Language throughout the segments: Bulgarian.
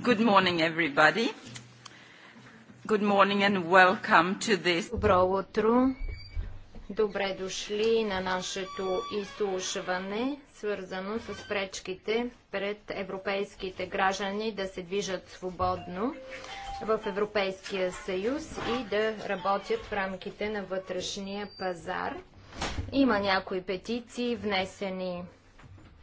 Good morning, everybody. Good morning and welcome to this. Добро утро. Добре дошли на нашето изслушване, свързано с пречките пред европейските граждани да се движат свободно в Европейския съюз и да работят в рамките на вътрешния пазар. Има някои петиции, внесени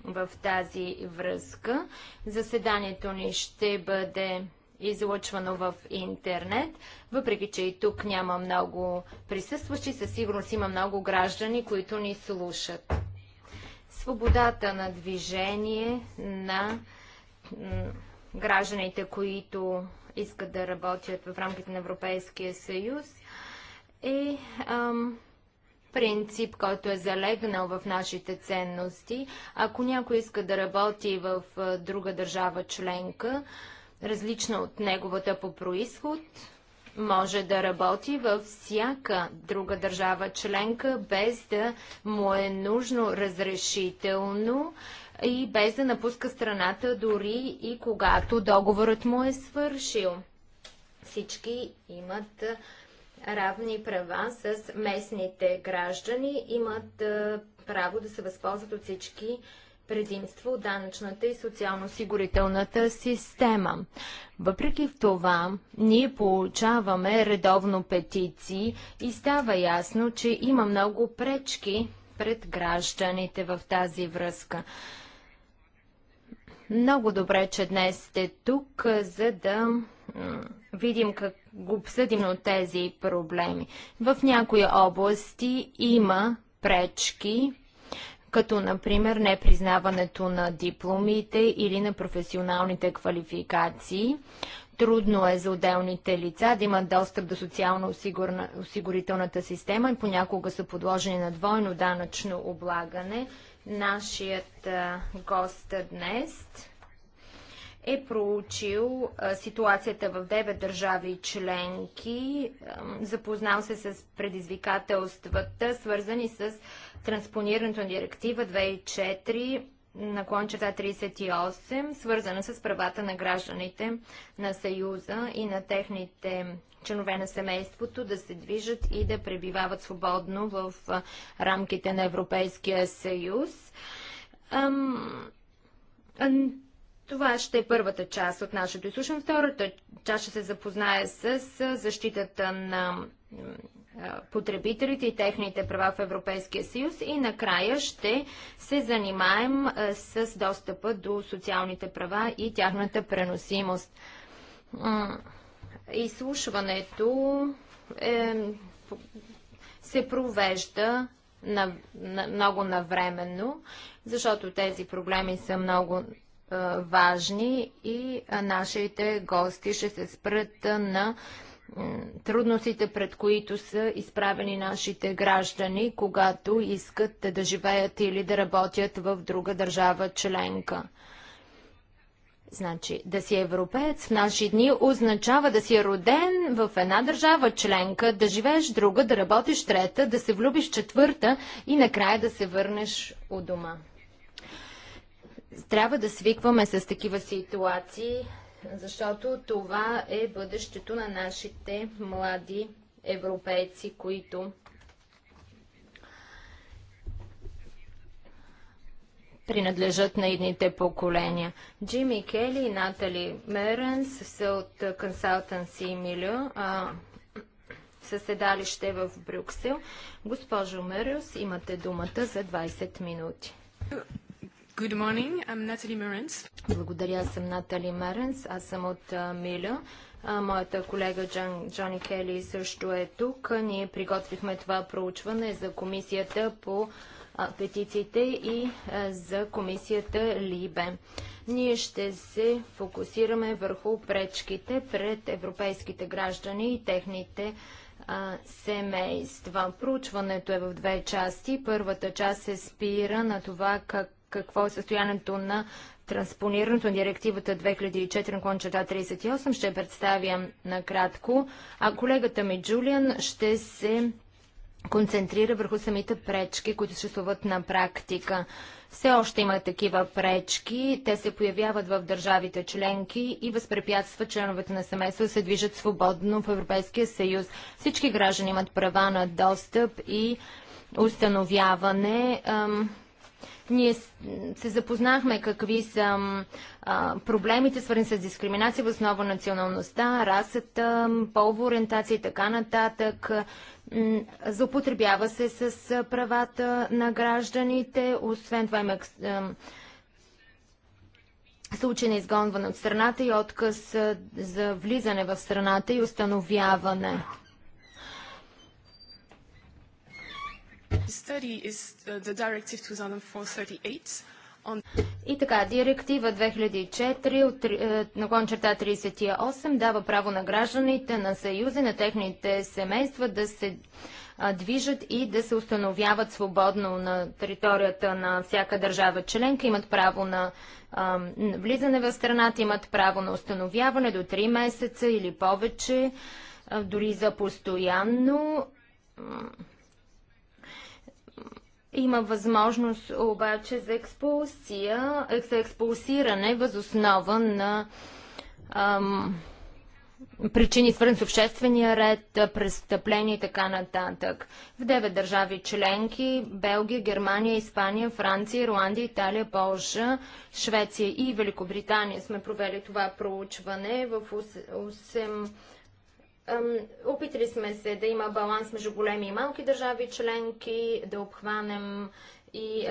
в тази връзка. Заседанието ни ще бъде излъчвано в интернет, въпреки че и тук няма много присъстващи, със сигурност има много граждани, които ни слушат. Свободата на движение на гражданите, които искат да работят в рамките на Европейския съюз, е ам, принцип, който е залегнал в нашите ценности. Ако някой иска да работи в друга държава членка, различна от неговата по происход, може да работи във всяка друга държава членка, без да му е нужно разрешително и без да напуска страната дори и когато договорът му е свършил. Всички имат равни права с местните граждани, имат право да се възползват от всички предимства от данъчната и социално сигурителната система. Въпреки в това, ние получаваме редовно петиции и става ясно, че има много пречки пред гражданите в тази връзка. Много добре, че днес сте тук, за да видим как го обсъдим от тези проблеми. В някои области има пречки, като например непризнаването на дипломите или на професионалните квалификации. Трудно е за отделните лица да имат достъп до социално-осигурителната система и понякога са подложени на двойно данъчно облагане. Нашият гост днес е проучил ситуацията в 9 държави и членки, запознал се с предизвикателствата, свързани с транспонирането на директива 2004 кончета 38, свързана с правата на гражданите на Съюза и на техните членове на семейството да се движат и да пребивават свободно в рамките на Европейския съюз. Това ще е първата част от нашето изслушване. Втората част ще се запознае с защитата на потребителите и техните права в Европейския съюз и накрая ще се занимаем с достъпа до социалните права и тяхната преносимост. Изслушването е, се провежда на, на, много навременно, защото тези проблеми са много важни и нашите гости ще се спрат на трудностите, пред които са изправени нашите граждани, когато искат да живеят или да работят в друга държава членка. Значи, да си европеец в наши дни означава да си е роден в една държава членка, да живееш друга, да работиш трета, да се влюбиш четвърта и накрая да се върнеш у дома. Трябва да свикваме с такива ситуации, защото това е бъдещето на нашите млади европейци, които принадлежат на едните поколения. Джимми Кели и Натали Меренс са от Consultancy Milieu, със седалище в Брюксел. Госпожо Мериус, имате думата за 20 минути. Good morning, I'm Natalie Merens. Благодаря, аз съм Натали Меренс. Аз съм от Миля. моята колега Джон, Джони Кели също е тук. Ние приготвихме това проучване за комисията по петициите и за комисията Либе. Ние ще се фокусираме върху пречките пред европейските граждани и техните семейства. Проучването е в две части. Първата част се спира на това как какво е състоянието на транспонирането на директивата 2004-38. Ще представя накратко. А колегата ми Джулиан ще се концентрира върху самите пречки, които съществуват на практика. Все още има такива пречки. Те се появяват в държавите членки и възпрепятстват членовете на семейство да се движат свободно в Европейския съюз. Всички граждани имат права на достъп и установяване. Ам, ние се запознахме какви са а, проблемите, свързани с дискриминация в основа националността, расата, полова ориентация и така нататък. Заупотребява се с правата на гражданите. Освен това има случай на изгонване от страната и отказ за влизане в страната и установяване Uh, и така, директива 2004 на кончерта 38 дава право на гражданите на Съюза и на техните семейства да се движат и да се установяват свободно на територията на всяка държава членка. Имат право на а, влизане в страната, имат право на установяване до 3 месеца или повече, а, дори за постоянно има възможност обаче за експулсия, за експулсиране въз основа на ам, причини, свързани с обществения ред, престъпления и така нататък. В девет държави членки Белгия, Германия, Испания, Франция, Ирландия, Италия, Полша, Швеция и Великобритания сме провели това проучване в 8 Опитали сме се да има баланс между големи и малки държави членки, да обхванем и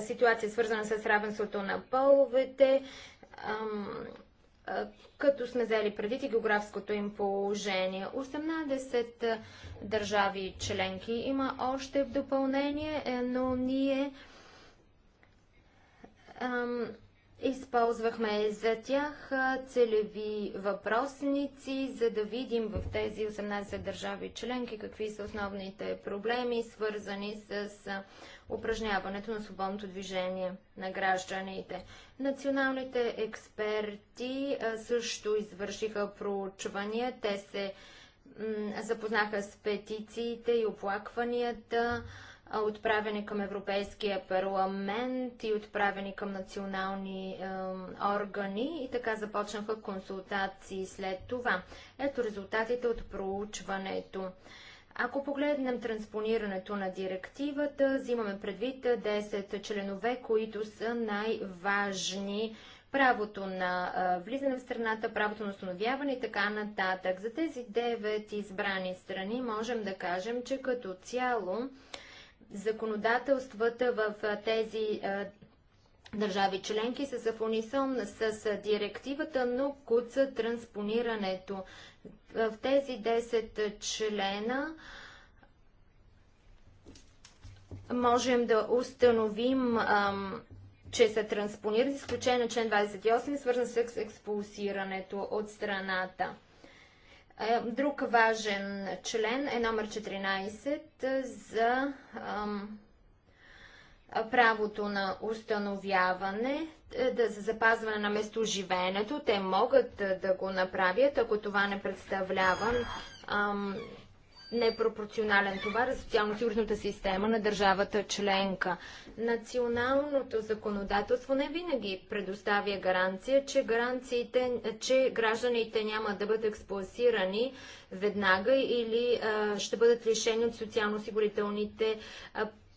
ситуация свързана с равенството на половете, като сме взели преди и географското им положение. 18 държави членки има още в допълнение, е, но ние Използвахме за тях целеви въпросници, за да видим в тези 18 държави членки какви са основните проблеми, свързани с упражняването на свободното движение на гражданите. Националните експерти също извършиха проучвания. Те се запознаха с петициите и оплакванията отправени към Европейския парламент и отправени към национални е, органи и така започнаха консултации след това. Ето резултатите от проучването. Ако погледнем транспонирането на директивата, взимаме предвид 10 членове, които са най-важни правото на е, влизане в страната, правото на установяване и така нататък. За тези 9 избрани страни можем да кажем, че като цяло законодателствата в тези държави членки са в унисон с директивата, но куца транспонирането. В тези 10 члена можем да установим, че са транспонирани, изключение на член 28, свързан с експулсирането от страната. Е, друг важен член е номер 14 за правото на установяване, е, да, за запазване на местоживеенето. Те могат е, да го направят, ако това не представлява ам, непропорционален товар за социално-сигурната система на държавата членка. Националното законодателство не винаги предоставя гаранция, че, гаранциите, че гражданите няма да бъдат експлуасирани веднага или а, ще бъдат лишени от социално сигурителните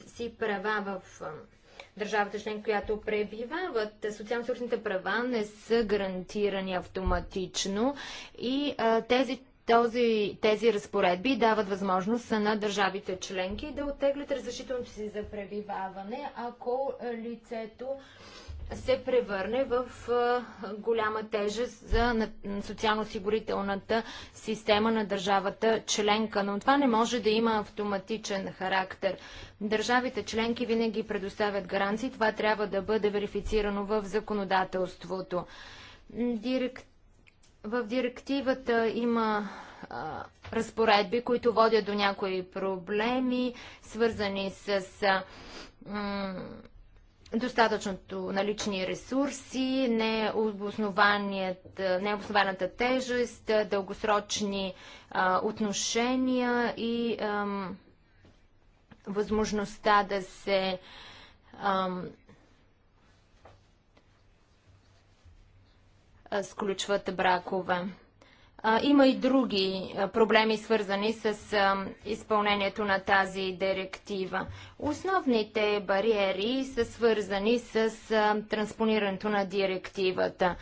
си права в държавата член, която пребивават, социално-сигурните права не са гарантирани автоматично и а, тези този, тези разпоредби дават възможност на държавите членки да оттеглят разрешителното си за пребиваване, ако е, лицето се превърне в е, голяма тежест за социално-осигурителната система на държавата членка. Но това не може да има автоматичен характер. Държавите членки винаги предоставят гаранции. Това трябва да бъде верифицирано в законодателството. Директ в директивата има а, разпоредби, които водят до някои проблеми, свързани с а, достатъчното налични ресурси, необоснованата тежест, дългосрочни а, отношения и възможността да се сключват бракове. Има и други проблеми, свързани с изпълнението на тази директива. Основните бариери са свързани с транспонирането на директивата.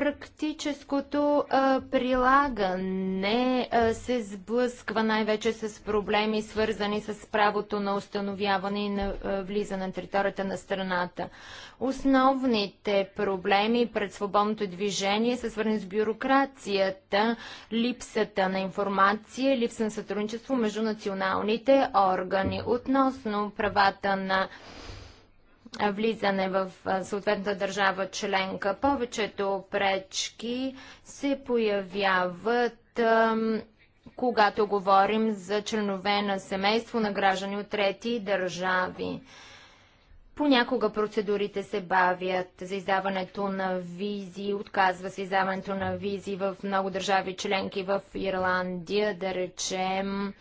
Практическото а, прилагане а, се сблъсква най-вече с проблеми, свързани с правото на установяване и на а, влизане на територията на страната. Основните проблеми пред свободното движение са свързани с бюрокрацията, липсата на информация, липса на сътрудничество между националните органи относно правата на влизане в съответната държава членка. Повечето пречки се появяват когато говорим за членове на семейство на граждани от трети държави. Понякога процедурите се бавят за издаването на визи, отказва се издаването на визи в много държави членки в Ирландия, да речем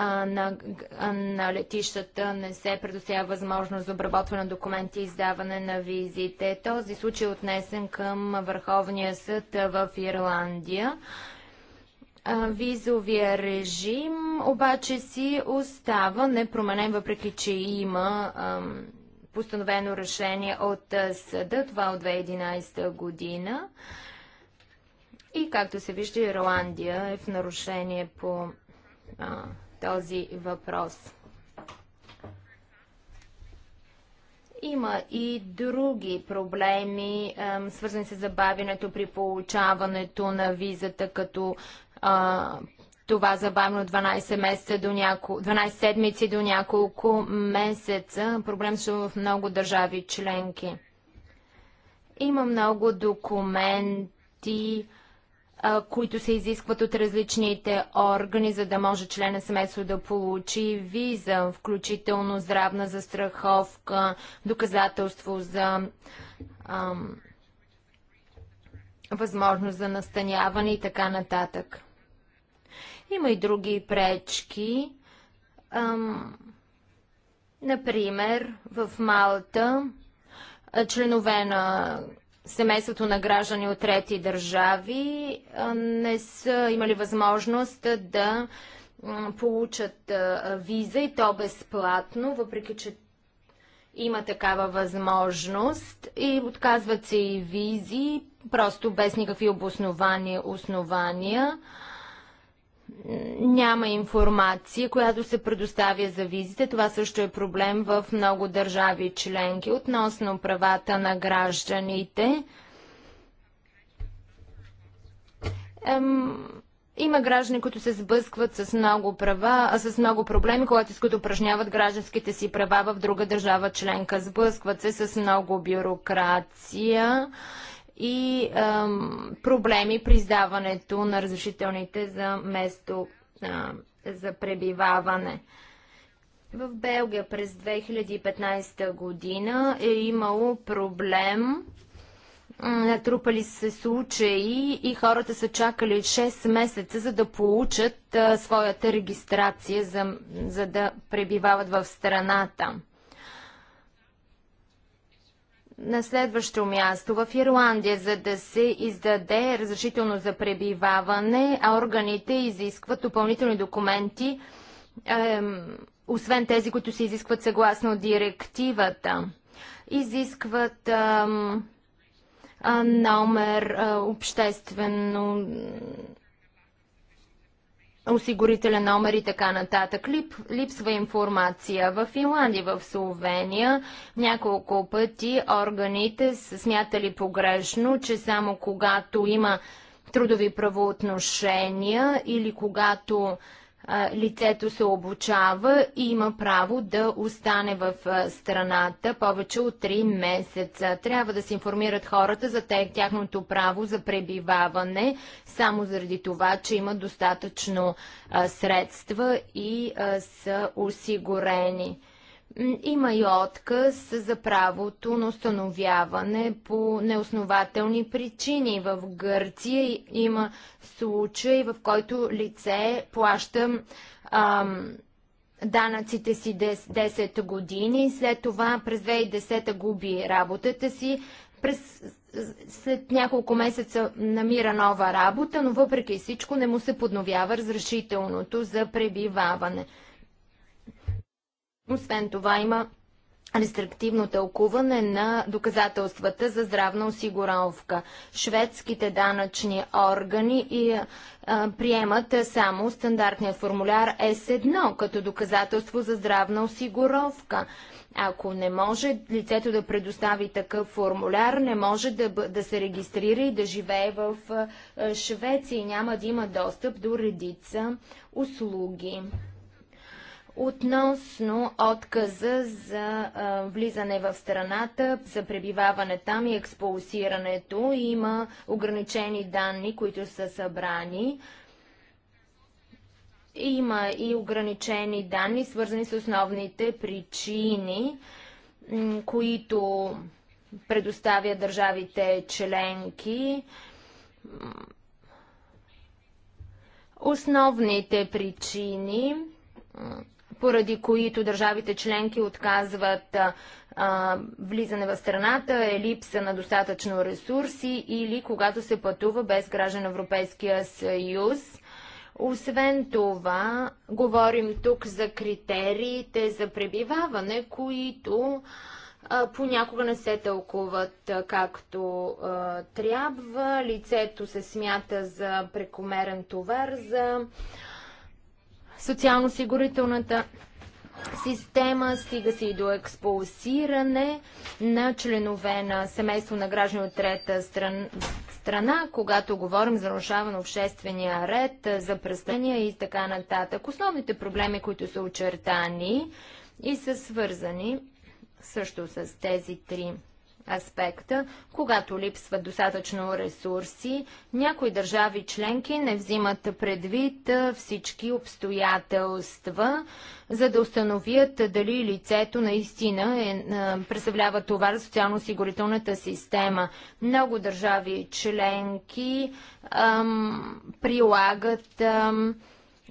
а, на, а, на летищата не се предоставя възможност за обработване на документи и издаване на визите. Този случай е отнесен към Върховния съд в Ирландия. А, визовия режим обаче си остава непроменен, въпреки че има постановено решение от съда, това е от 2011 година. И както се вижда, Ирландия е в нарушение по а, този въпрос. Има и други проблеми, свързани с забавянето при получаването на визата, като това забавно 12, месеца до няко... 12 седмици до няколко месеца. Проблем са в много държави членки. Има много документи, които се изискват от различните органи, за да може члена семейство да получи виза, включително здравна застраховка, доказателство за ам, възможност за настаняване и така нататък. Има и други пречки. Ам, например, в Малта членове на семейството на граждани от трети държави не са имали възможност да получат виза и то безплатно, въпреки че има такава възможност и отказват се и визи, просто без никакви обоснования основания няма информация, която се предоставя за визите. Това също е проблем в много държави членки относно правата на гражданите. Ем, има граждани, които се сблъскват с много права, а с много проблеми, когато искат упражняват гражданските си права в друга държава членка. Сблъскват се с много бюрокрация и ам, проблеми при издаването на разрешителните за место а, за пребиваване. В Белгия през 2015 година е имало проблем. Натрупали се случаи и хората са чакали 6 месеца, за да получат а, своята регистрация, за, за да пребивават в страната. На следващо място в Ирландия, за да се издаде разрешително за пребиваване, а органите изискват допълнителни документи, е, освен тези, които се изискват съгласно директивата. Изискват е, номер, е, обществено осигурителен номер и така нататък. Лип, липсва информация. В Финландия, в Словения няколко пъти органите са смятали погрешно, че само когато има трудови правоотношения или когато лицето се обучава и има право да остане в страната повече от 3 месеца. Трябва да се информират хората за тяхното право за пребиваване, само заради това, че има достатъчно средства и са осигурени. Има и отказ за правото на установяване по неоснователни причини. В Гърция има случай, в който лице плаща ам, данъците си 10 години, след това през 2010 губи работата си, през, след няколко месеца намира нова работа, но въпреки всичко не му се подновява разрешителното за пребиваване. Освен това има рестриктивно тълкуване на доказателствата за здравна осигуровка. Шведските данъчни органи и, а, приемат само стандартния формуляр S1 като доказателство за здравна осигуровка. Ако не може лицето да предостави такъв формуляр, не може да, да се регистрира и да живее в Швеция и няма да има достъп до редица услуги. Относно отказа за а, влизане в страната, за пребиваване там и експулсирането, има ограничени данни, които са събрани. Има и ограничени данни, свързани с основните причини, които предоставя държавите членки. Основните причини поради които държавите членки отказват влизане в страната, е липса на достатъчно ресурси или когато се пътува без граждан Европейския съюз. Освен това, говорим тук за критериите за пребиваване, които понякога не се тълкуват както трябва. Лицето се смята за прекомерен товар за социално-сигурителната система, стига се и до експулсиране на членове на семейство на граждани от трета страна, страна, когато говорим за нарушаване на обществения ред, за престъпления и така нататък. Основните проблеми, които са очертани и са свързани също с тези три аспекта. Когато липсват достатъчно ресурси, някои държави членки не взимат предвид всички обстоятелства, за да установят дали лицето наистина е, представлява това за социално-осигурителната система. Много държави членки ам, прилагат ам,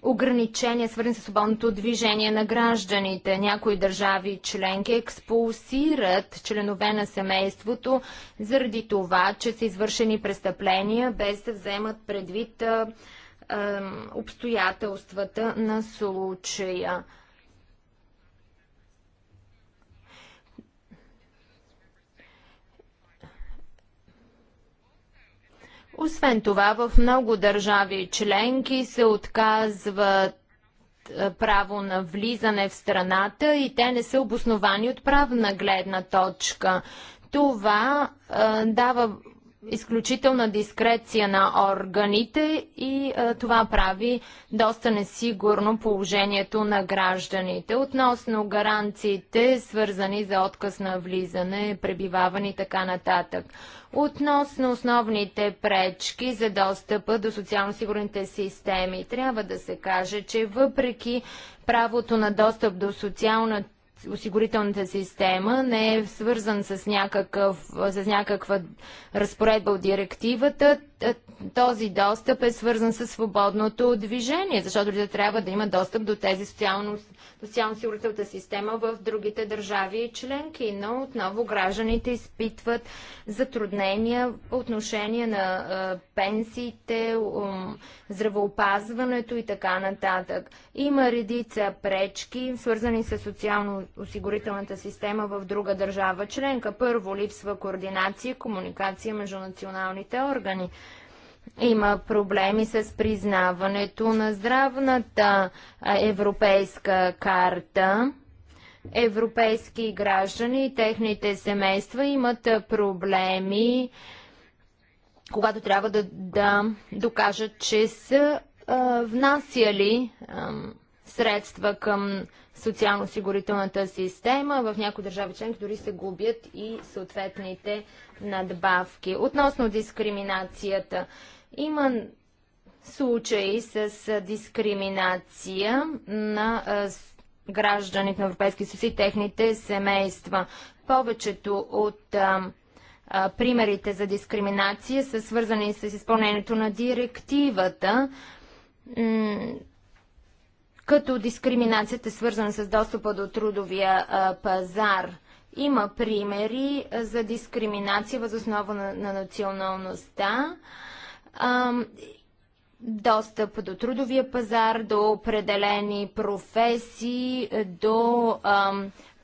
ограничения, свързани с свободното движение на гражданите. Някои държави членки експулсират членове на семейството заради това, че са извършени престъпления, без да вземат предвид обстоятелствата на случая. Освен това, в много държави членки се отказват е, право на влизане в страната и те не са обосновани от правна гледна точка. Това а, е, дава изключителна дискреция на органите и а, е, това прави доста несигурно положението на гражданите. Относно гаранциите, свързани за отказ на влизане, пребиваване и така нататък. Относно основните пречки за достъпа до социално-сигурните системи, трябва да се каже, че въпреки правото на достъп до социалната осигурителната система не е свързан с, някакъв, с някаква разпоредба от директивата, този достъп е свързан с свободното движение, защото да трябва да има достъп до тези социално, социално-сигурителната система в другите държави и членки. Но отново гражданите изпитват затруднения по отношение на пенсиите, е, здравеопазването и така нататък. Има редица пречки, свързани с социално осигурителната система в друга държава членка. Първо, липсва координация, комуникация между националните органи. Има проблеми с признаването на здравната европейска карта. Европейски граждани и техните семейства имат проблеми, когато трябва да, да докажат, че са а, внасяли а, средства към социално-осигурителната система. В някои държави членки дори се губят и съответните надбавки. Относно дискриминацията. Има случаи с дискриминация на гражданите на Европейски съюз и техните семейства. Повечето от примерите за дискриминация са свързани с изпълнението на директивата като дискриминацията е свързана с достъпа до трудовия а, пазар. Има примери а, за дискриминация въз основа на, на националността, а, достъп до трудовия пазар, до определени професии, до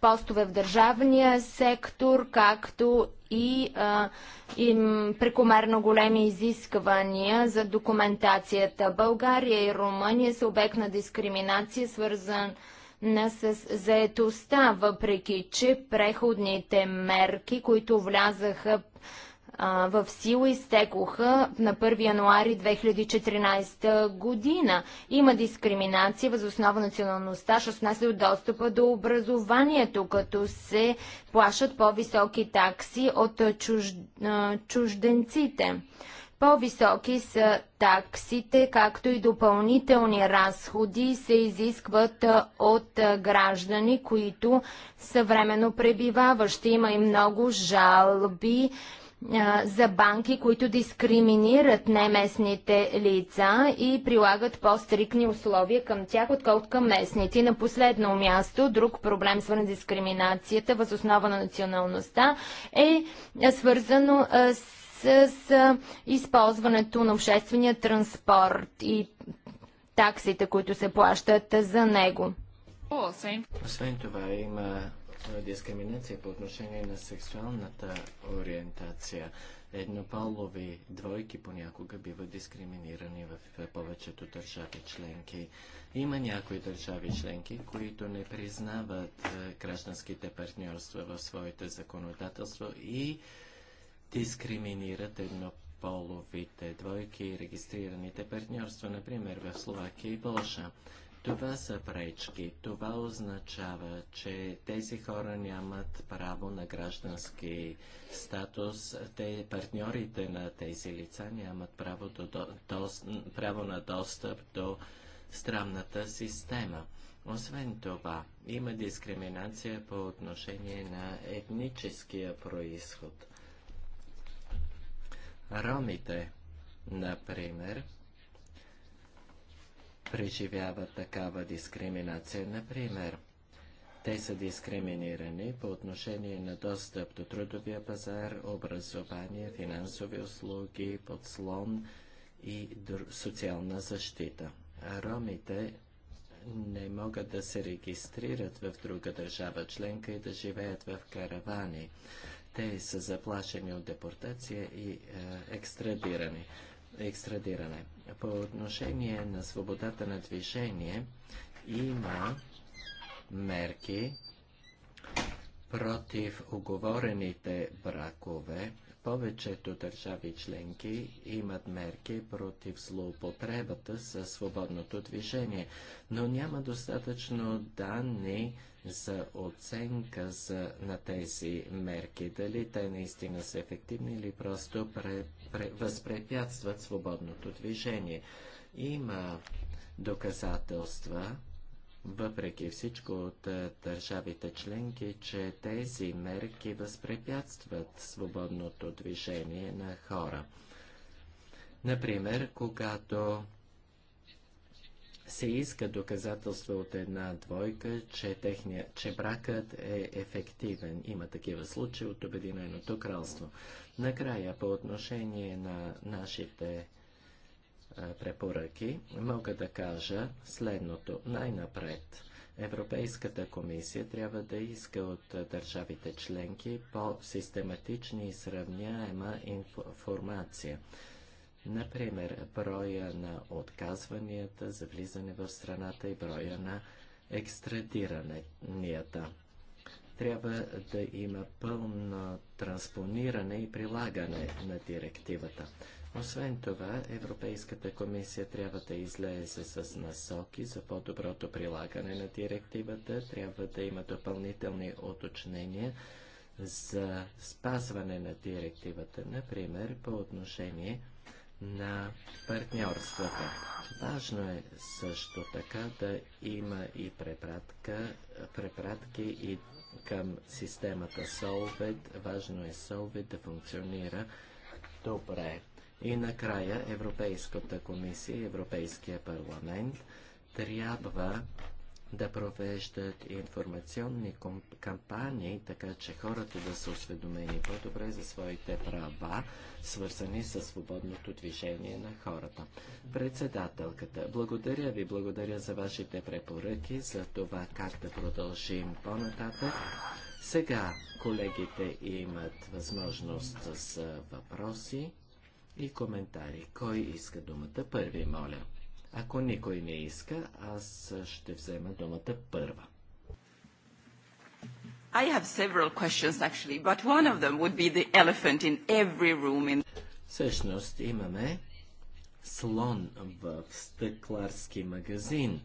постове в държавния сектор, както и а, им прекомерно големи изисквания за документацията. България и Румъния са обект на дискриминация, свързан на с заетостта, въпреки че преходните мерки, които влязаха а, в сила изтекоха на 1 януари 2014 година. Има дискриминация въз основа националността, що снася от достъпа до образованието, като се плашат по-високи такси от чуж... чужденците. По-високи са таксите, както и допълнителни разходи се изискват от граждани, които са временно пребиваващи. Има и много жалби за банки, които дискриминират неместните лица и прилагат по-стрикни условия към тях, отколкото към местните. И на последно място, друг проблем, свързан с дискриминацията въз основа на националността, е свързано с, с, с използването на обществения транспорт и таксите, които се плащат за него. Освен това има е, дискриминация по отношение на сексуалната ориентация. Еднополови двойки понякога биват дискриминирани в повечето държави членки. Има някои държави членки, които не признават е, гражданските партньорства в своите законодателство и дискриминират еднополовите двойки и регистрираните партньорства, например в Словакия и Полша. Това са пречки. Това означава, че тези хора нямат право на граждански статус. Те, партньорите на тези лица нямат право, до, до, право на достъп до странната система. Освен това, има дискриминация по отношение на етническия происход. Ромите, например, преживяват такава дискриминация. Например, те са дискриминирани по отношение на достъп до трудовия пазар, образование, финансови услуги, подслон и социална защита. А ромите не могат да се регистрират в друга държава членка и да живеят в каравани. Те са заплашени от депортация и е, екстрадирани екстрадиране. По отношение на свободата на движение има мерки против оговорените бракове. Повечето държави членки имат мерки против злоупотребата със свободното движение, но няма достатъчно данни за оценка за, на тези мерки, дали те наистина са ефективни или просто пред, възпрепятстват свободното движение. Има доказателства, въпреки всичко от държавите членки, че тези мерки възпрепятстват свободното движение на хора. Например, когато се иска доказателства от една двойка, че, техния, че бракът е ефективен. Има такива случаи от Обединеното кралство. Накрая, по отношение на нашите препоръки, мога да кажа следното. Най-напред, Европейската комисия трябва да иска от държавите членки по систематични и сравняема информация. Например, броя на отказванията за влизане в страната и броя на екстрадиранията. Трябва да има пълно транспониране и прилагане на директивата. Освен това, Европейската комисия трябва да излезе с насоки за по-доброто прилагане на директивата, трябва да има допълнителни уточнения за спазване на директивата, например по отношение на партньорствата. Важно е също така да има и препратка, препратки и към системата Solved. Важно е Solved да функционира добре. И накрая Европейската комисия Европейския парламент трябва да провеждат информационни кампании, така че хората да са осведомени по-добре за своите права, свързани с свободното движение на хората. Председателката, благодаря ви, благодаря за вашите препоръки, за това как да продължим по-нататък. Сега колегите имат възможност с въпроси и коментари. Кой иска думата първи, моля? Ако никой не иска, аз ще взема думата първа. I have several questions actually, but one of them would be the elephant in every room in Всъщност имаме слон в стъкларски магазин.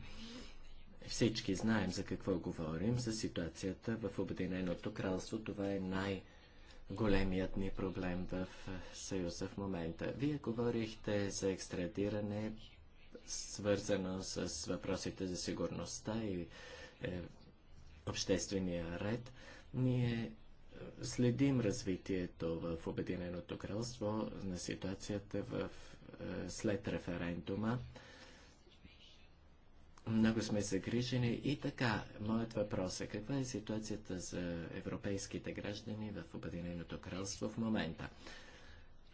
Всички знаем за какво говорим, за ситуацията в Обединеното кралство. Това е най- големият ни проблем в Съюза в момента. Вие говорихте за екстрадиране, свързано с въпросите за сигурността и е, обществения ред. Ние е, следим развитието в Обединеното кралство на ситуацията в, е, след референдума. Много сме загрижени и така, моят въпрос е каква е ситуацията за европейските граждани в Обединеното кралство в момента?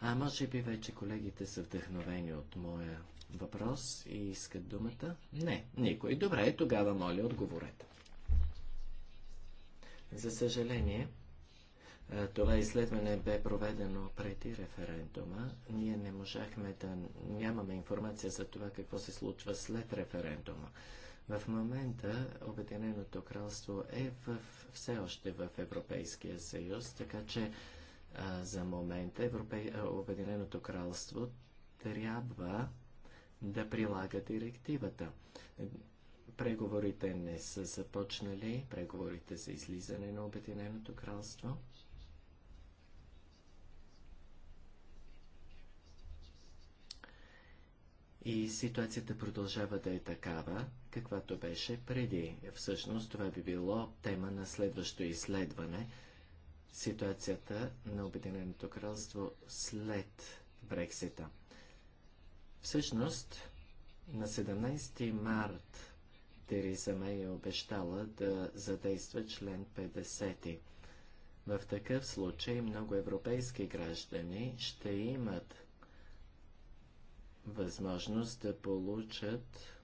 А може би вече колегите са вдъхновени от моя въпрос и искат думата? Не, никой. Добре, е, тогава моля отговорете. За съжаление, това изследване бе проведено преди референдума. Ние не можахме да нямаме информация за това какво се случва след референдума. В момента Обединеното кралство е в, все още в Европейския съюз, така че а, за момента Европе... Обединеното кралство трябва да прилага директивата. Преговорите не са започнали, преговорите за излизане на Обединеното кралство. И ситуацията продължава да е такава, каквато беше преди. Всъщност това би било тема на следващо изследване – ситуацията на Обединеното кралство след Брексита. Всъщност, на 17 март Тереза Мей е обещала да задейства член 50. В такъв случай много европейски граждани ще имат възможност да получат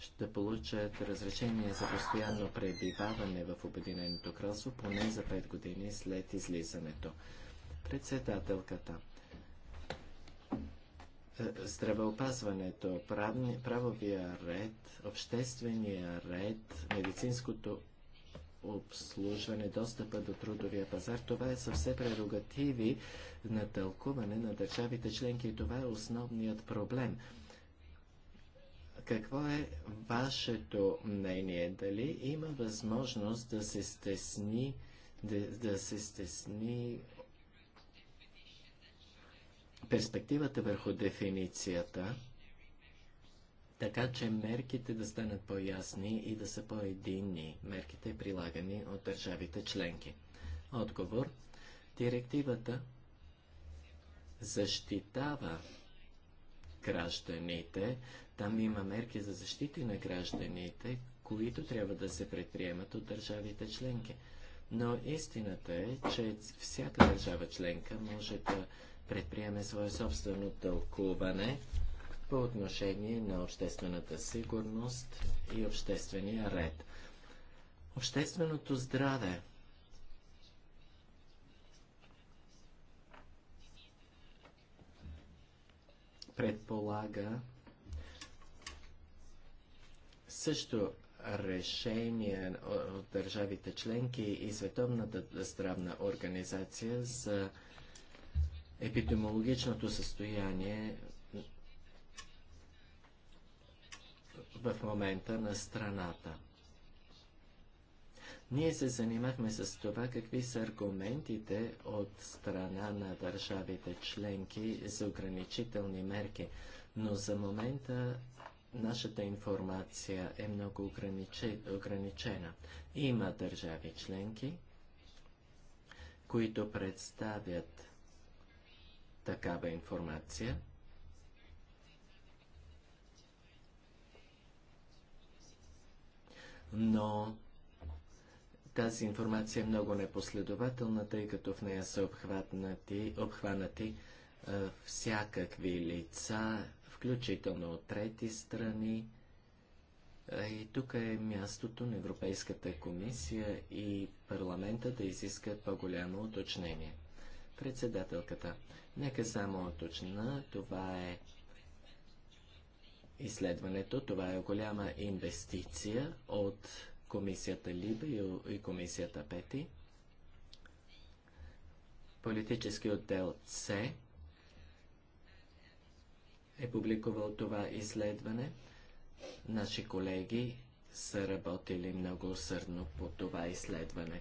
ще получат разрешение за постоянно пребиваване в Обединеното кралство поне за 5 години след излизането. Председателката е, здравеопазването, правни, правовия ред, обществения ред, медицинското обслужване, достъпа до трудовия пазар, това е съвсем прерогативи на тълкуване на държавите членки и това е основният проблем – какво е вашето мнение? Дали има възможност да се стесни, да, да се стесни перспективата върху дефиницията, така че мерките да станат по-ясни и да са по-единни, мерките прилагани от държавите членки? Отговор. Директивата защитава гражданите, там има мерки за защита на гражданите, които трябва да се предприемат от държавите членки. Но истината е, че всяка държава членка може да предприеме свое собствено тълкуване по отношение на обществената сигурност и обществения ред. Общественото здраве. Предполага също решения от държавите членки и Световната здравна организация за епидемиологичното състояние в момента на страната. Ние се занимахме с това какви са аргументите от страна на държавите членки за ограничителни мерки, но за момента нашата информация е много ограничена. Има държави членки, които представят такава информация. Но тази информация е много непоследователна, тъй като в нея са обхванати, обхванати е, всякакви лица, включително от трети страни. Е, и тук е мястото на Европейската комисия и парламента да изискат по-голямо уточнение. Председателката, нека само уточна, това е изследването, това е голяма инвестиция от комисията Либе и комисията Пети. Политически отдел С е публикувал това изследване. Наши колеги са работили много усърдно по това изследване.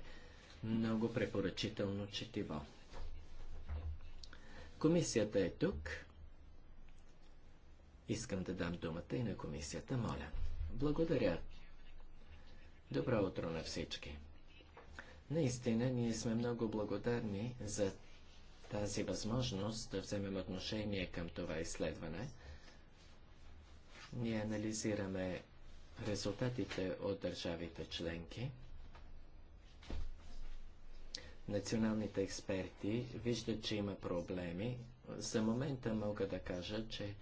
Много препоръчително четиво. Комисията е тук. Искам да дам думата и на комисията, моля. Благодаря. Добро утро на всички. Наистина, ние сме много благодарни за тази възможност да вземем отношение към това изследване. Ние анализираме резултатите от държавите членки. Националните експерти виждат, че има проблеми. За момента мога да кажа, че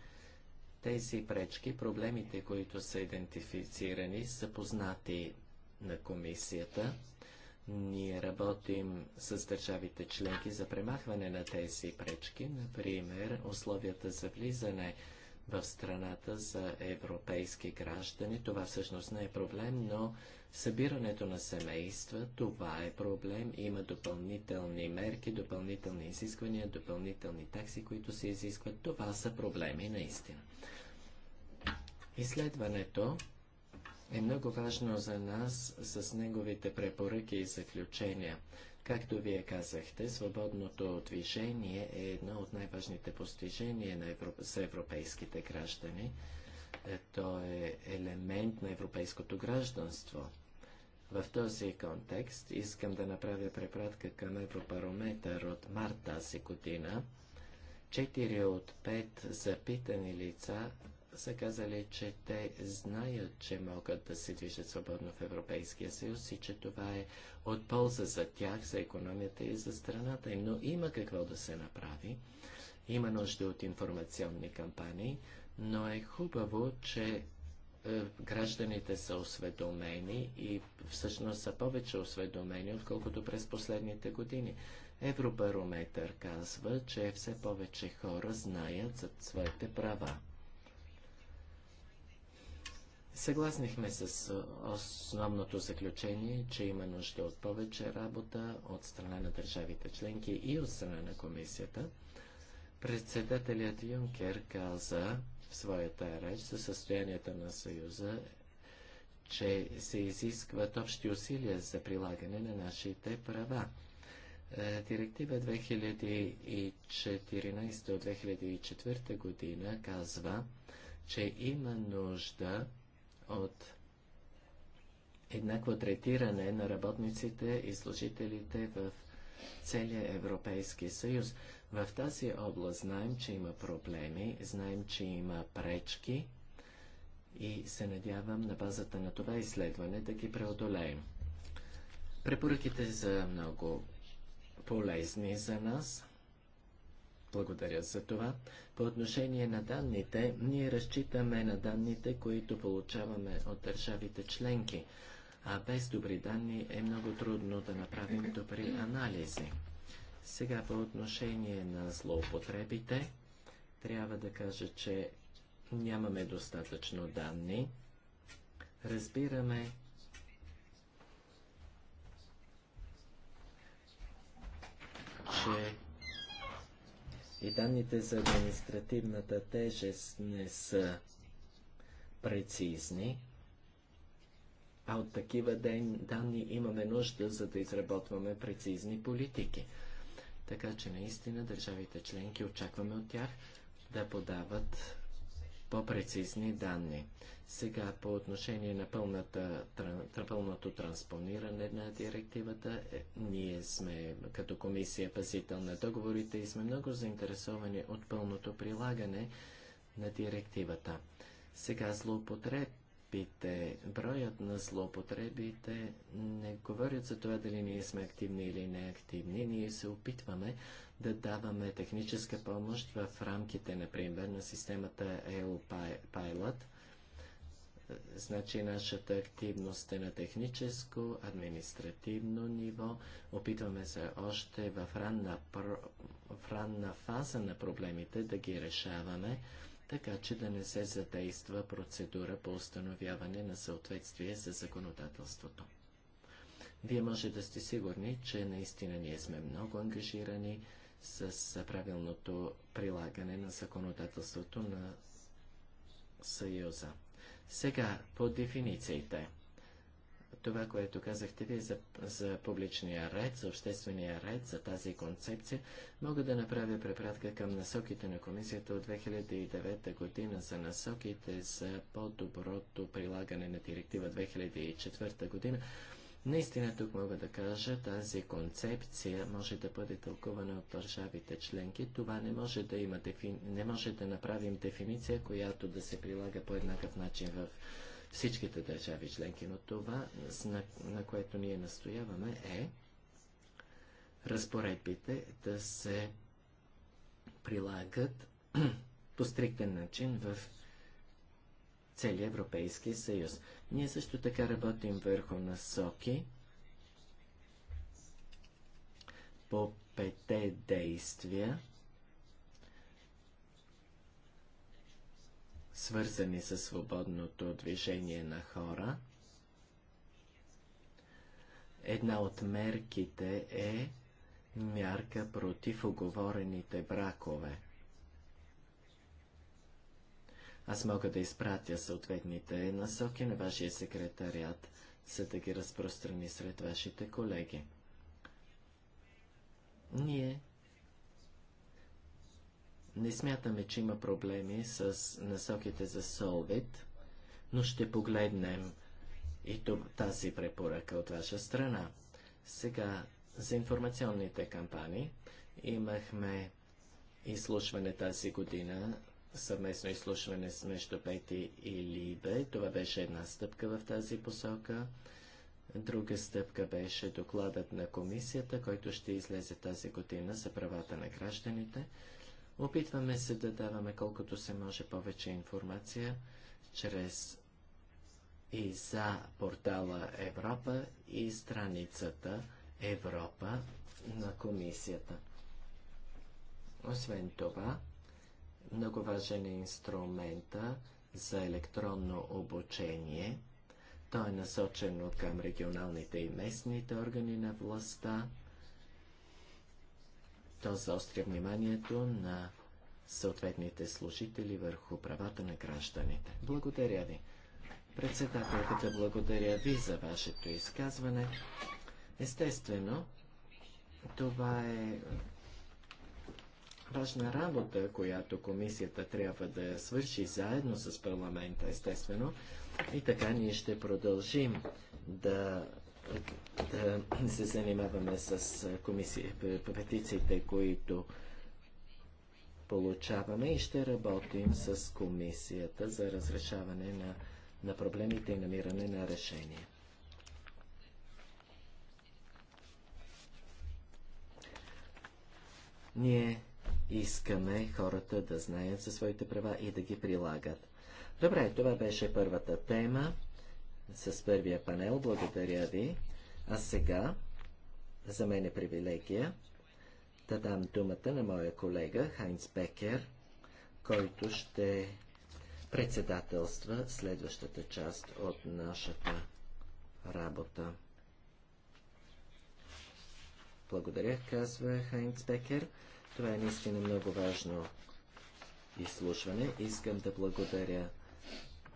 тези пречки, проблемите, които са идентифицирани, са познати на комисията. Ние работим с държавите членки за премахване на тези пречки, например условията за влизане в страната за европейски граждани. Това всъщност не е проблем, но събирането на семейства, това е проблем. Има допълнителни мерки, допълнителни изисквания, допълнителни такси, които се изискват. Това са проблеми наистина. Изследването е много важно за нас с неговите препоръки и заключения. Както вие казахте, свободното движение е едно от най-важните постижения на Европ... за европейските граждани. Е, то е елемент на европейското гражданство. В този контекст искам да направя препратка към Европарометър от март тази година. Четири от пет запитани лица са казали, че те знаят, че могат да се движат свободно в Европейския съюз и че това е от полза за тях, за економията и за страната им. Но има какво да се направи. Има нужда от информационни кампании, но е хубаво, че е, гражданите са осведомени и всъщност са повече осведомени, отколкото през последните години. Евробарометър казва, че все повече хора знаят за своите права. Съгласнихме с основното заключение, че има нужда от повече работа от страна на държавите членки и от страна на комисията. Председателят Юнкер каза в своята реч за състоянието на Съюза, че се изискват общи усилия за прилагане на нашите права. Е, Директива 2014 2004 година казва, че има нужда от еднакво третиране на работниците и служителите в целия Европейски съюз. В тази област знаем, че има проблеми, знаем, че има пречки и се надявам на базата на това изследване да ги преодолеем. Препоръките са много полезни за нас. Благодаря за това. По отношение на данните, ние разчитаме на данните, които получаваме от държавите членки, а без добри данни е много трудно да направим добри анализи. Сега по отношение на злоупотребите, трябва да кажа, че нямаме достатъчно данни. Разбираме, че и данните за административната тежест не са прецизни, а от такива ден, данни имаме нужда, за да изработваме прецизни политики. Така че наистина държавите членки очакваме от тях да подават по-прецизни данни. Сега по отношение на, пълната, на пълното транспониране на директивата, е, ние сме като комисия пазител на договорите и сме много заинтересовани от пълното прилагане на директивата. Сега злоупотребите, броят на злоупотребите не говорят за това дали ние сме активни или неактивни. Ние се опитваме да даваме техническа помощ в рамките, например, на системата EU Pilot. Значи нашата активност е на техническо, административно ниво. Опитваме се още в ранна, в ранна фаза на проблемите да ги решаваме, така че да не се задейства процедура по установяване на съответствие с за законодателството. Вие може да сте сигурни, че наистина ние сме много ангажирани с правилното прилагане на законодателството на Съюза. Сега, по дефинициите. Това, което казахте ви за, за публичния ред, за обществения ред, за тази концепция, мога да направя препратка към насоките на комисията от 2009 година за насоките за по-доброто прилагане на директива 2004 година. Наистина тук мога да кажа, тази концепция може да бъде тълкувана от държавите членки. Това не може да, има дефи... не може да направим дефиниция, която да се прилага по еднакъв начин в всичките държави членки. Но това, на, на което ние настояваме, е разпоредбите да се прилагат по стриктен начин в целия Европейски съюз. Ние също така работим върху насоки по пете действия, свързани с свободното движение на хора. Една от мерките е мярка против оговорените бракове – аз мога да изпратя съответните насоки на вашия секретариат, за да ги разпространи сред вашите колеги. Ние не смятаме, че има проблеми с насоките за Солвит, но ще погледнем и тази препоръка от ваша страна. Сега за информационните кампании имахме изслушване тази година съвместно изслушване с между Пети и Либе. Това беше една стъпка в тази посока. Друга стъпка беше докладът на комисията, който ще излезе тази година за правата на гражданите. Опитваме се да даваме колкото се може повече информация чрез и за портала Европа и страницата Европа на комисията. Освен това, много важен е инструмента за електронно обучение. Той е насочен към регионалните и местните органи на властта. То заостря вниманието на съответните служители върху правата на гражданите. Благодаря ви. Председателката, благодаря ви за вашето изказване. Естествено, това е важна работа, която комисията трябва да свърши заедно с парламента, естествено. И така ние ще продължим да, да се занимаваме с петициите, които получаваме и ще работим с комисията за разрешаване на, на проблемите и намиране на решения. Ние искаме хората да знаят за своите права и да ги прилагат. Добре, това беше първата тема с първия панел. Благодаря ви. А сега, за мен е привилегия да дам думата на моя колега Хайнц Бекер, който ще председателства следващата част от нашата работа. Благодаря, казва Хайнц Бекер. Това е наистина много важно изслушване. Искам да благодаря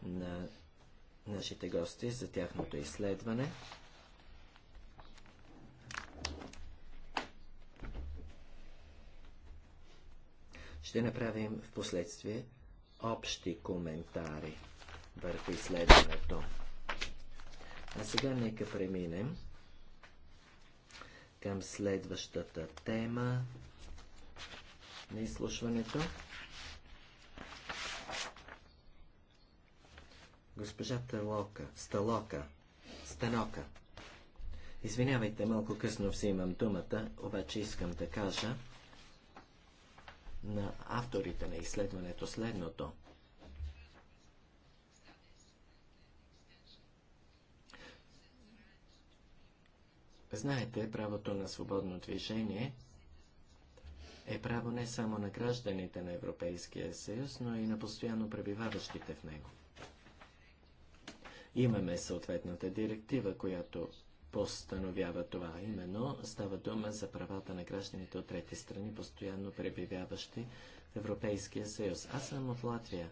на нашите гости за тяхното изследване. Ще направим в последствие общи коментари върху изследването. А сега нека преминем към следващата тема на изслушването. Госпожа Талока, Сталока, Станока. Извинявайте, малко късно взимам думата, обаче искам да кажа на авторите на изследването следното. Знаете, правото на свободно движение – е право не само на гражданите на Европейския съюз, но и на постоянно пребиваващите в него. Имаме съответната директива, която постановява това. Именно става дума за правата на гражданите от трети страни, постоянно пребиваващи в Европейския съюз. Аз съм от Латвия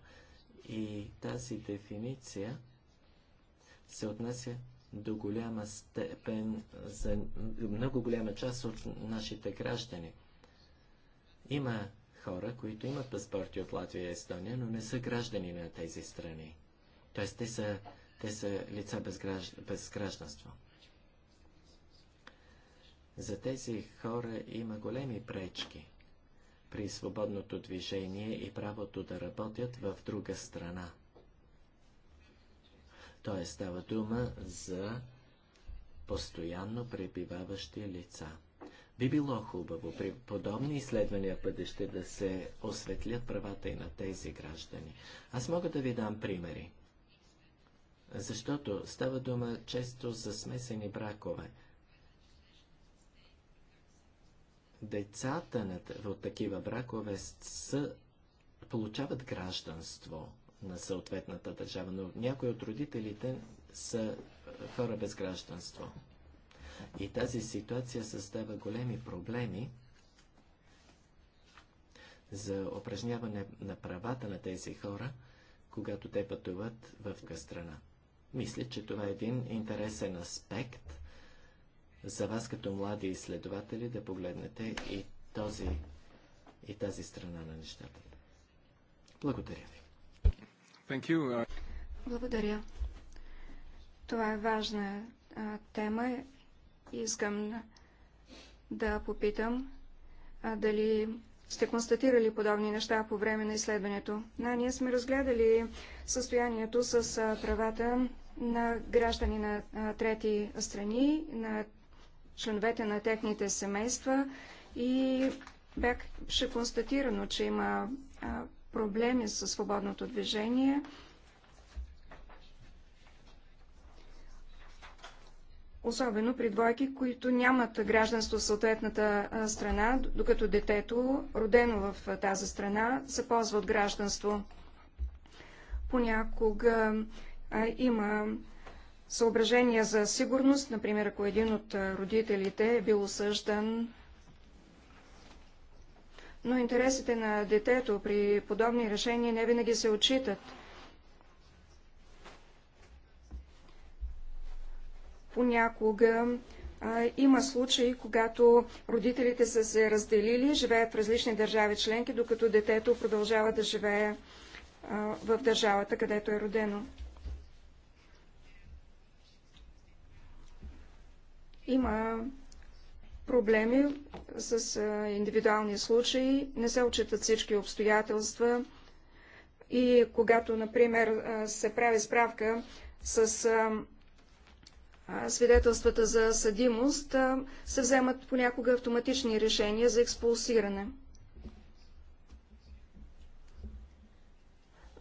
и тази дефиниция се отнася до голяма степен за много голяма част от нашите граждани. Има хора, които имат паспорти от Латвия и Естония, но не са граждани на тези страни. Тоест, те са, те са лица без, гражд... без гражданство. За тези хора има големи пречки при свободното движение и правото да работят в друга страна. Тоест, става дума за постоянно пребиваващи лица. Би било хубаво при подобни изследвания в бъдеще да се осветлят правата и на тези граждани. Аз мога да ви дам примери. Защото става дума често за смесени бракове. Децата от такива бракове са, получават гражданство на съответната държава, но някои от родителите са е, хора без гражданство. И тази ситуация създава големи проблеми за упражняване на правата на тези хора, когато те пътуват в страна. Мисля, че това е един интересен аспект за вас като млади изследователи да погледнете и, този, и тази страна на нещата. Благодаря ви. Благодаря. Това е важна тема Искам да попитам а, дали сте констатирали подобни неща по време на изследването. Да, ние сме разгледали състоянието с а, правата на граждани на а, трети страни, на членовете на техните семейства и беше констатирано, че има проблеми с свободното движение. особено при двойки, които нямат гражданство в съответната страна, докато детето, родено в тази страна, се ползва от гражданство. Понякога а, има съображения за сигурност, например, ако един от родителите е бил осъждан, но интересите на детето при подобни решения не винаги се отчитат – Понякога а, има случаи, когато родителите са се разделили, живеят в различни държави членки, докато детето продължава да живее а, в държавата, където е родено. Има проблеми с а, индивидуални случаи, не се отчитат всички обстоятелства и когато, например, се прави справка с свидетелствата за съдимост, се вземат понякога автоматични решения за експулсиране.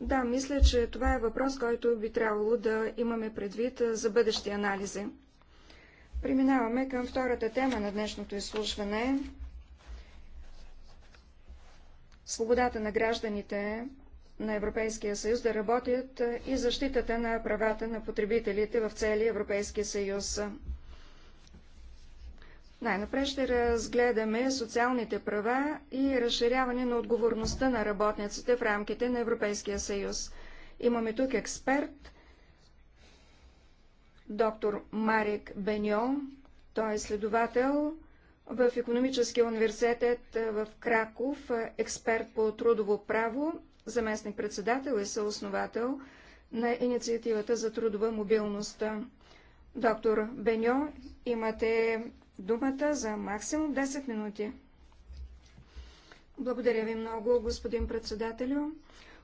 Да, мисля, че това е въпрос, който би трябвало да имаме предвид за бъдещи анализи. Преминаваме към втората тема на днешното изслушване. Свободата на гражданите на Европейския съюз да работят и защитата на правата на потребителите в целия Европейския съюз. Най-напред ще разгледаме социалните права и разширяване на отговорността на работниците в рамките на Европейския съюз. Имаме тук експерт, доктор Марик Беньо. Той е следовател в Економическия университет в Краков, експерт по трудово право заместник-председател и съосновател на инициативата за трудова мобилност. Доктор Беньо, имате думата за максимум 10 минути. Благодаря ви много, господин председателю,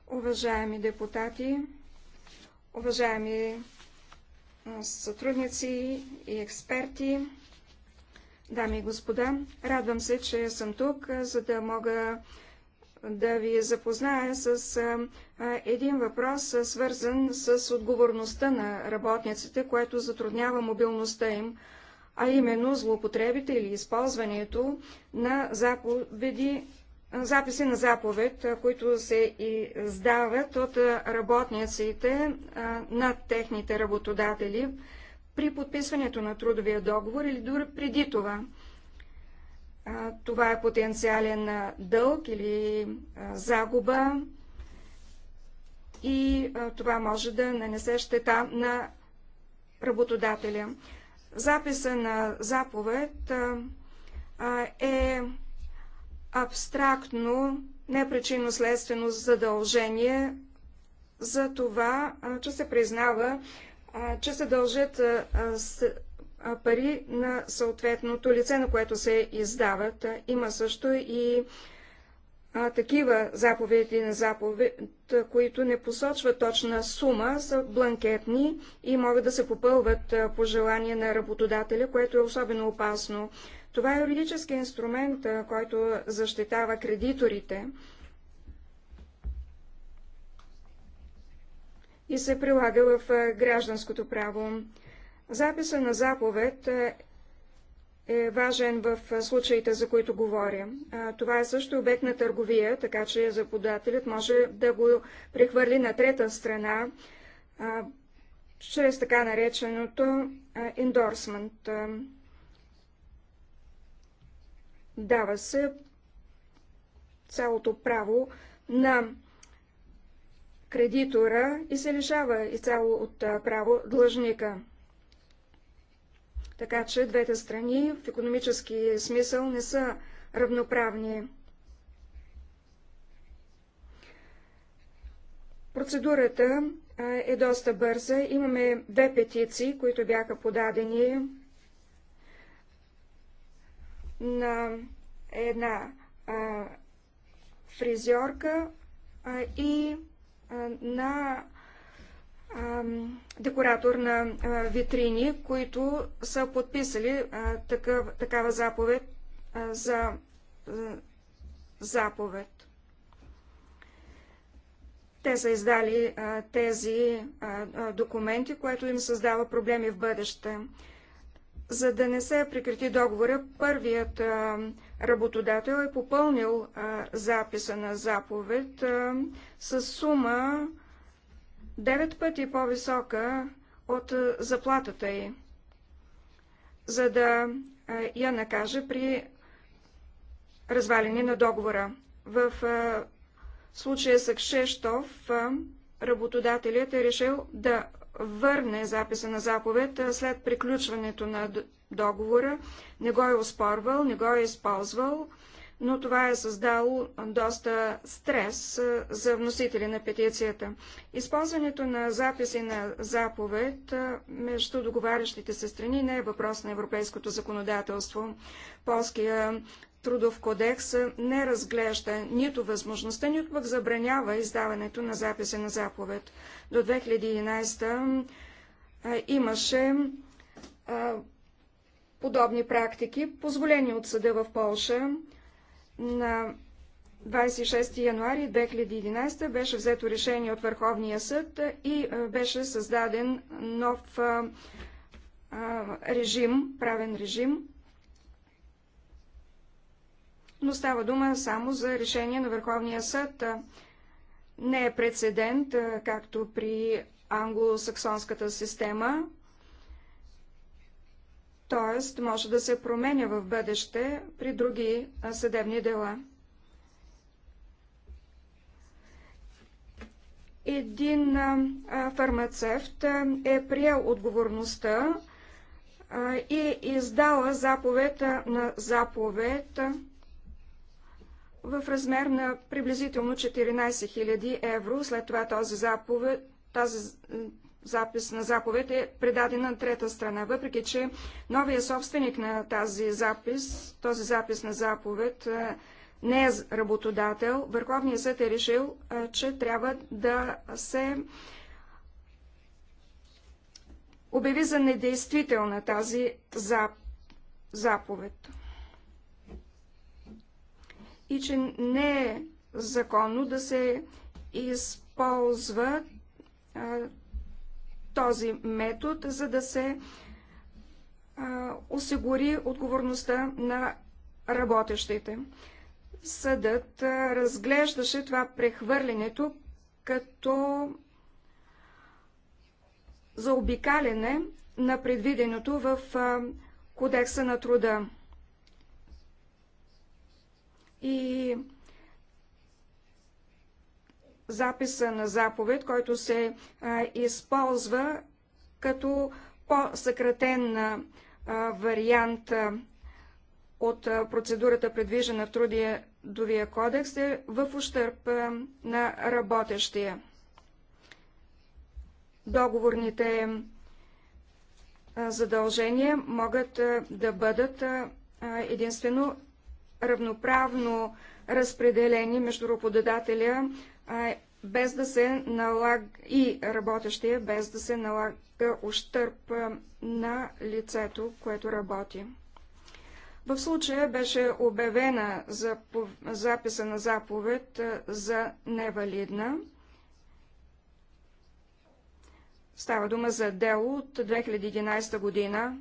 уважаеми депутати, уважаеми сътрудници и експерти, дами и господа. Радвам се, че съм тук, за да мога да ви запозная с един въпрос, свързан с отговорността на работниците, което затруднява мобилността им, а именно злоупотребите или използването на заповеди записи на заповед, които се издават от работниците над техните работодатели при подписването на трудовия договор или дори преди това това е потенциален дълг или загуба и това може да нанесе щета на работодателя. Записа на заповед е абстрактно, непричинно-следствено задължение за това, че се признава, че се дължат пари на съответното лице, на което се издават. Има също и а, такива заповеди на заповед, които не посочват точна сума, са бланкетни и могат да се попълват по желание на работодателя, което е особено опасно. Това е юридически инструмент, който защитава кредиторите и се прилага в гражданското право. Записа на заповед е, е важен в е, случаите, за които говоря. Това е също обект на търговия, така че заподателят може да го прехвърли на трета страна чрез така нареченото ендорсмент. Дава се цялото право на кредитора и се лишава и цяло от право длъжника. Така че двете страни в економически смисъл не са равноправни. Процедурата е доста бърза. Имаме две петиции, които бяха подадени на една а, фризьорка а, и а, на декоратор на витрини, които са подписали такъв, такава заповед за заповед. Те са издали тези документи, което им създава проблеми в бъдеще. За да не се прекрати договора, първият работодател е попълнил записа на заповед с сума Девет пъти по-висока от заплатата й, за да я накаже при разваляне на договора. В случая с Кшештов работодателят е решил да върне записа на заповед след приключването на договора, не го е оспорвал, не го е използвал, но това е създало доста стрес за вносители на петицията. Използването на записи на заповед между договарящите се страни не е въпрос на европейското законодателство. Полския трудов кодекс не разглежда нито възможността, нито пък забранява издаването на записи на заповед. До 2011 имаше подобни практики, позволени от съда в Полша, на 26 януари 2011 беше взето решение от Върховния съд и е, беше създаден нов е, е, режим, правен режим, но става дума само за решение на Върховния съд. Не е прецедент, както при англосаксонската система, т.е. може да се променя в бъдеще при други съдебни дела. Един фармацевт е приел отговорността и издала заповед на заповед в размер на приблизително 14 000 евро. След това този заповед, тази запис на заповед е предадена на трета страна, въпреки че новия собственик на тази запис, този запис на заповед е, не е работодател, Върховният съд е решил, е, че трябва да се обяви за недействителна тази заповед и че не е законно да се използва е, този метод, за да се а, осигури отговорността на работещите. Съдът а, разглеждаше това прехвърлянето като заобикаляне на предвиденото в а, Кодекса на труда. И записа на заповед, който се а, използва като по-съкратен вариант а, от а, процедурата, предвижена в довия кодекс, е в ущърп на работещия. Договорните задължения могат да бъдат единствено равноправно разпределени между работодателя без да се налага и работещия, без да се налага ущърп на лицето, което работи. В случая беше обявена за записа на заповед за невалидна. Става дума за дело от 2011 година,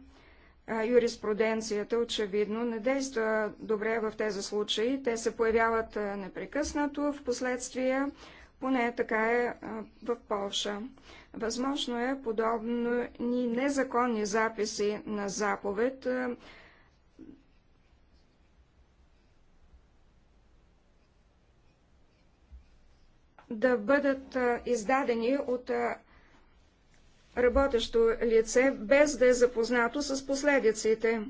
юриспруденцията очевидно не действа добре в тези случаи. Те се появяват непрекъснато, в последствие поне така е в Польша. Възможно е подобно ни незаконни записи на заповед да бъдат издадени от работещо лице, без да е запознато с последиците.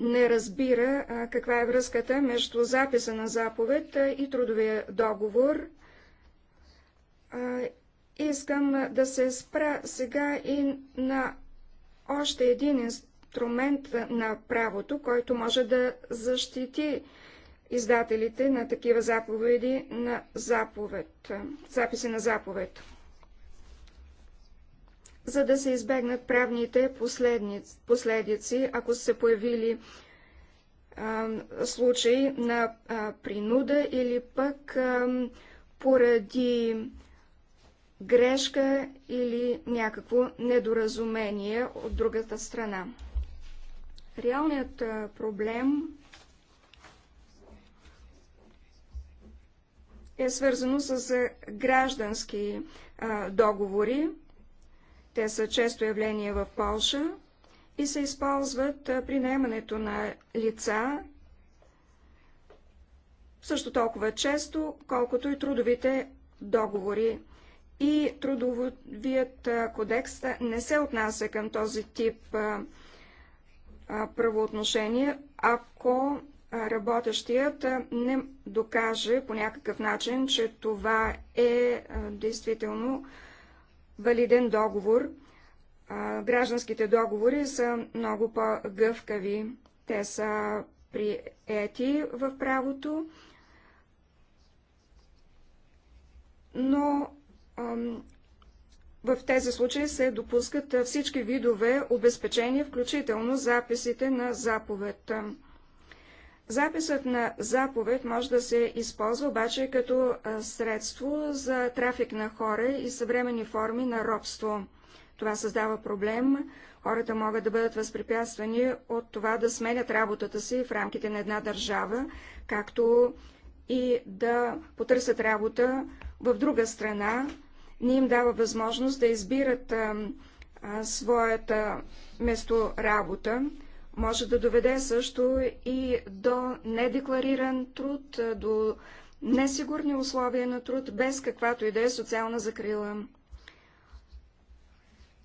Не разбира а, каква е връзката между записа на заповед а, и трудовия договор. А, искам да се спра сега и на още един инструмент на правото, който може да защити издателите на такива заповеди на заповед, записи на заповед за да се избегнат правните последици, ако са се появили а, случаи на а, принуда или пък а, поради грешка или някакво недоразумение от другата страна. Реалният проблем е свързано с граждански договори, те са често явление в Полша и се използват при наемането на лица също толкова често, колкото и трудовите договори. И трудовият кодекс не се отнася към този тип правоотношения, ако работещият не докаже по някакъв начин, че това е действително валиден договор. Гражданските договори са много по-гъвкави. Те са приети в правото, но в тези случаи се допускат всички видове обезпечения, включително записите на заповедта. Записът на заповед може да се използва обаче като средство за трафик на хора и съвременни форми на робство. Това създава проблем. Хората могат да бъдат възпрепятствани от това да сменят работата си в рамките на една държава, както и да потърсят работа в друга страна. Не им дава възможност да избират а, а, своята место работа може да доведе също и до недеклариран труд, до несигурни условия на труд, без каквато и да е социална закрила.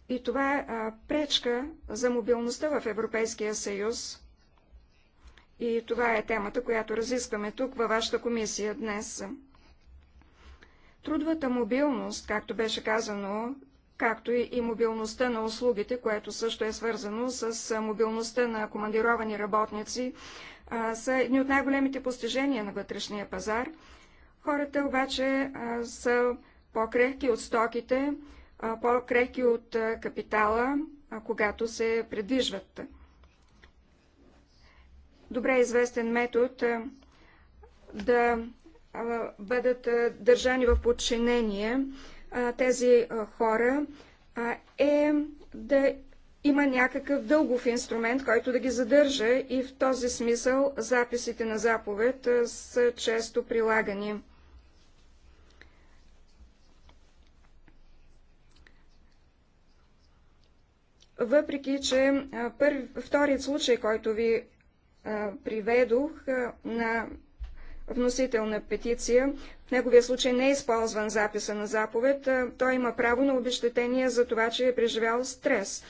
И това е пречка за мобилността в Европейския съюз. И това е темата, която разискваме тук във вашата комисия днес. Трудвата мобилност, както беше казано, както и мобилността на услугите, което също е свързано с мобилността на командировани работници, са едни от най-големите постижения на вътрешния пазар. Хората обаче са по-крехки от стоките, по-крехки от капитала, когато се предвижват. Добре известен метод да бъдат държани в подчинение тези хора е да има някакъв дългов инструмент, който да ги задържа и в този смисъл записите на заповед са често прилагани. Въпреки, че първи, вторият случай, който ви а, приведох а, на вносител на петиция, в неговия случай не е използван записа на заповед, той има право на обещетение за това, че е преживял стрес.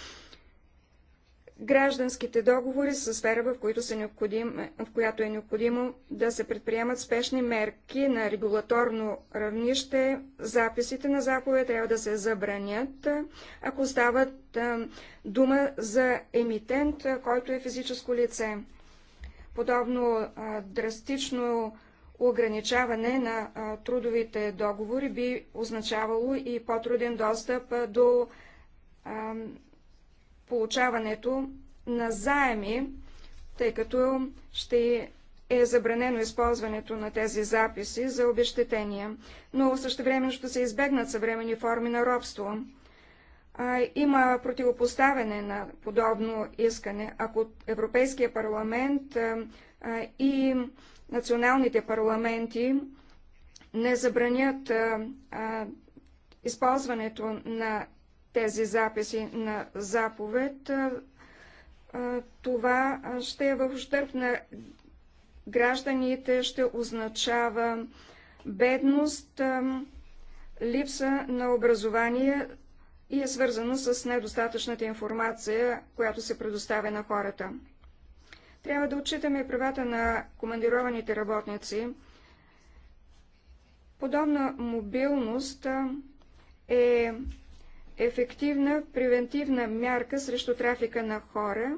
Гражданските договори са сфера, в, които са необходим, в която е необходимо да се предприемат спешни мерки на регулаторно равнище. Записите на заповед трябва да се забранят, ако стават дума за емитент, който е физическо лице. Подобно а, драстично ограничаване на трудовите договори би означавало и по-труден достъп до получаването на заеми, тъй като ще е забранено използването на тези записи за обещетения, но време ще се избегнат съвремени форми на робство. има противопоставяне на подобно искане. Ако Европейския парламент и националните парламенти не забранят а, а, използването на тези записи на заповед, а, а, това ще е в ущърп на гражданите, ще означава бедност, а, липса на образование и е свързано с недостатъчната информация, която се предоставя на хората. Трябва да отчитаме правата на командированите работници. Подобна мобилност е ефективна превентивна мярка срещу трафика на хора.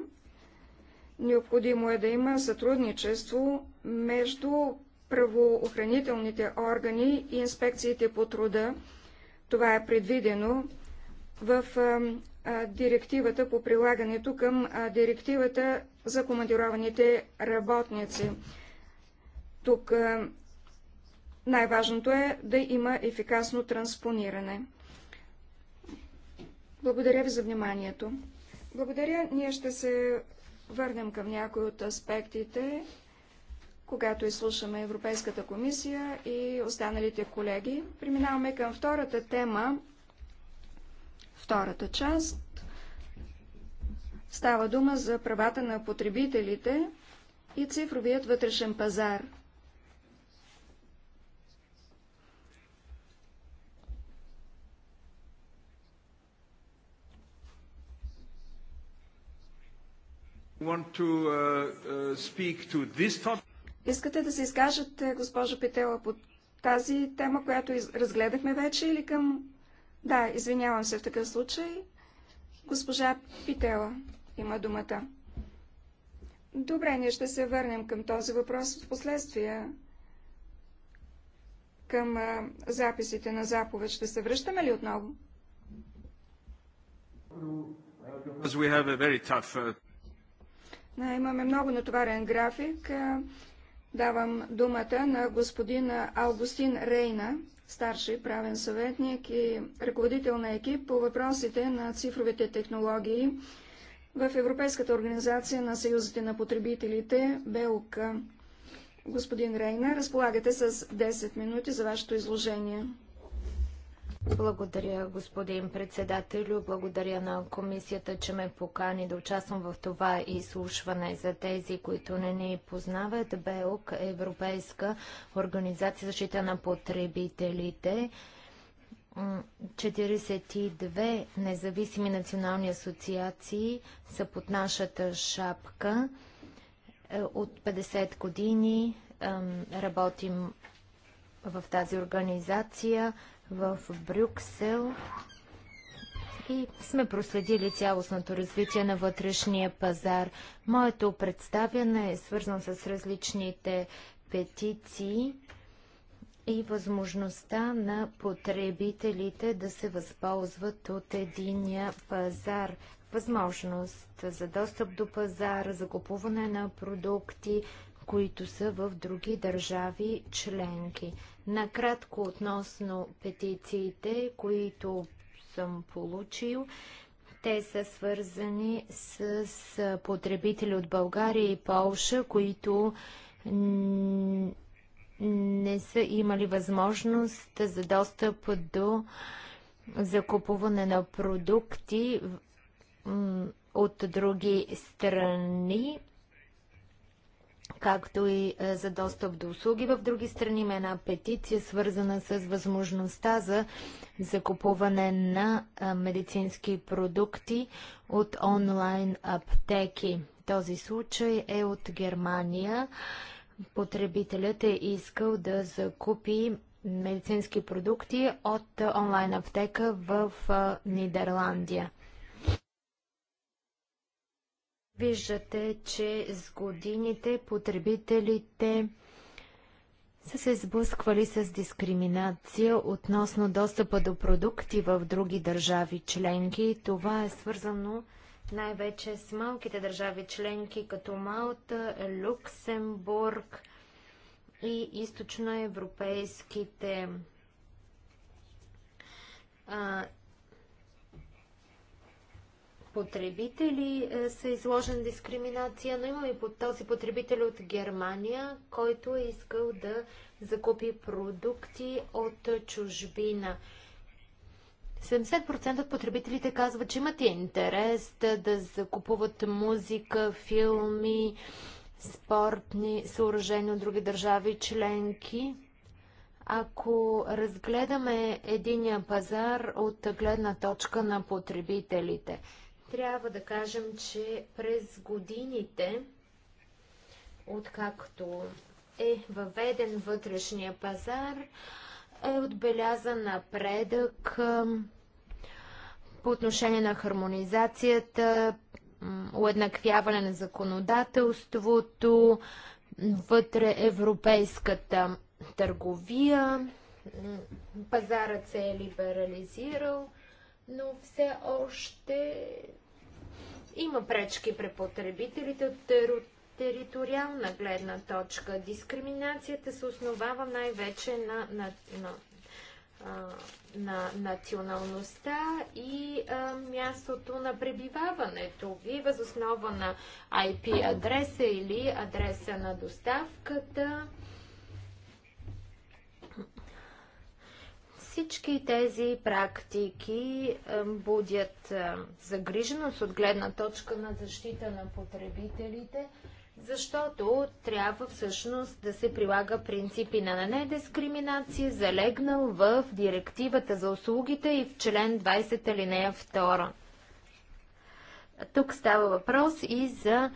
Необходимо е да има сътрудничество между правоохранителните органи и инспекциите по труда. Това е предвидено в директивата по прилагането към директивата за командированите работници. Тук е, най-важното е да има ефикасно транспониране. Благодаря ви за вниманието. Благодаря. Ние ще се върнем към някои от аспектите, когато изслушаме Европейската комисия и останалите колеги. Преминаваме към втората тема, втората част. Става дума за правата на потребителите и цифровият вътрешен пазар. Uh, uh, Искате да се изкажете, госпожо Петела, по тази тема, която разгледахме вече или към... Да, извинявам се в такъв случай. Госпожа Питела има думата. Добре, ние ще се върнем към този въпрос в последствие. Към а, записите на заповед ще се връщаме ли отново? Tough... Uh, да, имаме много натоварен график. Давам думата на господин Августин Рейна, старши правен съветник и ръководител на екип по въпросите на цифровите технологии в Европейската организация на съюзите на потребителите БЕЛК. Господин Рейна, разполагате с 10 минути за вашето изложение. Благодаря, господин председателю. Благодаря на комисията, че ме покани да участвам в това изслушване. За тези, които не ни познават, БЕОК е Европейска организация за защита на потребителите. 42 независими национални асоциации са под нашата шапка. Е, от 50 години работим в тази организация в Брюксел и сме проследили цялостното развитие на вътрешния пазар. Моето представяне е свързано с различните петиции и възможността на потребителите да се възползват от единия пазар. Възможност за достъп до пазара, за купуване на продукти, които са в други държави членки. Накратко относно петициите, които съм получил, те са свързани с потребители от България и Полша, които не са имали възможност за достъп до закупуване на продукти от други страни, както и е, за достъп до услуги в други страни. Има една петиция, свързана с възможността за закупуване на е, медицински продукти от онлайн аптеки. Този случай е от Германия потребителят е искал да закупи медицински продукти от онлайн аптека в Нидерландия. Виждате, че с годините потребителите са се сблъсквали с дискриминация относно достъпа до продукти в други държави членки. Това е свързано с най-вече с малките държави членки, като Малта, Люксембург и източноевропейските а, потребители е, са изложен дискриминация, но имаме и този потребител от Германия, който е искал да закупи продукти от чужбина. 70% от потребителите казват, че имат интерес да, закупуват музика, филми, спортни съоръжения от други държави членки. Ако разгледаме единия пазар от гледна точка на потребителите, трябва да кажем, че през годините, откакто е въведен вътрешния пазар, е отбелязан напредък по отношение на хармонизацията, уеднаквяване на законодателството, вътре европейската търговия, пазарът се е либерализирал, но все още има пречки при потребителите от териториална гледна точка. Дискриминацията се основава най-вече на, на, на, на, на националността и а, мястото на пребиваването ви възоснова на IP адреса или адреса на доставката. всички тези практики будят загриженост от гледна точка на защита на потребителите защото трябва всъщност да се прилага принципи на недискриминация, залегнал в директивата за услугите и в член 20 алинея 2. Тук става въпрос и за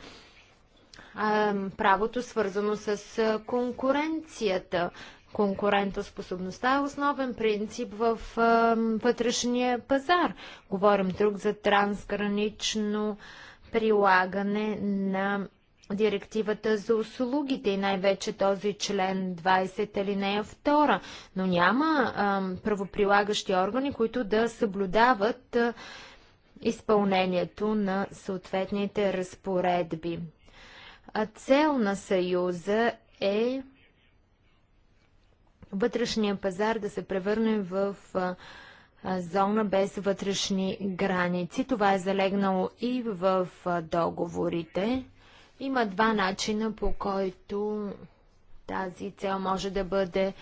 а, правото свързано с конкуренцията. Конкурентоспособността е основен принцип в а, вътрешния пазар. Говорим друг за трансгранично прилагане на директивата за услугите и най-вече този член 20 алинея 2. Но няма а, правоприлагащи органи, които да съблюдават а, изпълнението на съответните разпоредби. А цел на Съюза е вътрешния пазар да се превърне в а, зона без вътрешни граници. Това е залегнало и в договорите. Има два начина по който тази цел може да бъде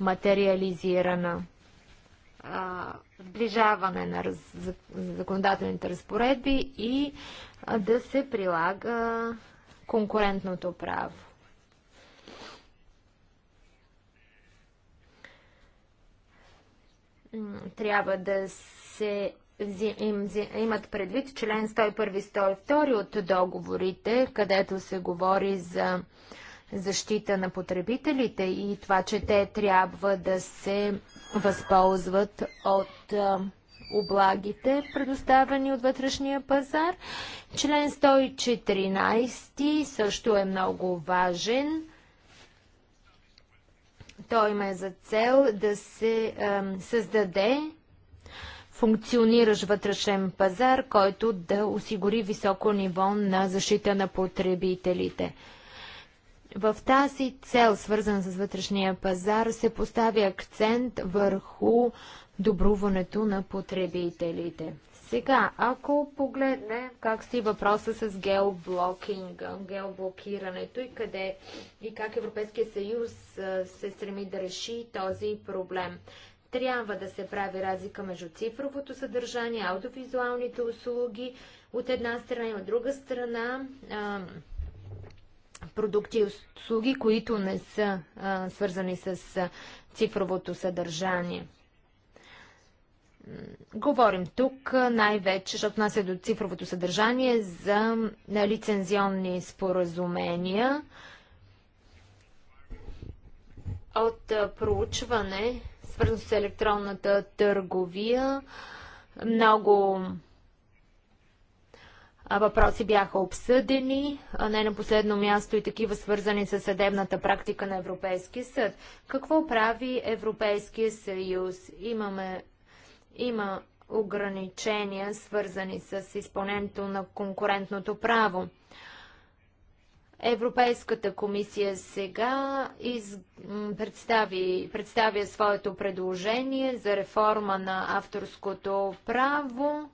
материализирана. сближаване на законодателните разпоредби и да се прилага конкурентното право. Трябва да се им, имат предвид член 101-102 от договорите, където се говори за защита на потребителите и това, че те трябва да се възползват от облагите, предоставени от вътрешния пазар. Член 114 също е много важен. Той има за цел да се създаде функциониращ вътрешен пазар, който да осигури високо ниво на защита на потребителите. В тази цел, свързана с вътрешния пазар, се поставя акцент върху добруването на потребителите. Сега, ако погледнем как си въпроса с геоблокинга, геоблокирането и къде и как Европейския съюз се стреми да реши този проблем трябва да се прави разлика между цифровото съдържание, аудиовизуалните услуги от една страна и от друга страна а, продукти и услуги, които не са а, свързани с а, цифровото съдържание. Говорим тук най-вече, защото нас е до цифровото съдържание, за лицензионни споразумения от проучване свързано с електронната търговия. Много въпроси бяха обсъдени, а не на последно място и такива свързани с съдебната практика на Европейския съд. Какво прави Европейския съюз? Имаме, има ограничения, свързани с изпълнението на конкурентното право. Европейската комисия сега из... представи, представя своето предложение за реформа на авторското право,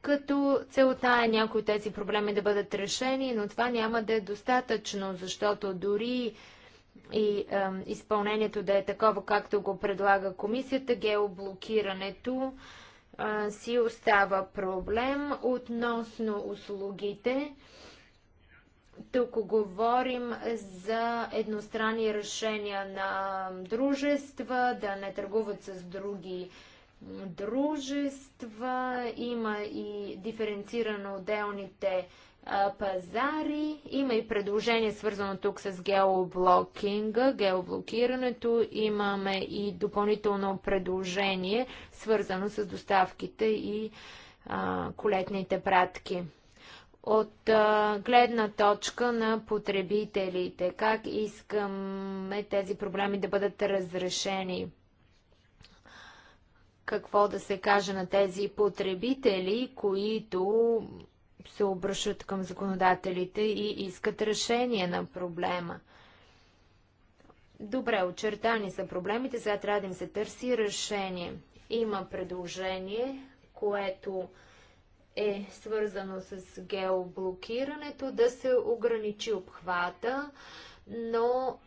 като целта е някои от тези проблеми да бъдат решени, но това няма да е достатъчно, защото дори и е, изпълнението да е такова, както го предлага комисията, геоблокирането е, си остава проблем относно услугите. Тук говорим за едностранни решения на дружества, да не търгуват с други дружества. Има и диференцирано отделните пазари. Има и предложение свързано тук с геоблокинга, геоблокирането. Имаме и допълнително предложение свързано с доставките и а, колетните пратки от а, гледна точка на потребителите. Как искаме тези проблеми да бъдат разрешени? Какво да се каже на тези потребители, които се обръщат към законодателите и искат решение на проблема? Добре, очертани са проблемите, сега трябва да им се търси решение. Има предложение, което е свързано с геоблокирането, да се ограничи обхвата, но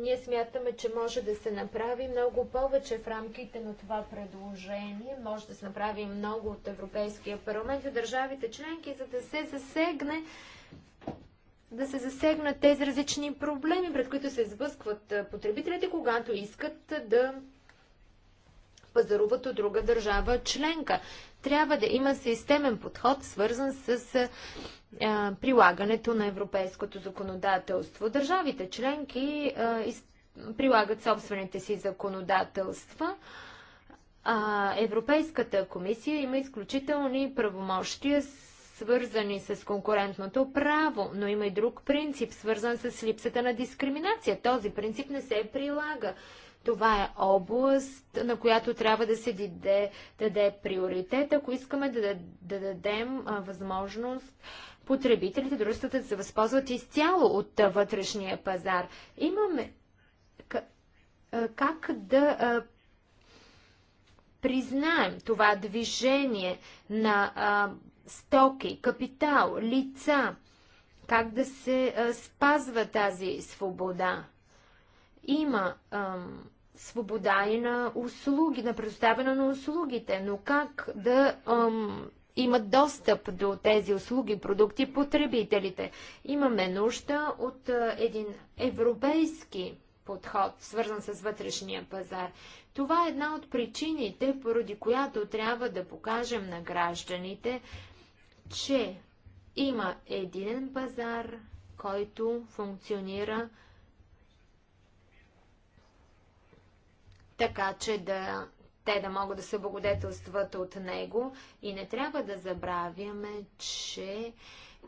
ние смятаме, че може да се направи много повече в рамките на това предложение. Може да се направи много от Европейския парламент и държавите членки, за да се засегне да се засегнат тези различни проблеми, пред които се сблъскват потребителите, когато искат да пазаруват от друга държава членка. Трябва да има системен подход, свързан с а, прилагането на европейското законодателство. Държавите членки а, из, прилагат собствените си законодателства. А, Европейската комисия има изключителни правомощия свързани с конкурентното право, но има и друг принцип, свързан с липсата на дискриминация. Този принцип не се прилага. Това е област, на която трябва да се даде, даде приоритет, ако искаме да, да дадем а, възможност потребителите, дружествата да се възползват изцяло от а, вътрешния пазар. Имаме как да а, признаем това движение на а, стоки, капитал, лица, как да се а, спазва тази свобода. Има ам, свобода и на услуги, на предоставяне на услугите, но как да ам, имат достъп до тези услуги, продукти потребителите? Имаме нужда от а, един европейски подход, свързан с вътрешния пазар. Това е една от причините, поради която трябва да покажем на гражданите, че има един пазар, който функционира така че да, те да могат да се благодетелстват от него. И не трябва да забравяме, че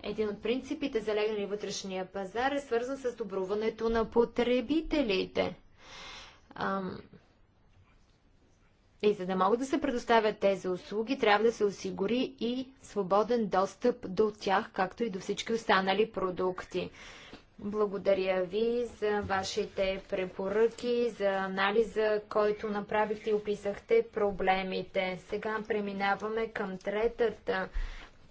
един от принципите, залегнали вътрешния пазар, е свързан с добруването на потребителите. Ам... И за да могат да се предоставят тези услуги, трябва да се осигури и свободен достъп до тях, както и до всички останали продукти. Благодаря ви за вашите препоръки, за анализа, който направихте и описахте проблемите. Сега преминаваме към третата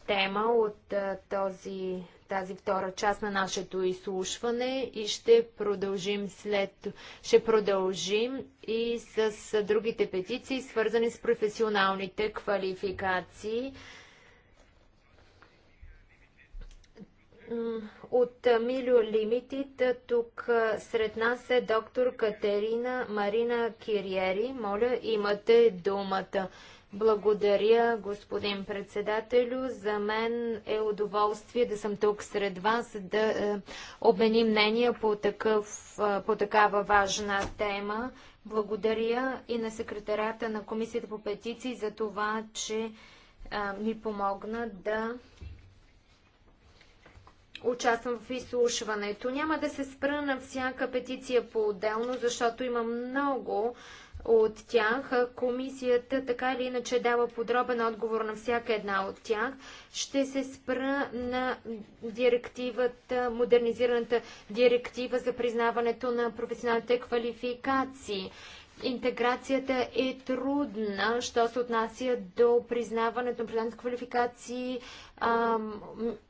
тема от този, тази втора част на нашето изслушване и ще продължим след. Ще продължим и с другите петиции, свързани с професионалните квалификации. От Милио Лимитит тук сред нас е доктор Катерина Марина Кириери. Моля, имате думата. Благодаря, господин председателю. За мен е удоволствие да съм тук сред вас, да е, обменим мнения по, такъв, по такава важна тема. Благодаря и на секретарята на Комисията по петиции за това, че е, ми помогна да участвам в изслушването. Няма да се спра на всяка петиция по-отделно, защото има много от тях. Комисията така или иначе дава подробен отговор на всяка една от тях. Ще се спра на директивата, модернизираната директива за признаването на професионалните квалификации. Интеграцията е трудна, що се отнася до признаването на определените квалификации, ам,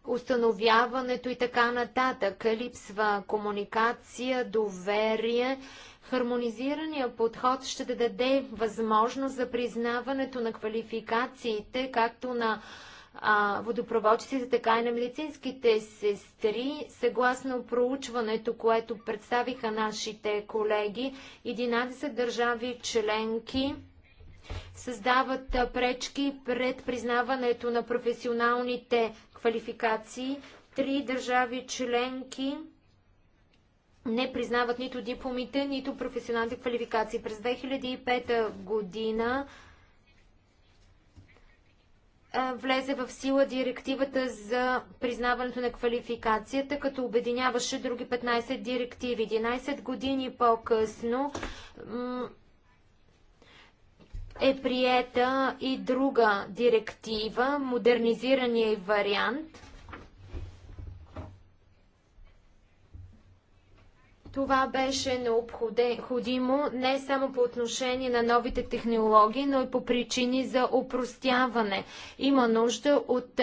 установяването и така нататък. Липсва комуникация, доверие. Хармонизирания подход ще даде възможност за признаването на квалификациите, както на водопроводчиците, така и на медицинските сестри. Съгласно проучването, което представиха нашите колеги, 11 държави членки създават пречки пред признаването на професионалните квалификации. Три държави членки не признават нито дипломите, нито професионалните квалификации. През 2005 година влезе в сила директивата за признаването на квалификацията, като обединяваше други 15 директиви. 11 години по-късно е приета и друга директива, модернизирания вариант, Това беше необходимо не само по отношение на новите технологии, но и по причини за упростяване. Има нужда от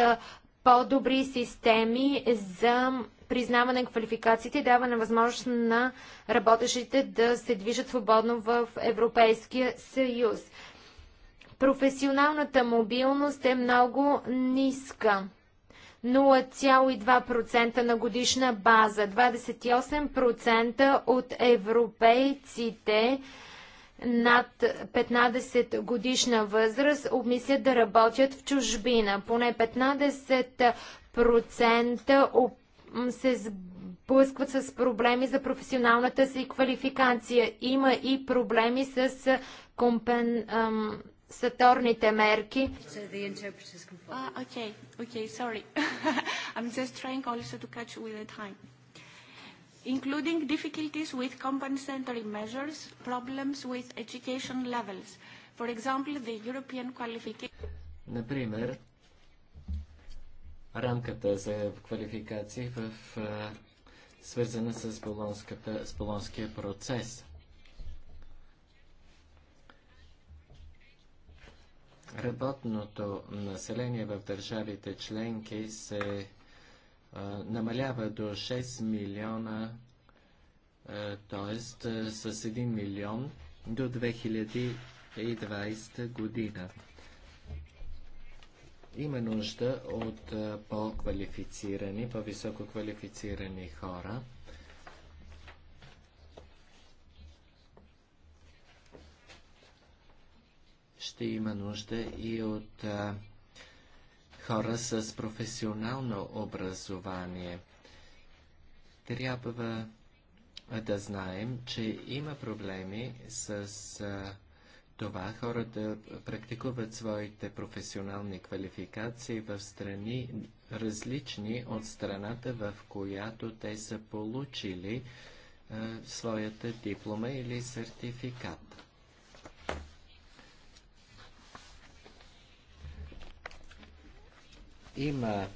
по-добри системи за признаване на квалификациите и даване възможност на работещите да се движат свободно в Европейския съюз. Професионалната мобилност е много ниска. 0,2% на годишна база. 28% от европейците над 15 годишна възраст обмислят да работят в чужбина. Поне 15% се сблъскват с проблеми за професионалната си квалификация. Има и проблеми с компен саторните мерки. Including difficulties with compensatory measures, problems with education levels. For example, the European qualification... Например, рамката за квалификации в, свързана с болонския процес – работното население в държавите членки се а, намалява до 6 милиона, т.е. с 1 милион до 2020 година. Има нужда от по-квалифицирани, по-високо квалифицирани хора. ще има нужда и от а, хора с професионално образование. Трябва да знаем, че има проблеми с а, това хората практикуват своите професионални квалификации в страни различни от страната, в която те са получили а, своята диплома или сертификат. Има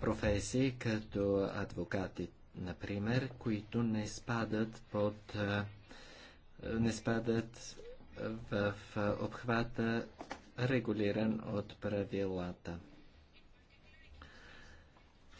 професии като адвокати, например, които не спадат под не спадат в обхвата регулиран от правилата.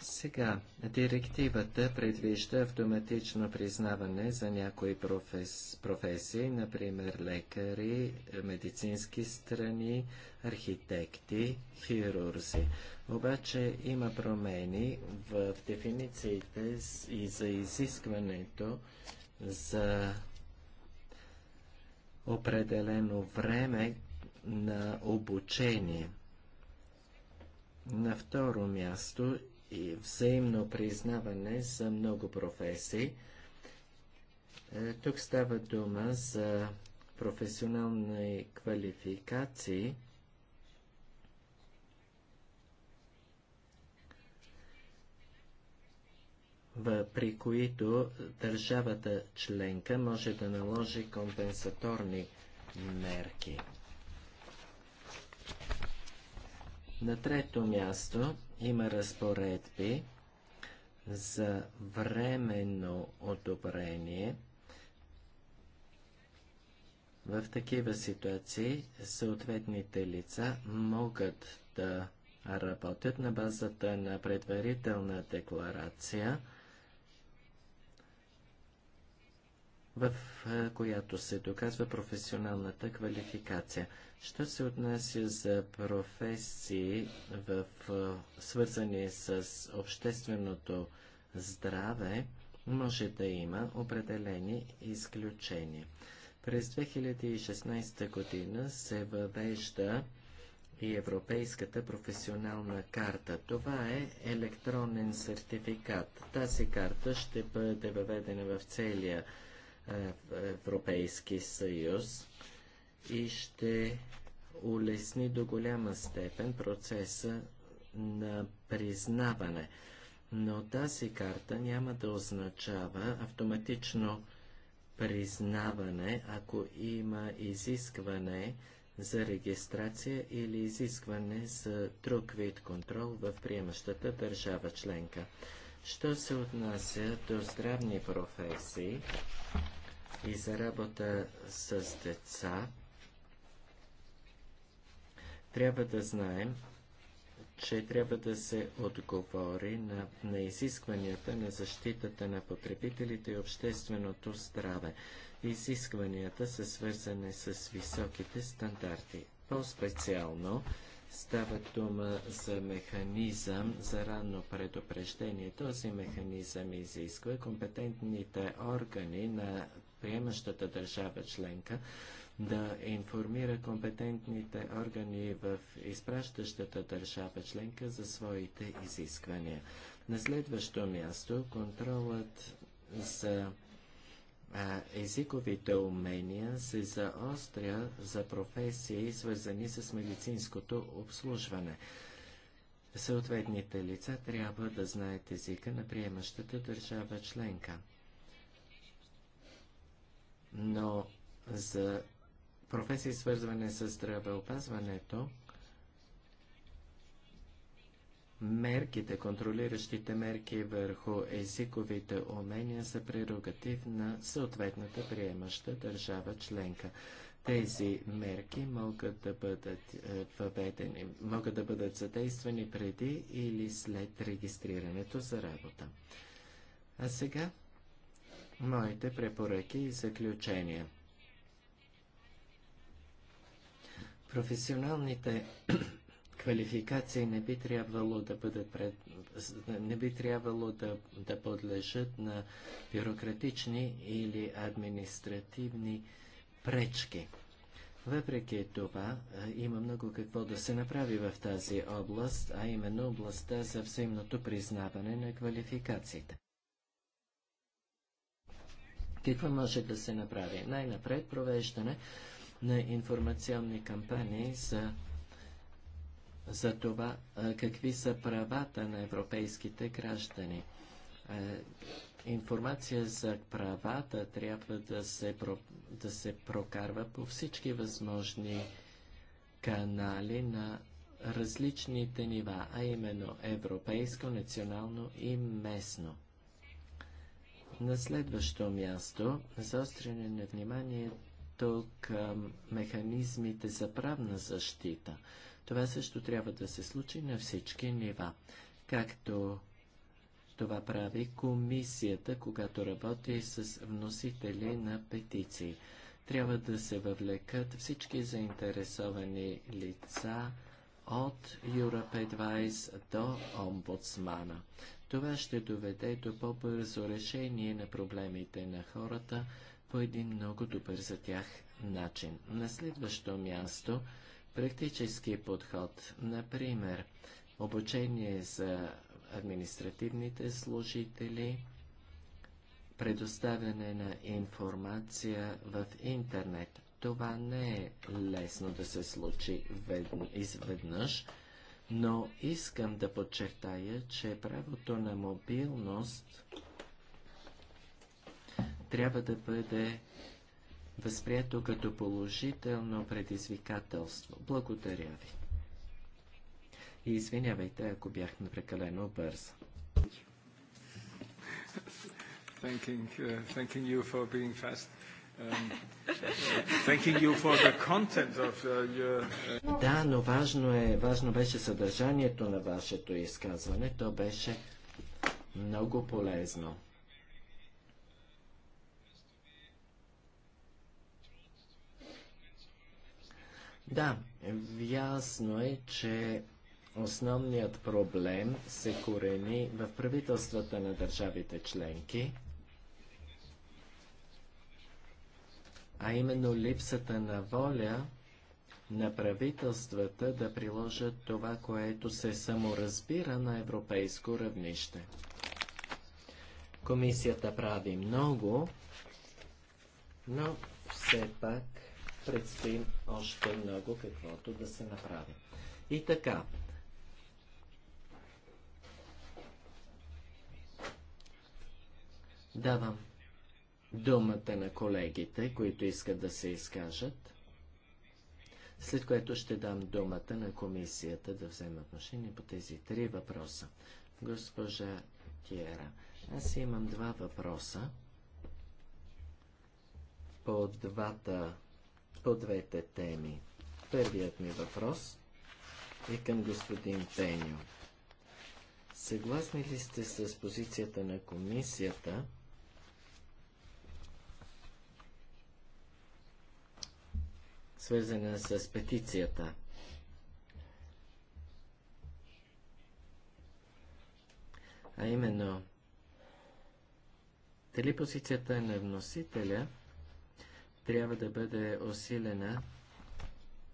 Сега, директивата предвижда автоматично признаване за някои професи, професии, например лекари, медицински страни, архитекти, хирурзи. Обаче има промени в дефинициите и за изискването за определено време на обучение. На второ място и взаимно признаване за много професии. Е, тук става дума за професионални квалификации. при които държавата членка може да наложи компенсаторни мерки. На трето място има разпоредби за временно одобрение. В такива ситуации съответните лица могат да работят на базата на предварителна декларация, в която се доказва професионалната квалификация. Що се отнася за професии, в, свързани с общественото здраве, може да има определени изключения. През 2016 година се въвежда и Европейската професионална карта. Това е електронен сертификат. Тази карта ще бъде въведена в целия Европейски съюз и ще улесни до голяма степен процеса на признаване. Но тази карта няма да означава автоматично признаване, ако има изискване за регистрация или изискване за друг вид контрол в приемащата държава членка. Що се отнася до здравни професии и за работа с деца, трябва да знаем, че трябва да се отговори на, на изискванията на защитата на потребителите и общественото здраве. Изискванията са свързани с високите стандарти. По-специално става дума за механизъм за ранно предупреждение. Този механизъм изисква компетентните органи на приемащата държава членка да информира компетентните органи в изпращащата държава членка за своите изисквания. На следващо място контролът за а, езиковите умения се заостря за професии, свързани с медицинското обслужване. Съответните лица трябва да знаят езика на приемащата държава членка. Но за професии, свързване с здравеопазването, мерките, контролиращите мерки върху езиковите умения са прерогатив на съответната приемаща държава членка. Тези мерки могат да бъдат е, въведени, могат да бъдат задействани преди или след регистрирането за работа. А сега моите препоръки и заключения. Професионалните квалификации не би трябвало да бъдат пред... не би трябвало да, да подлежат на бюрократични или административни пречки. Въпреки това, има много какво да се направи в тази област, а именно областта за взаимното признаване на квалификациите. Какво може да се направи? Най-напред провеждане на информационни кампании за, за това какви са правата на европейските граждани. Информация за правата трябва да се, да се прокарва по всички възможни канали на различните нива, а именно европейско, национално и местно. На следващо място, заостряне на вниманието до към механизмите за правна защита. Това също трябва да се случи на всички нива, както това прави комисията, когато работи с вносители на петиции. Трябва да се въвлекат всички заинтересовани лица от Europe Advice до омбудсмана. Това ще доведе до по-бързо решение на проблемите на хората, по един много добър за тях начин. На следващо място практически подход, например обучение за административните служители, предоставяне на информация в интернет. Това не е лесно да се случи изведнъж, но искам да подчертая, че правото на мобилност трябва да бъде възприето като положително предизвикателство. Благодаря ви. И извинявайте, ако бях прекалено бърз. Thanking, uh, thanking you for being fast. Um, uh, uh, uh, да, но важно, е, важно беше съдържанието на вашето изказване. То беше много полезно. Да, ясно е, че основният проблем се корени в правителствата на държавите членки, а именно липсата на воля на правителствата да приложат това, което се саморазбира на европейско равнище. Комисията прави много, но все пак предстои още много каквото да се направи. И така. Давам думата на колегите, които искат да се изкажат, след което ще дам думата на комисията да вземе отношение по тези три въпроса. Госпожа Тиера, аз имам два въпроса по двата по двете теми. Първият ми въпрос е към господин Пеню. Съгласни ли сте с позицията на комисията, свързана с петицията? А именно, дали позицията на вносителя – трябва да бъде усилена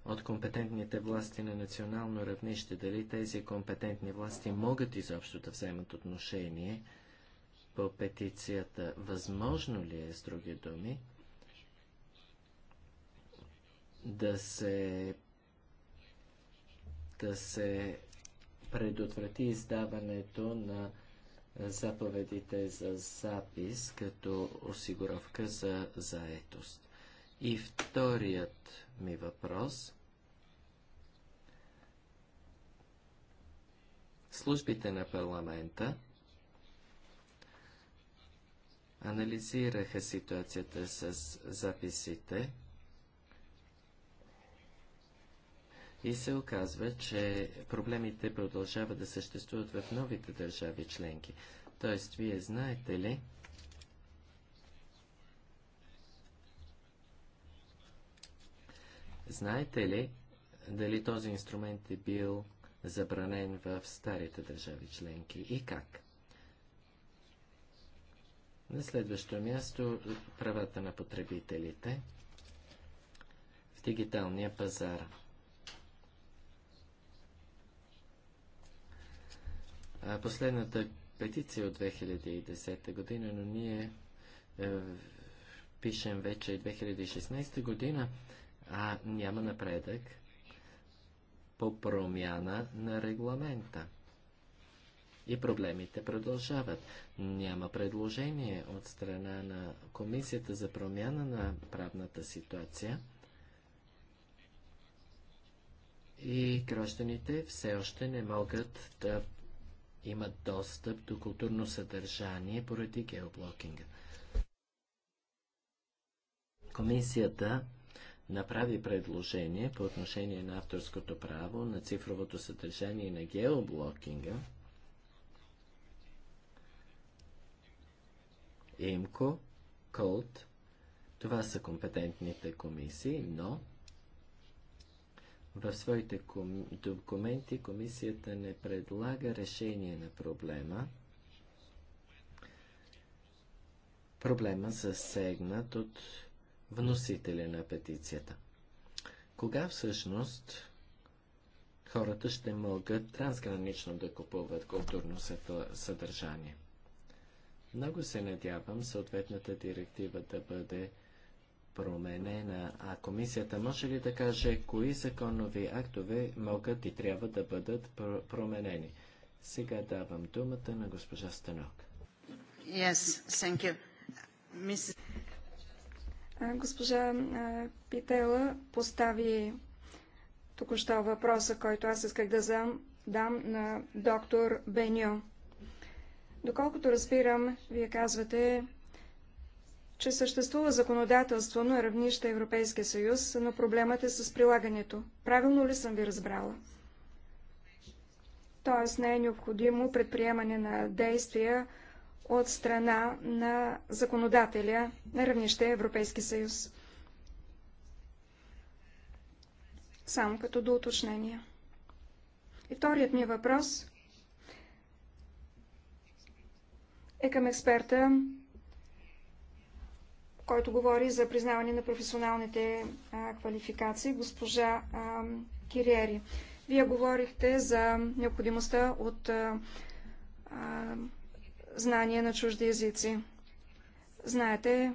от компетентните власти на национално равнище. Дали тези компетентни власти могат изобщо да вземат отношение по петицията? Възможно ли е, с други думи, да се да се предотврати издаването на заповедите за запис като осигуровка за заетост. И вторият ми въпрос. Службите на парламента анализираха ситуацията с записите и се оказва, че проблемите продължават да съществуват в новите държави членки. Тоест, вие знаете ли, Знаете ли дали този инструмент е бил забранен в старите държави членки и как? На следващо място правата на потребителите в дигиталния пазар. Последната петиция от 2010 година, но ние е, пишем вече 2016 година, а няма напредък по промяна на регламента. И проблемите продължават. Няма предложение от страна на Комисията за промяна на правната ситуация. И гражданите все още не могат да имат достъп до културно съдържание поради геоблокинга. Комисията направи предложение по отношение на авторското право, на цифровото съдържание и на геоблокинга, ИМКО, КОЛТ, това са компетентните комисии, но в своите ком... документи комисията не предлага решение на проблема. Проблема засегнат от вносители на петицията. Кога всъщност хората ще могат трансгранично да купуват културно съдържание? Много се надявам съответната директива да бъде променена, а комисията може ли да каже кои законови актове могат и трябва да бъдат променени? Сега давам думата на госпожа Станок. Yes, thank you. Miss... Госпожа Питела постави току-що въпроса, който аз исках да дам на доктор Беньо. Доколкото разбирам, вие казвате, че съществува законодателство на равнище Европейския съюз, но проблемът е с прилагането. Правилно ли съм ви разбрала? Тоест не е необходимо предприемане на действия от страна на законодателя на равнище Европейски съюз. Само като до уточнение. И вторият ми въпрос е към експерта, който говори за признаване на професионалните а, квалификации, госпожа а, Кириери. Вие говорихте за необходимостта от а, знание на чужди езици. Знаете,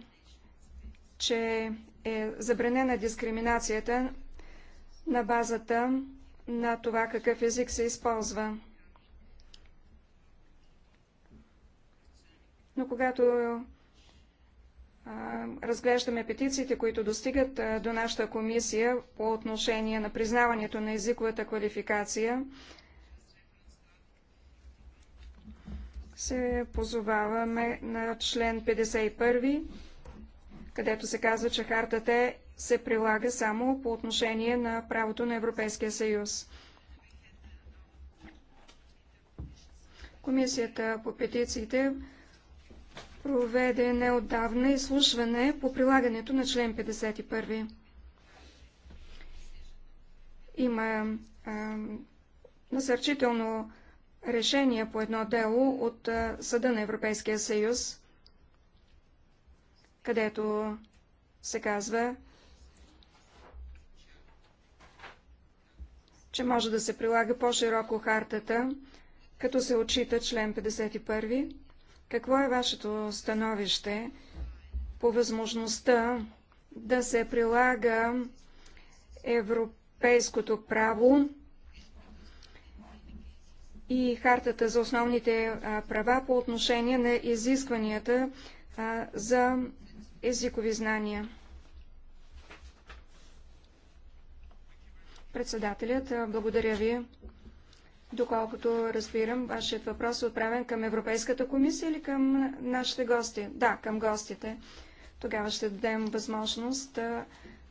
че е забранена дискриминацията на базата на това какъв език се използва. Но когато а, разглеждаме петициите, които достигат а, до нашата комисия по отношение на признаването на езиковата квалификация, се позоваваме на член 51, където се казва, че хартата се прилага само по отношение на правото на Европейския съюз. Комисията по петициите проведе неотдавна изслушване по прилагането на член 51. Има а, насърчително решение по едно дело от Съда на Европейския съюз, където се казва, че може да се прилага по-широко хартата, като се отчита член 51. Какво е вашето становище по възможността да се прилага европейското право и Хартата за основните права по отношение на изискванията за езикови знания. Председателят, благодаря ви. Доколкото разбирам, вашият въпрос е отправен към Европейската комисия или към нашите гости? Да, към гостите. Тогава ще дадем възможност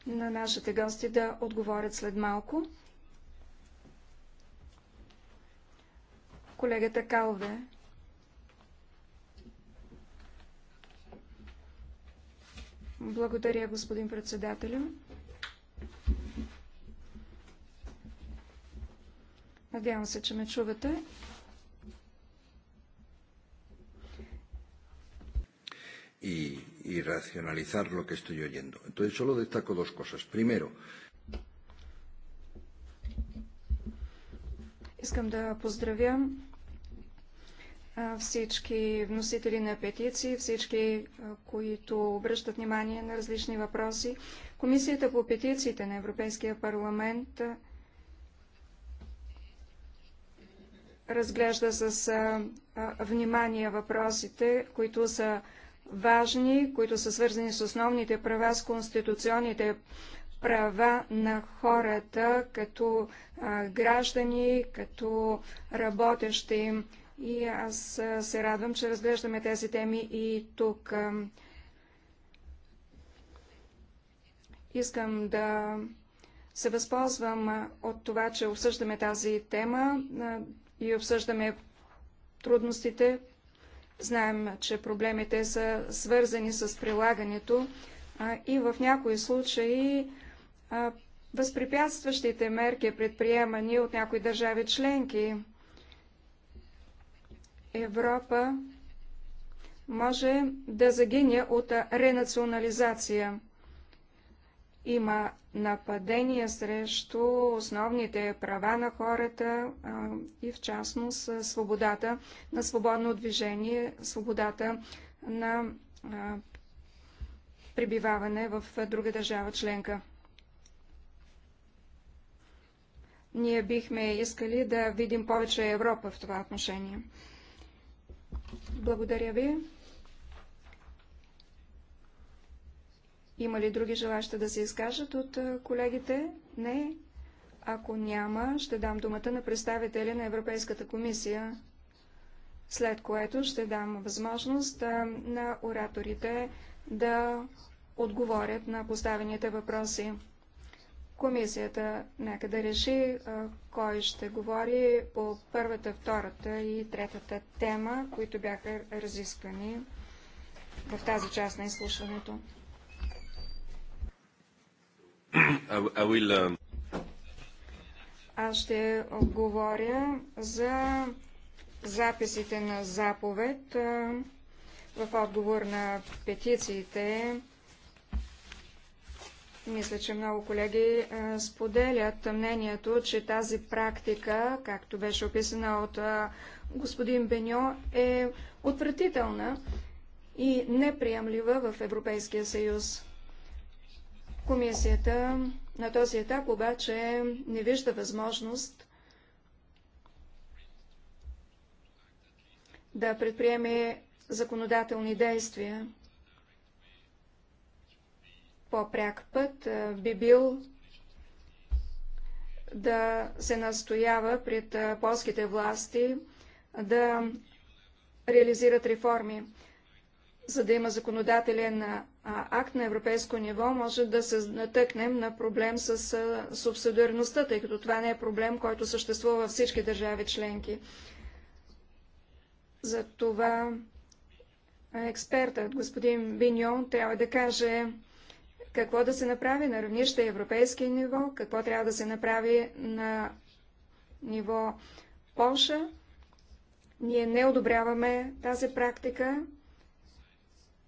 на нашите гости да отговорят след малко. колегата Калве. Благодаря, господин председателю. Надявам се, че ме чувате. Y, y racionalizar lo que estoy oyendo. Entonces, solo destaco dos cosas. Primero, Искам да поздравя всички вносители на петиции, всички, които обръщат внимание на различни въпроси. Комисията по петициите на Европейския парламент разглежда с внимание въпросите, които са важни, които са свързани с основните права, с конституционните права на хората като граждани, като работещи. И аз се радвам, че разглеждаме тези теми и тук. Искам да се възползвам от това, че обсъждаме тази тема и обсъждаме трудностите. Знаем, че проблемите са свързани с прилагането и в някои случаи възпрепятстващите мерки, предприемани от някои държави членки, Европа може да загине от ренационализация. Има нападения срещу основните права на хората и в частност свободата на свободно движение, свободата на пребиваване в друга държава членка. Ние бихме искали да видим повече Европа в това отношение. Благодаря ви. Има ли други желаща да се изкажат от колегите? Не. Ако няма, ще дам думата на представителя на Европейската комисия, след което ще дам възможност на ораторите да отговорят на поставените въпроси. Комисията нека да реши кой ще говори по първата, втората и третата тема, които бяха разисквани в тази част на изслушването. Will... Uh, Аз ще говоря за записите на заповед в отговор на петициите мисля, че много колеги е, споделят мнението, че тази практика, както беше описана от е, господин Беньо, е отвратителна и неприемлива в Европейския съюз. Комисията на този етап обаче не вижда възможност да предприеме законодателни действия. По-пряк път би бил да се настоява пред полските власти да реализират реформи. За да има законодателен акт на европейско ниво, може да се натъкнем на проблем с субсидиарността, тъй като това не е проблем, който съществува във всички държави членки. Затова експертът, господин Биньон, трябва да каже какво да се направи на равнище европейски ниво, какво трябва да се направи на ниво Польша. Ние не одобряваме тази практика,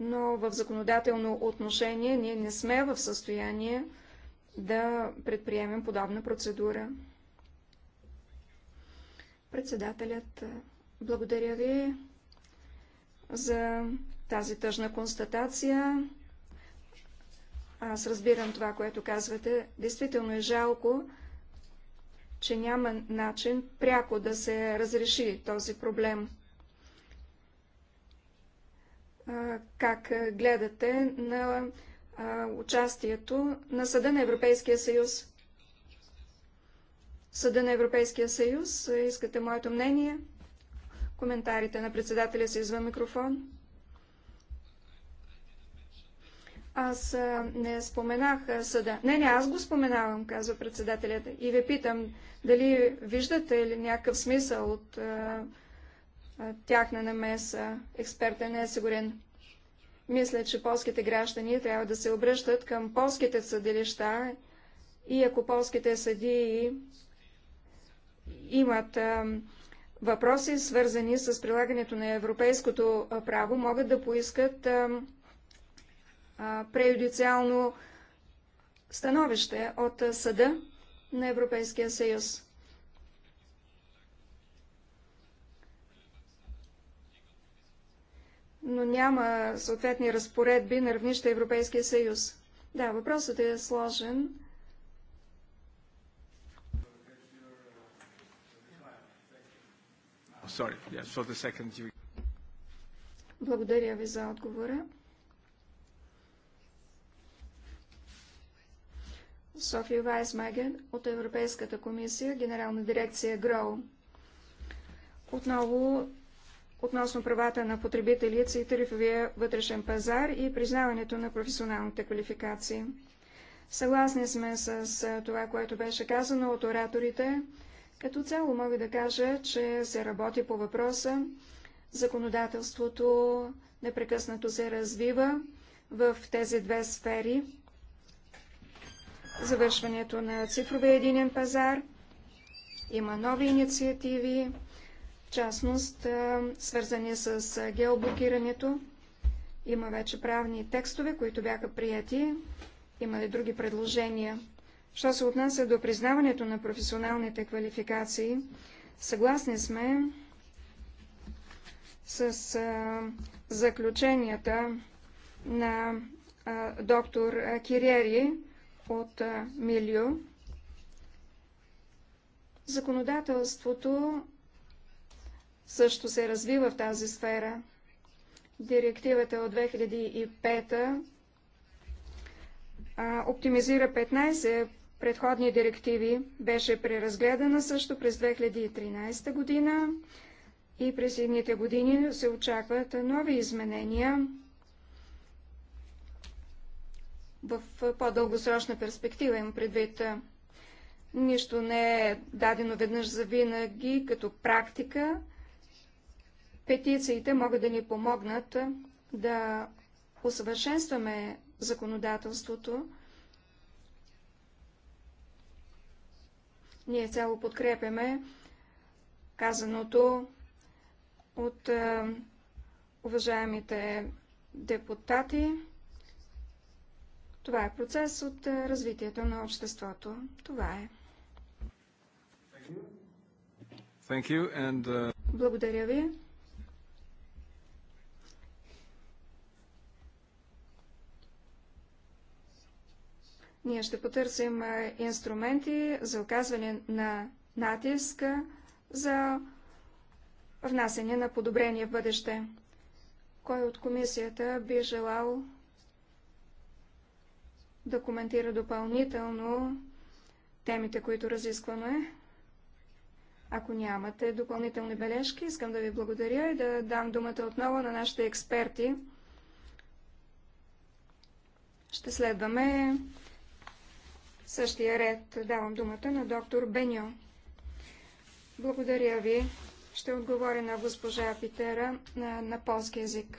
но в законодателно отношение ние не сме в състояние да предприемем подобна процедура. Председателят, благодаря ви за тази тъжна констатация. Аз разбирам това, което казвате. Действително е жалко, че няма начин пряко да се разреши този проблем. Как гледате на участието на Съда на Европейския съюз? Съда на Европейския съюз, искате моето мнение? Коментарите на председателя са извън микрофон. Аз не споменах съда. Не, не, аз го споменавам, казва председателят. И ви питам, дали виждате ли някакъв смисъл от а, а, тяхна намеса? Експертът не е сигурен. Мисля, че полските граждани трябва да се обръщат към полските съдилища и ако полските съдии имат а, въпроси, свързани с прилагането на европейското право, могат да поискат а, преюдициално становище от Съда на Европейския съюз. но няма съответни разпоредби на равнище Европейския съюз. Да, въпросът е сложен. Oh, Благодаря ви за отговора. София Вайсмаген от Европейската комисия, генерална дирекция ГРОУ. Отново относно правата на потребителите и тарифовия вътрешен пазар и признаването на професионалните квалификации. Съгласни сме с това, което беше казано от ораторите. Като цяло мога да кажа, че се работи по въпроса. Законодателството непрекъснато се развива в тези две сфери завършването на цифровия единен пазар. Има нови инициативи, в частност свързани с геоблокирането. Има вече правни текстове, които бяха прияти. Има и други предложения. Що се отнася до признаването на професионалните квалификации, съгласни сме с а, заключенията на а, доктор Кириери, от Милио. Законодателството също се развива в тази сфера. Директивата от 2005 а, оптимизира 15 предходни директиви. Беше преразгледана също през 2013 година и през едните години се очакват нови изменения в по-дългосрочна перспектива им предвид. Нищо не е дадено веднъж за винаги като практика. Петициите могат да ни помогнат да усъвършенстваме законодателството. Ние цяло подкрепяме казаното от уважаемите депутати. Това е процес от развитието на обществото. Това е. Thank you. And, uh... Благодаря ви. Ние ще потърсим инструменти за оказване на натиска за внасене на подобрение в бъдеще. Кой от комисията би желал да коментира допълнително темите, които разискваме. Ако нямате допълнителни бележки, искам да ви благодаря и да дам думата отново на нашите експерти. Ще следваме същия ред. Давам думата на доктор Беньо. Благодаря ви. Ще отговоря на госпожа Питера на, на полски язик.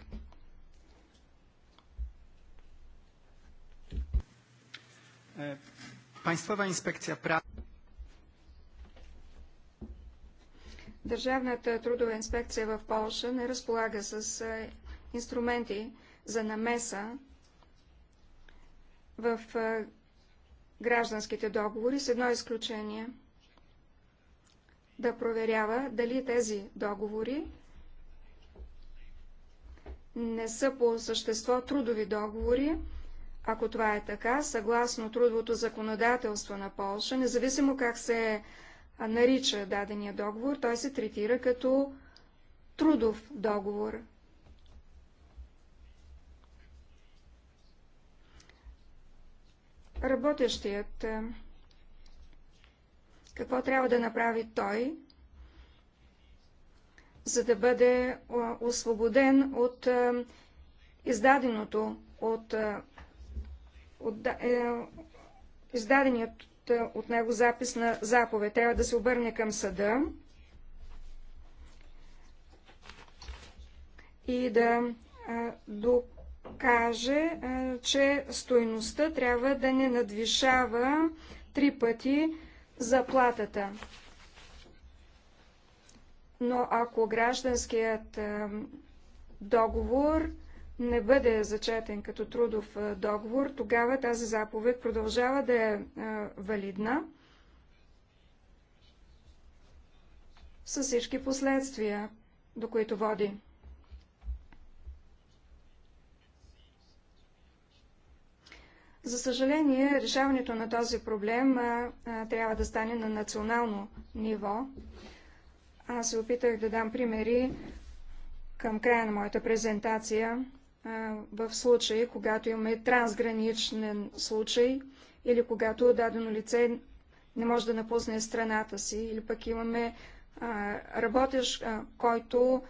E, Państwowa inspekcja pracy. Държавната трудова инспекция в Польша не разполага с е, инструменти за намеса в е, гражданските договори, с едно изключение да проверява дали тези договори не са по същество трудови договори, ако това е така, съгласно трудовото законодателство на Полша, независимо как се нарича дадения договор, той се третира като трудов договор. Работещият какво трябва да направи той, за да бъде освободен от издаденото от е... издаденият е, от него запис на заповед. Трябва да се обърне към съда и да е, докаже, е, че стойността трябва да не надвишава три пъти заплатата. Но ако гражданският договор не бъде зачетен като трудов договор, тогава тази заповед продължава да е валидна с всички последствия, до които води. За съжаление, решаването на този проблем а, а, трябва да стане на национално ниво. Аз се опитах да дам примери към края на моята презентация в случай, когато имаме трансграничен случай или когато дадено лице не може да напусне страната си, или пък имаме работещ, който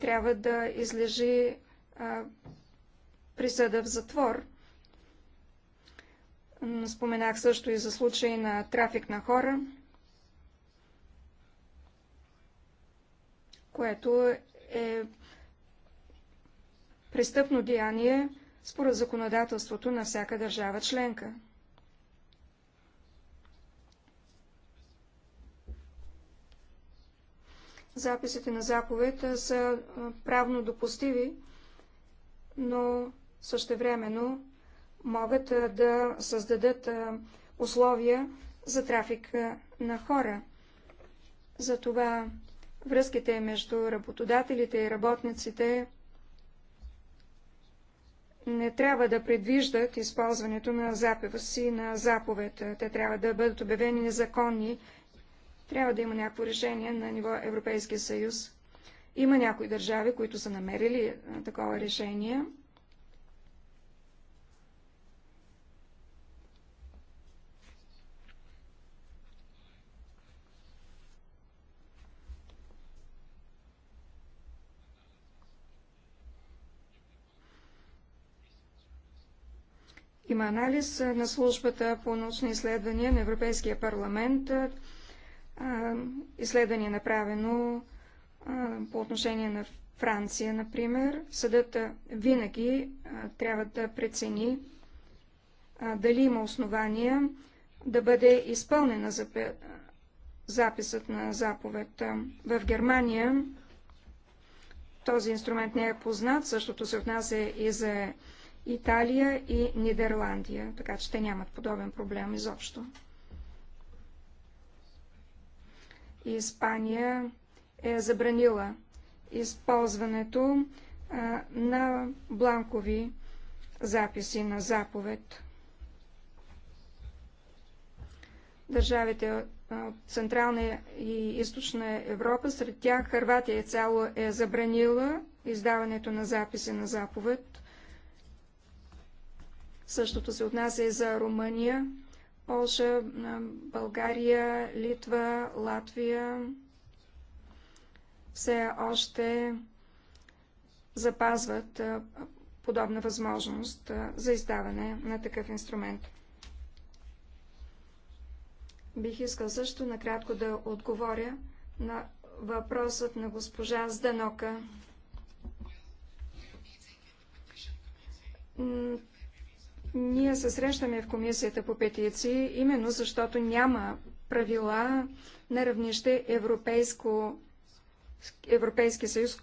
трябва да излежи присъда в затвор. Споменах също и за случаи на трафик на хора, което е престъпно деяние според законодателството на всяка държава членка. Записите на заповед са правно допустиви, но същевременно могат да създадат условия за трафик на хора. Затова връзките между работодателите и работниците не трябва да предвиждат използването на запева си на заповед. Те трябва да бъдат обявени незаконни. Трябва да има някакво решение на ниво Европейския съюз. Има някои държави, които са намерили такова решение. Има анализ на службата по научни изследвания на Европейския парламент. Изследване е направено по отношение на Франция, например. Съдът винаги трябва да прецени дали има основания да бъде изпълнена записът на заповед. В Германия този инструмент не е познат. Същото се отнася и за Италия и Нидерландия, така че те нямат подобен проблем изобщо. Испания е забранила използването а, на бланкови записи на заповед. Държавите от Централна и Източна Европа, сред тях Харватия цяло е забранила издаването на записи на заповед. Същото се отнася и за Румъния, Полша, България, Литва, Латвия. Все още запазват подобна възможност за издаване на такъв инструмент. Бих искал също накратко да отговоря на въпросът на госпожа Зданока. Ние се срещаме в комисията по петиции, именно защото няма правила на равнище Европейско, Европейски съюз.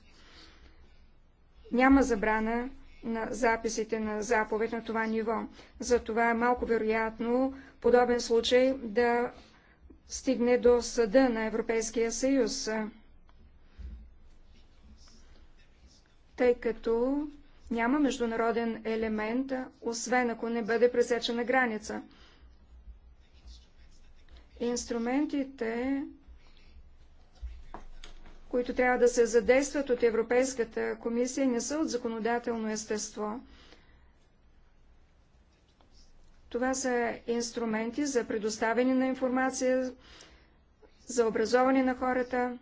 Няма забрана на записите на заповед на това ниво. Затова е малко вероятно подобен случай да стигне до съда на Европейския съюз, тъй като няма международен елемент, освен ако не бъде пресечена граница. Инструментите, които трябва да се задействат от Европейската комисия, не са от законодателно естество. Това са инструменти за предоставяне на информация, за образование на хората,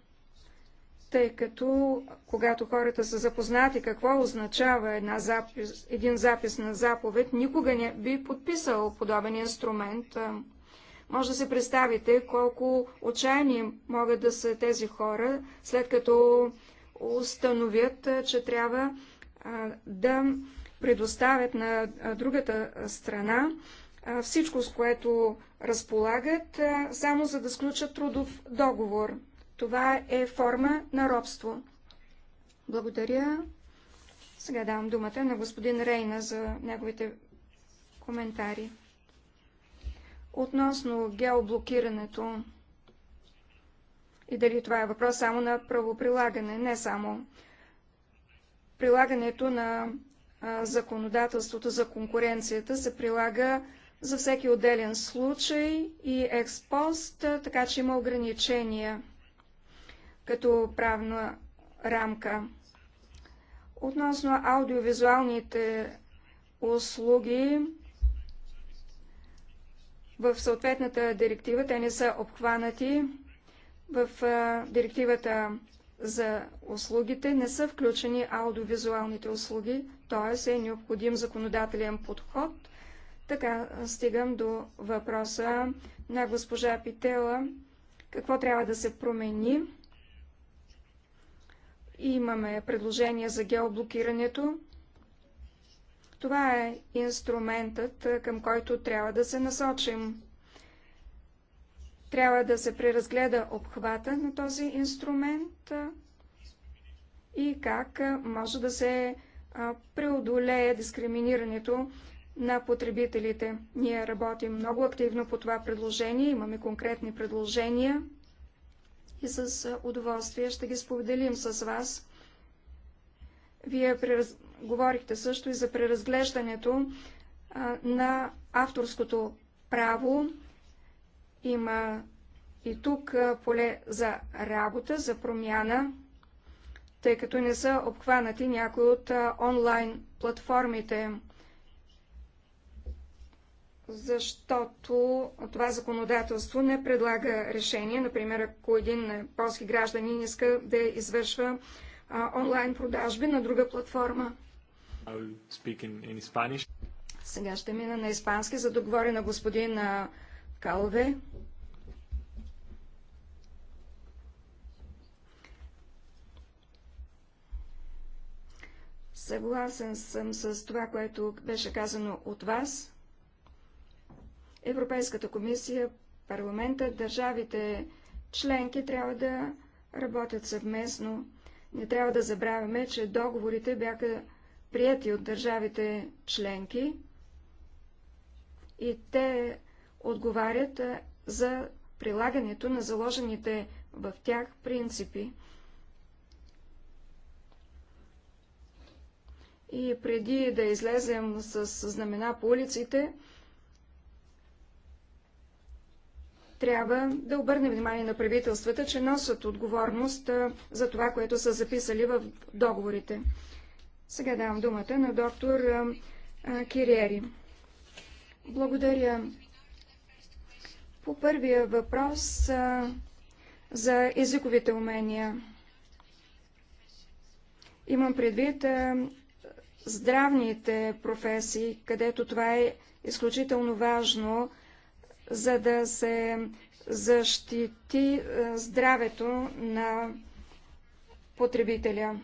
тъй като когато хората са запознати какво означава една запис, един запис на заповед, никога не би подписал подобен инструмент. Може да се представите колко отчаяни могат да са тези хора, след като установят, че трябва да предоставят на другата страна всичко, с което разполагат, само за да сключат трудов договор. Това е форма на робство. Благодаря. Сега давам думата на господин Рейна за неговите коментари. Относно геоблокирането и дали това е въпрос само на правоприлагане, не само прилагането на законодателството за конкуренцията се прилага за всеки отделен случай и експост, така че има ограничения като правна рамка. Относно аудиовизуалните услуги, в съответната директива те не са обхванати. В директивата за услугите не са включени аудиовизуалните услуги, т.е. е необходим законодателен подход. Така стигам до въпроса на госпожа Питела. Какво трябва да се промени? Имаме предложение за геоблокирането. Това е инструментът, към който трябва да се насочим. Трябва да се преразгледа обхвата на този инструмент и как може да се преодолее дискриминирането на потребителите. Ние работим много активно по това предложение, имаме конкретни предложения и с удоволствие ще ги споделим с вас. Вие прераз... говорихте също и за преразглеждането а, на авторското право. Има и тук поле за работа, за промяна, тъй като не са обхванати някои от онлайн платформите защото това законодателство не предлага решение. Например, ако един полски гражданин иска да извършва а, онлайн продажби на друга платформа. Сега ще мина на испански, за да говоря на господин Калве. Съгласен съм с това, което беше казано от вас. Европейската комисия, парламента, държавите членки трябва да работят съвместно. Не трябва да забравяме, че договорите бяха прияти от държавите членки и те отговарят за прилагането на заложените в тях принципи. И преди да излезем с знамена по улиците, трябва да обърне внимание на правителствата, че носят отговорност за това, което са записали в договорите. Сега давам думата на доктор Кириери. Благодаря. По първия въпрос за езиковите умения. Имам предвид здравните професии, където това е изключително важно – за да се защити е, здравето на потребителя.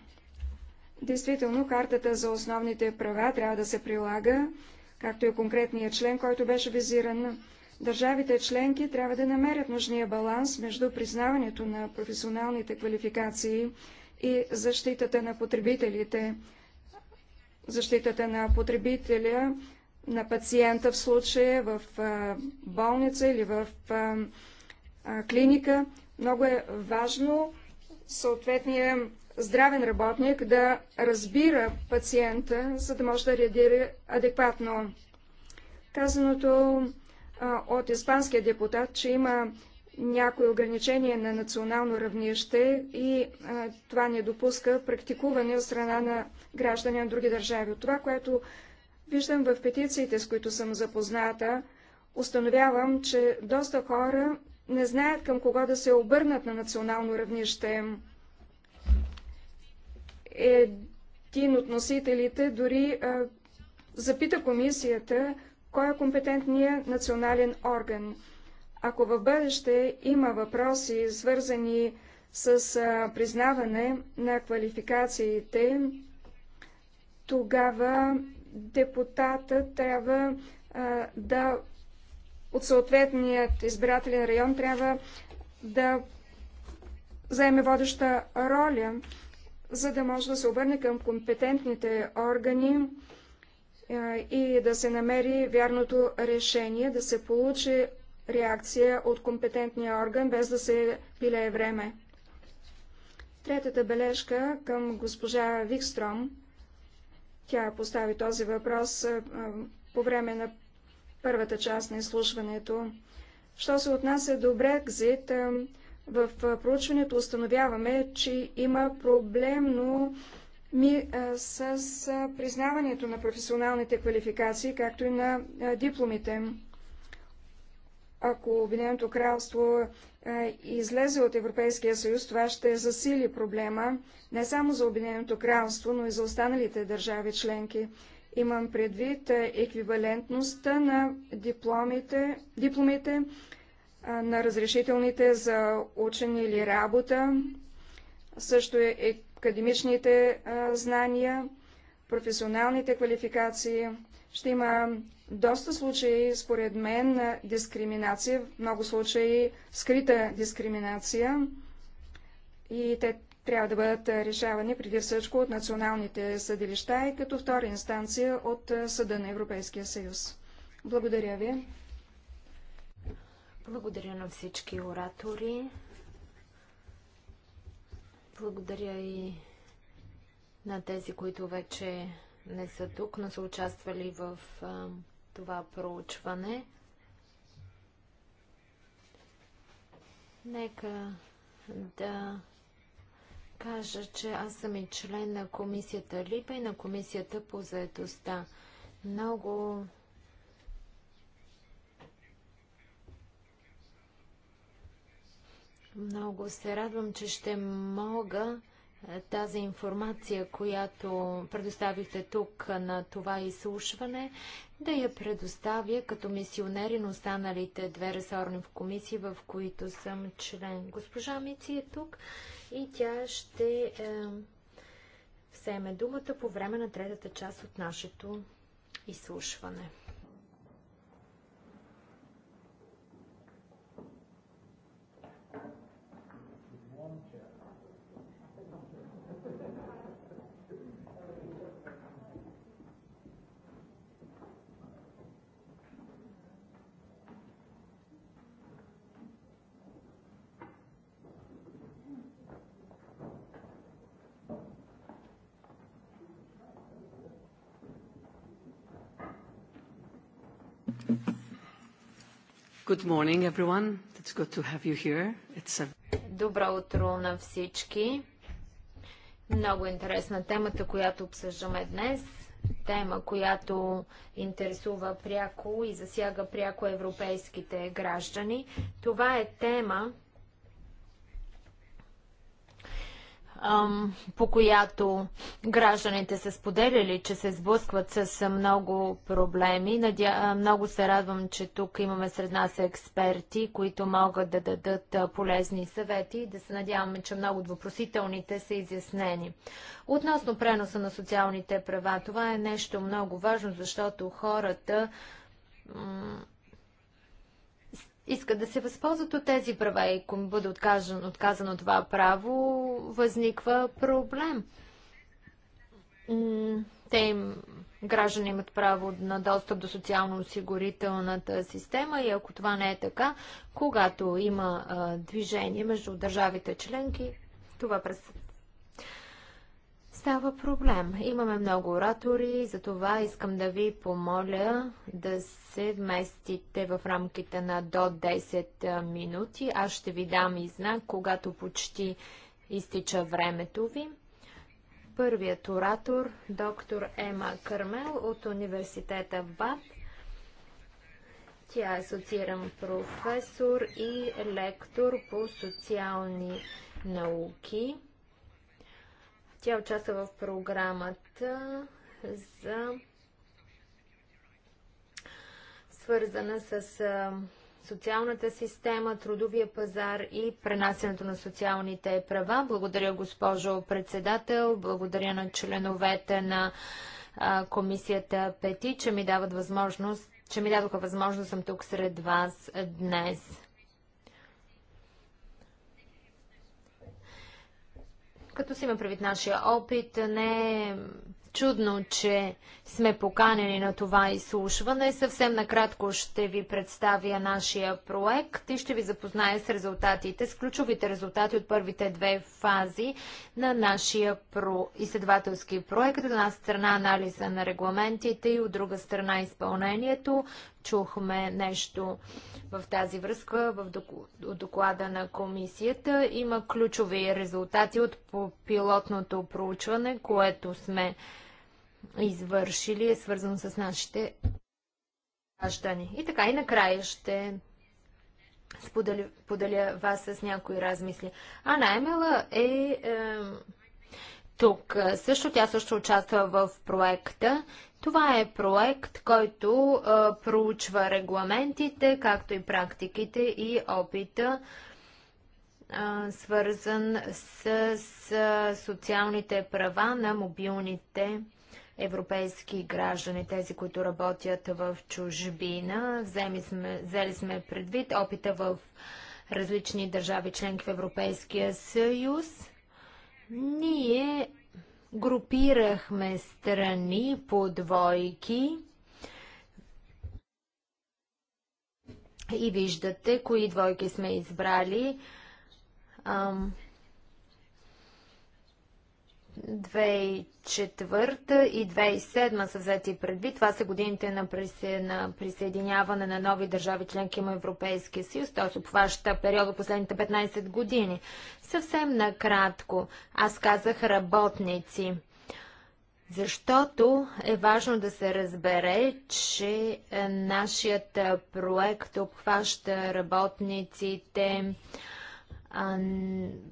Действително, картата за основните права трябва да се прилага, както и конкретния член, който беше визиран. Държавите членки трябва да намерят нужния баланс между признаването на професионалните квалификации и защитата на потребителите. Защитата на потребителя на пациента в случая в болница или в клиника. Много е важно съответния здравен работник да разбира пациента, за да може да реагира адекватно. Казаното от испанския депутат, че има някои ограничения на национално равнище и а, това не допуска практикуване от страна на граждани на други държави. От това, което виждам в петициите, с които съм запозната, установявам, че доста хора не знаят към кого да се обърнат на национално равнище. Един от носителите дори а, запита комисията, кой е компетентният национален орган. Ако в бъдеще има въпроси, свързани с а, признаване на квалификациите, тогава депутата трябва а, да от съответният избирателен район трябва да заеме водеща роля, за да може да се обърне към компетентните органи а, и да се намери вярното решение, да се получи реакция от компетентния орган, без да се пилее време. Третата бележка към госпожа Викстром – тя постави този въпрос по време на първата част на изслушването. Що се отнася до Брекзит, в проучването установяваме, че има проблемно ми с признаването на професионалните квалификации, както и на дипломите ако Обединеното кралство е, излезе от Европейския съюз, това ще засили проблема не само за Обединеното кралство, но и за останалите държави членки. Имам предвид е, еквивалентността на дипломите, дипломите е, на разрешителните за учени или работа, също е академичните знания, професионалните квалификации, ще има доста случаи, според мен, на дискриминация, в много случаи скрита дискриминация и те трябва да бъдат решавани преди всичко от националните съдилища и като втора инстанция от Съда на Европейския съюз. Благодаря ви. Благодаря на всички оратори. Благодаря и на тези, които вече не са тук, но са участвали в а, това проучване. Нека да кажа, че аз съм и член на комисията ЛИПА и на комисията по заедостта. Много много се радвам, че ще мога тази информация, която предоставихте тук на това изслушване, да я предоставя като мисионери на останалите две ресорни в комисии, в които съм член. Госпожа Мици е тук и тя ще е, вземе думата по време на третата част от нашето изслушване. Good morning, everyone. It's good to have you here. It's a... Добро утро на всички. Много интересна темата, която обсъждаме днес. Тема, която интересува пряко и засяга пряко европейските граждани. Това е тема, по която гражданите са споделяли, че се сблъскват с много проблеми. Надя... Много се радвам, че тук имаме сред нас експерти, които могат да дадат полезни съвети и да се надяваме, че много от въпросителните са изяснени. Относно преноса на социалните права, това е нещо много важно, защото хората искат да се възползват от тези права и ако им бъде отказано, отказано това право, възниква проблем. Те им, граждани имат право на достъп до социално-осигурителната система и ако това не е така, когато има а, движение между държавите членки, това става проблем. Имаме много оратори, затова искам да ви помоля да се вместите в рамките на до 10 минути. Аз ще ви дам и знак, когато почти изтича времето ви. Първият оратор, доктор Ема Кърмел от университета в БАД. Тя е асоцииран професор и лектор по социални науки. Тя участва в програмата за свързана с социалната система, трудовия пазар и пренасенето на социалните права. Благодаря, госпожо председател. Благодаря на членовете на комисията Пети, че ми дават възможност че ми дадоха възможност съм тук сред вас днес. Като си има правит нашия опит, не е чудно, че сме поканени на това изслушване. Съвсем накратко ще ви представя нашия проект и ще ви запозная с резултатите, с ключовите резултати от първите две фази на нашия про... изследователски проект. От една страна анализа на регламентите и от друга страна изпълнението чухме нещо в тази връзка в доклада на комисията. Има ключови резултати от пилотното проучване, което сме извършили, е свързано с нашите граждани. И така, и накрая ще споделя, поделя вас с някои размисли. Ана Емела е, е тук. Също тя също участва в проекта това е проект, който а, проучва регламентите, както и практиките и опита, а, свързан с, с социалните права на мобилните европейски граждани, тези, които работят в чужбина. Вземи сме, взели сме предвид опита в различни държави членки в Европейския съюз. Ние Групирахме страни по двойки и виждате кои двойки сме избрали. Ам... 2004 и 2007 са взети предвид. Това са годините на, присъ... на присъединяване на нови държави членки към Европейския съюз. т.е. обхваща периода последните 15 години. Съвсем накратко, аз казах работници. Защото е важно да се разбере, че е, нашият е, проект обхваща работниците, а,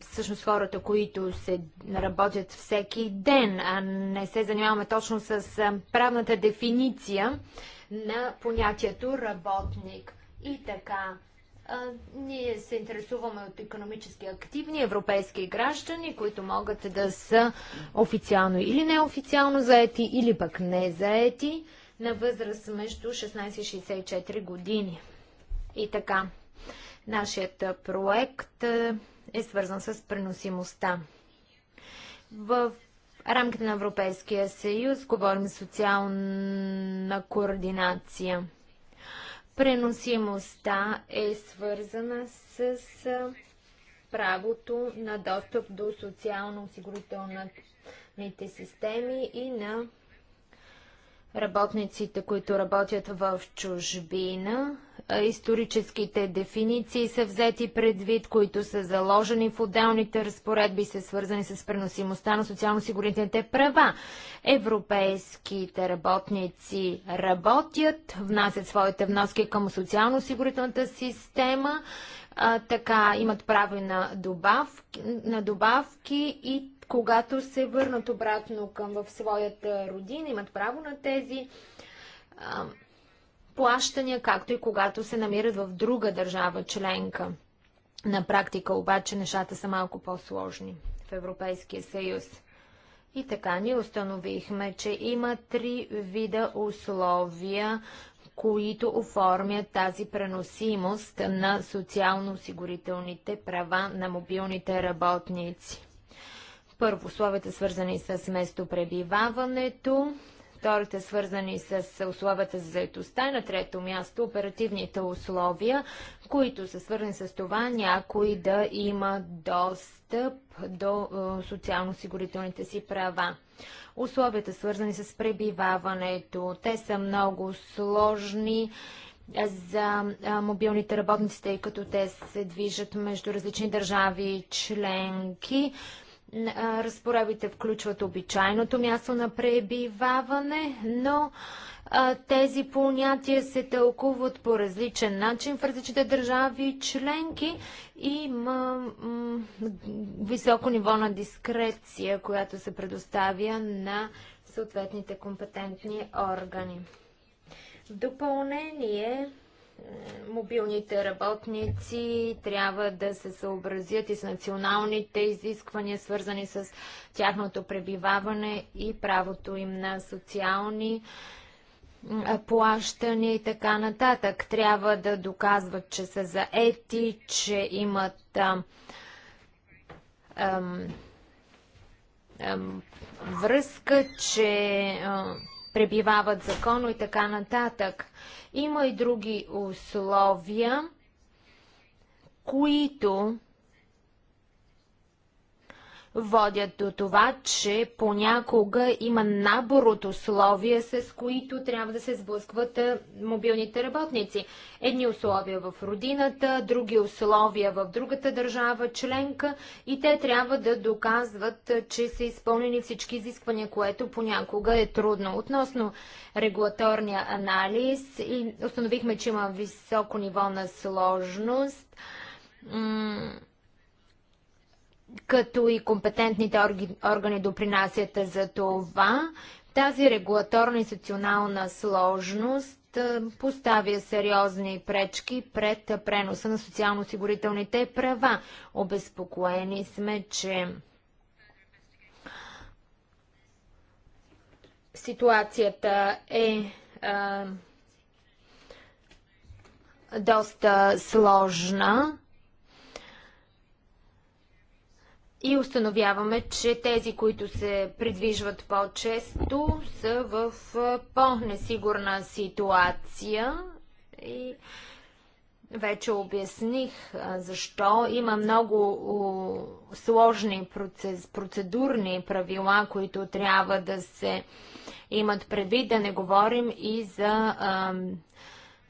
всъщност хората, които се работят всеки ден, а не се занимаваме точно с правната дефиниция на понятието работник. И така, а, ние се интересуваме от економически активни европейски граждани, които могат да са официално или неофициално заети, или пък не заети на възраст между 16 и 64 години. И така. Нашият проект е свързан с преносимостта. В рамките на Европейския съюз говорим социална координация. Преносимостта е свързана с правото на достъп до социално-осигурителните системи и на работниците, които работят в чужбина. Историческите дефиниции са взети предвид, които са заложени в отделните разпоредби, са свързани с преносимостта на социално-сигурителните права. Европейските работници работят, внасят своите вноски към социално-сигурителната система, а, така имат право на на добавки и когато се върнат обратно към в своята родина, имат право на тези а, плащания, както и когато се намират в друга държава членка. На практика обаче нещата са малко по-сложни в Европейския съюз. И така ни установихме, че има три вида условия, които оформят тази преносимост на социално-осигурителните права на мобилните работници. Първо, условията свързани с местопребиваването, вторите свързани с условията за заедостта на трето място оперативните условия, които са свързани с това някой да има достъп до е, социално-сигурителните си права. Условията свързани с пребиваването, те са много сложни за е, мобилните работници, тъй като те се движат между различни държави и членки. Разпоредите включват обичайното място на пребиваване, но а, тези понятия се тълкуват по различен начин в различните държави и членки и има високо ниво на дискреция, която се предоставя на съответните компетентни органи. В допълнение мобилните работници трябва да се съобразят и с националните изисквания, свързани с тяхното пребиваване и правото им на социални плащане и така нататък. Трябва да доказват, че са заети, че имат ам, ам, връзка, че ам, пребивават законно и така нататък. Има и други условия, които водят до това, че понякога има набор от условия, с които трябва да се сблъскват мобилните работници. Едни условия в родината, други условия в другата държава, членка и те трябва да доказват, че са изпълнени всички изисквания, което понякога е трудно. Относно регулаторния анализ, и установихме, че има високо ниво на сложност като и компетентните органи, допринасят за това. Тази регулаторна институционална сложност е, поставя сериозни пречки пред преноса на социално-осигурителните права. Обезпокоени сме, че ситуацията е а, е, доста сложна И установяваме, че тези, които се придвижват по-често, са в по-несигурна ситуация. И вече обясних защо. Има много сложни процес, процедурни правила, които трябва да се имат предвид. Да не говорим и за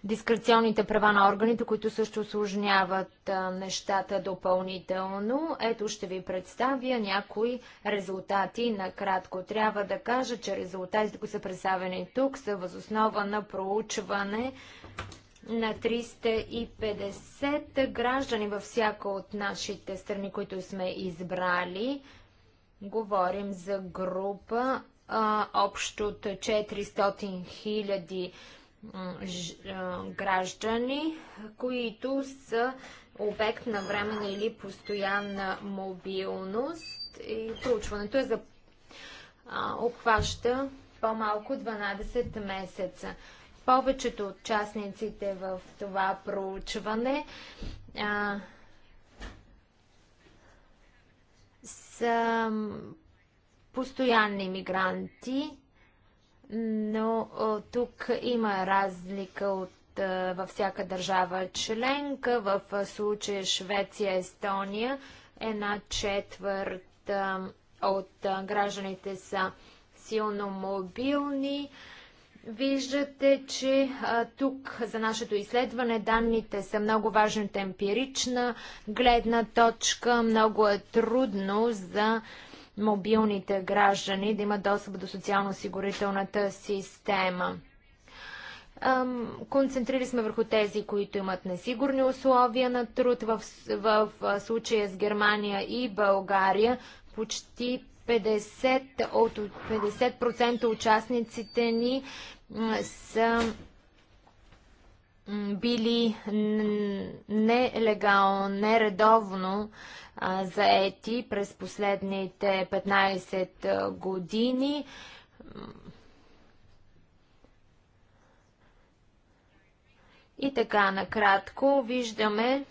дискреционните права на органите, които също осложняват нещата допълнително. Ето ще ви представя някои резултати. Накратко трябва да кажа, че резултатите, които са представени тук, са възоснова на проучване на 350 граждани във всяка от нашите страни, които сме избрали. Говорим за група общо от 400 хиляди 000 граждани, които са обект на временна или постоянна мобилност. И проучването е за обхваща по-малко 12 месеца. Повечето от частниците в това проучване а, са постоянни мигранти, но тук има разлика от е, във всяка държава членка. В е, случая Швеция, Естония, една четвърт е, от гражданите са силно мобилни. Виждате, че а, тук за нашето изследване данните са много важни от емпирична гледна точка. Много е трудно за а, мобилните граждани да имат достъп до социално-осигурителната система. Концентрили сме върху тези, които имат несигурни условия на труд в, в, в случая с Германия и България. Почти 50 от 50% участниците ни са били нелегално, нередовно заети през последните 15 години. И така, накратко, виждаме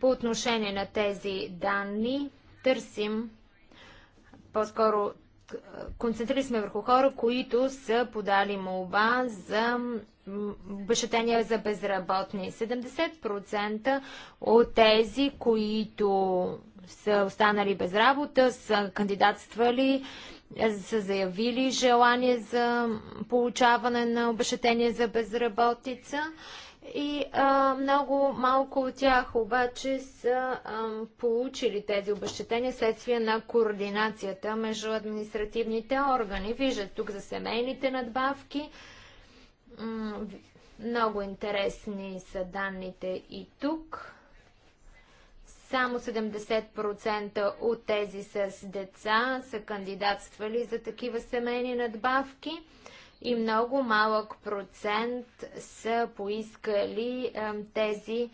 по отношение на тези данни, търсим по-скоро концентрирали сме върху хора, които са подали молба за обещатения за безработни. 70% от тези, които са останали без работа, са кандидатствали, са заявили желание за получаване на обещатение за безработица. И а, много малко от тях обаче са а, получили тези обещетения следствие на координацията между административните органи. Виждат тук за семейните надбавки, много интересни са данните и тук. Само 70% от тези с деца са кандидатствали за такива семейни надбавки и много малък процент са поискали тези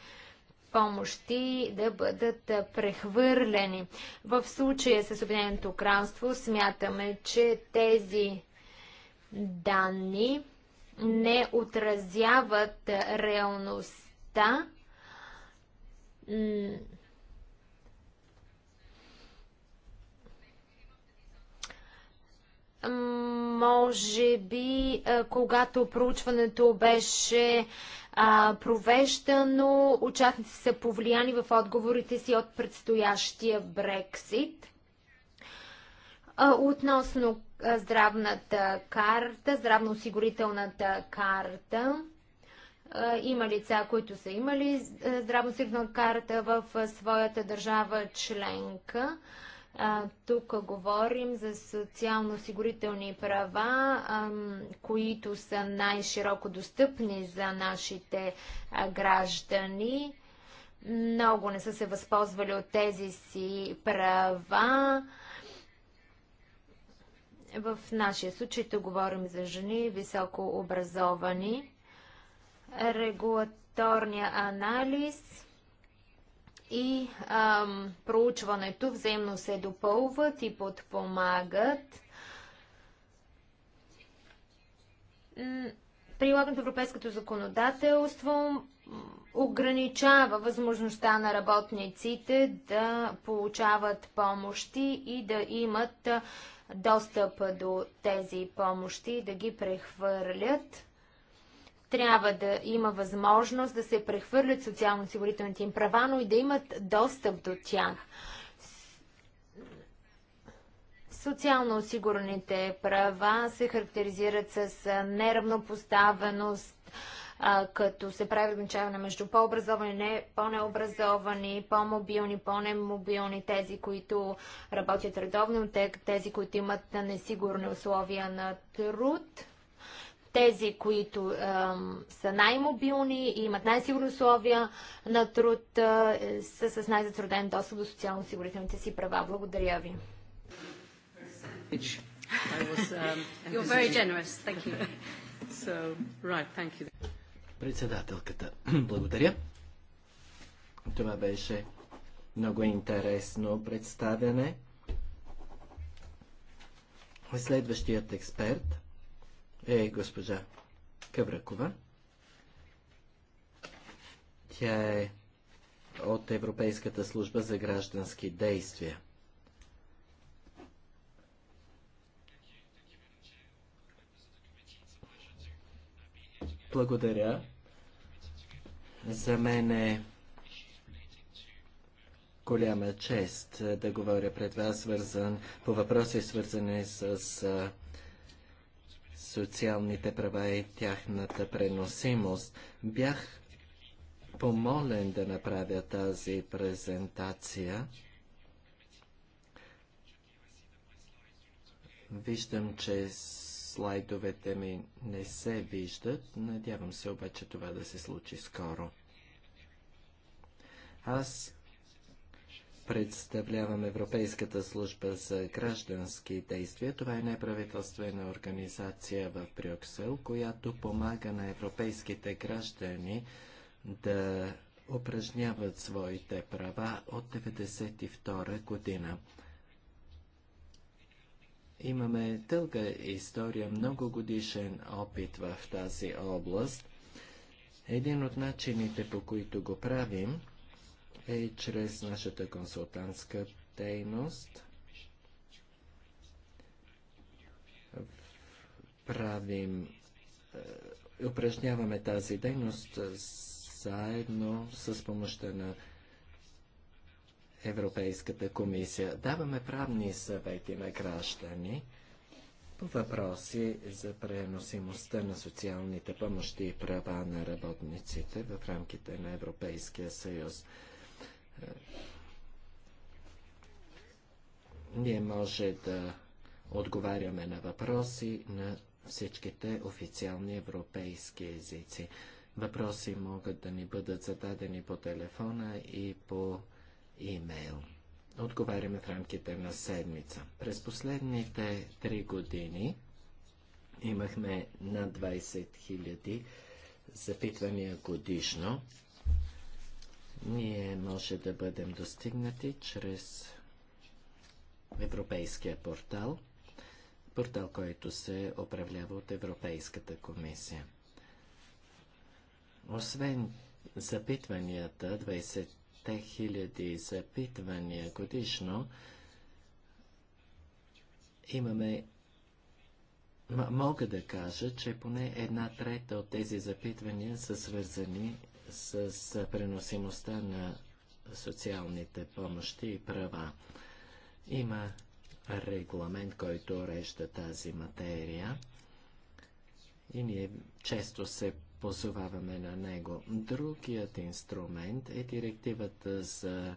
помощи да бъдат прехвърлени. В случая с Обединеното кралство смятаме, че тези данни не отразяват реалността. Може би, когато проучването беше провеждано, участниците са повлияни в отговорите си от предстоящия Брексит. Относно здравната карта, здравноосигурителната карта, има лица, които са имали здравноосигурителна карта в своята държава членка. Тук говорим за социално-осигурителни права, които са най-широко достъпни за нашите граждани. Много не са се възползвали от тези си права. В нашия случай тук говорим за жени високо образовани. Регулаторния анализ и ам, проучването взаимно се допълват и подпомагат. Прилагането европейското законодателство ограничава възможността на работниците да получават помощи и да имат достъп до тези помощи, да ги прехвърлят. Трябва да има възможност да се прехвърлят социално-осигурителните им права, но и да имат достъп до тях. Социално-осигурените права се характеризират с неравнопоставеност, а, като се прави ограничаване между по-образовани, не по-необразовани, по-мобилни, по-немобилни, тези, които работят редовно, тези, които имат несигурни условия на труд тези, които а, е, са най-мобилни и имат най-сигурни условия на труд, а, е, са с най-затруден достъп до социално-осигурителните си права. Благодаря ви. Was, um, so, right, Председателката, благодаря. Това беше много интересно представяне. Следващият експерт е госпожа Къбракова. Тя е от Европейската служба за граждански действия. Благодаря. За мен е голяма чест да говоря пред вас свързан, по въпроси, свързани с социалните права и тяхната преносимост. Бях помолен да направя тази презентация. Виждам, че слайдовете ми не се виждат. Надявам се обаче това да се случи скоро. Аз представлявам Европейската служба за граждански действия. Това е неправителствена организация в Брюксел, която помага на европейските граждани да упражняват своите права от 1992 година. Имаме дълга история, много годишен опит в тази област. Един от начините, по които го правим, е чрез нашата консултантска дейност. Правим, е, упражняваме тази дейност заедно с помощта на Европейската комисия. Даваме правни съвети на граждани по въпроси за преносимостта на социалните помощи и права на работниците в рамките на Европейския съюз. Ние може да отговаряме на въпроси на всичките официални европейски езици. Въпроси могат да ни бъдат зададени по телефона и по имейл. Отговаряме в рамките на седмица. През последните три години имахме над 20 000 запитвания годишно. Ние може да бъдем достигнати чрез Европейския портал, портал, който се управлява от Европейската комисия. Освен запитванията, 20 хиляди запитвания годишно, имаме Мога да кажа, че поне една трета от тези запитвания са свързани с преносимостта на социалните помощи и права. Има регламент, който урежда тази материя и ние често се позоваваме на него. Другият инструмент е директивата за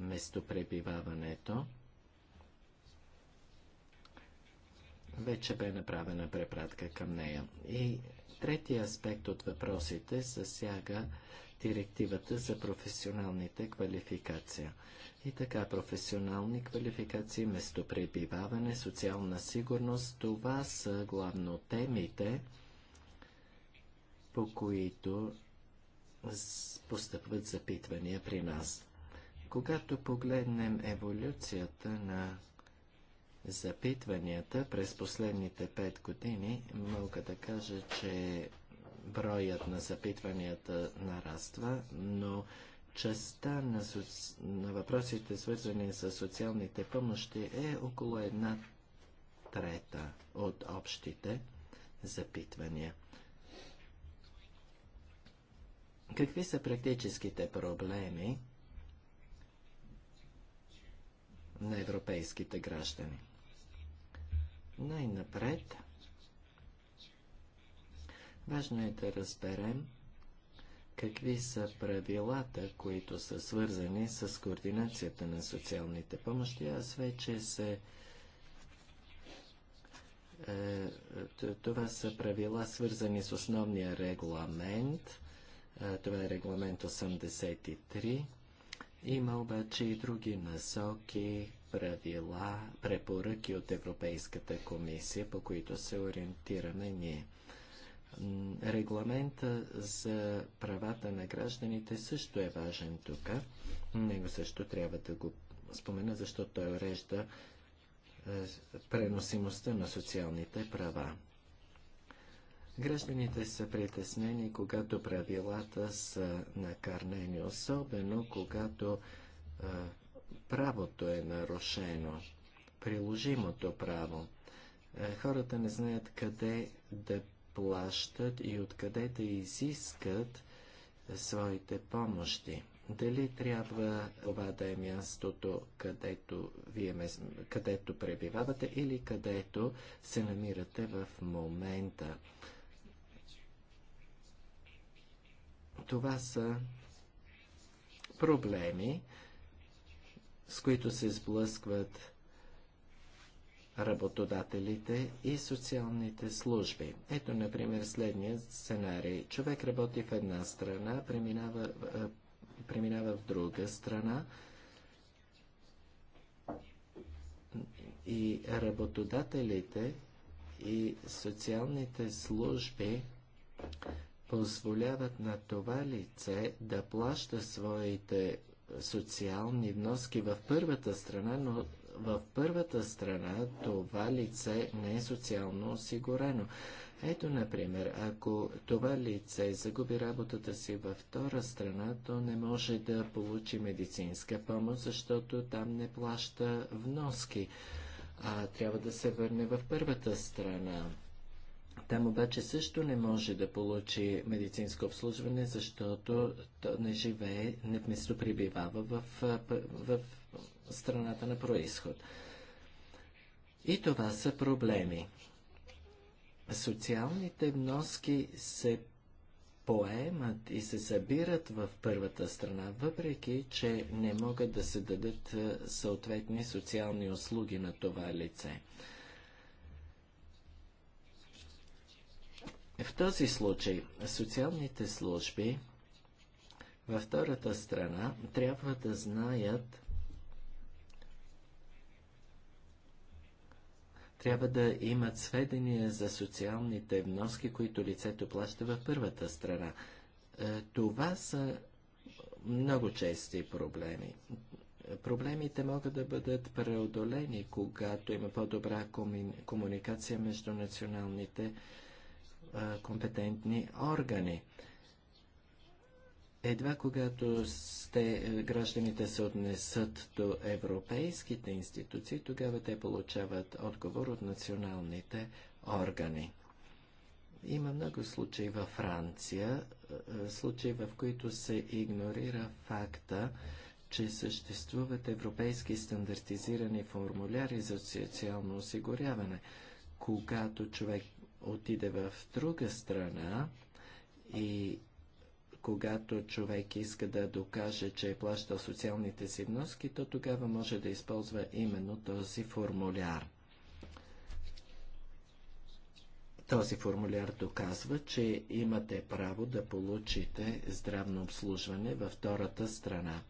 местопребиваването. Вече бе направена препратка към нея. И Третия аспект от въпросите засяга директивата за професионалните квалификации. И така, професионални квалификации, местопребиваване, социална сигурност, това са главно темите, по които постъпват запитвания при нас. Когато погледнем еволюцията на запитванията през последните 5 години, мога да кажа, че броят на запитванията нараства, но частта на, соци... на въпросите, свързани с социалните помощи, е около една трета от общите запитвания. Какви са практическите проблеми на европейските граждани? Най-напред, важно е да разберем какви са правилата, които са свързани с координацията на социалните помощи. Аз вече се е, това са правила свързани с основния регламент. Е, това е регламент 83. Има обаче и други насоки, правила, препоръки от Европейската комисия, по които се ориентираме ние. Регламента за правата на гражданите също е важен тук. Него също трябва да го спомена, защото той урежда е, преносимостта на социалните права. Гражданите са притеснени, когато правилата са накарнени, особено когато е, правото е нарушено, приложимото право. Е, хората не знаят къде да плащат и откъде да изискат своите помощи. Дали трябва това да е мястото, където, вие, където пребивавате или където се намирате в момента? Това са проблеми, с които се сблъскват работодателите и социалните служби. Ето, например, следният сценарий. Човек работи в една страна, преминава, а, преминава в друга страна и работодателите и социалните служби позволяват на това лице да плаща своите социални вноски в първата страна, но в първата страна това лице не е социално осигурено. Ето, например, ако това лице загуби работата си във втора страна, то не може да получи медицинска помощ, защото там не плаща вноски, а трябва да се върне в първата страна. Там обаче също не може да получи медицинско обслужване, защото не живее, не вместо прибивава в, в страната на происход. И това са проблеми. Социалните вноски се поемат и се събират в първата страна, въпреки че не могат да се дадат съответни социални услуги на това лице. В този случай социалните служби във втората страна трябва да знаят, трябва да имат сведения за социалните вноски, които лицето плаща във първата страна. Е, това са много чести проблеми. Проблемите могат да бъдат преодолени, когато има по-добра комуникация между националните компетентни органи. Едва когато сте, е, гражданите се отнесат до европейските институции, тогава те получават отговор от националните органи. Има много случаи във Франция, е, е, случаи в които се игнорира факта, че съществуват европейски стандартизирани формуляри за социално осигуряване. Когато човек отиде в друга страна и когато човек иска да докаже, че е плащал социалните си вноски, то тогава може да използва именно този формуляр. Този формуляр доказва, че имате право да получите здравно обслужване във втората страна.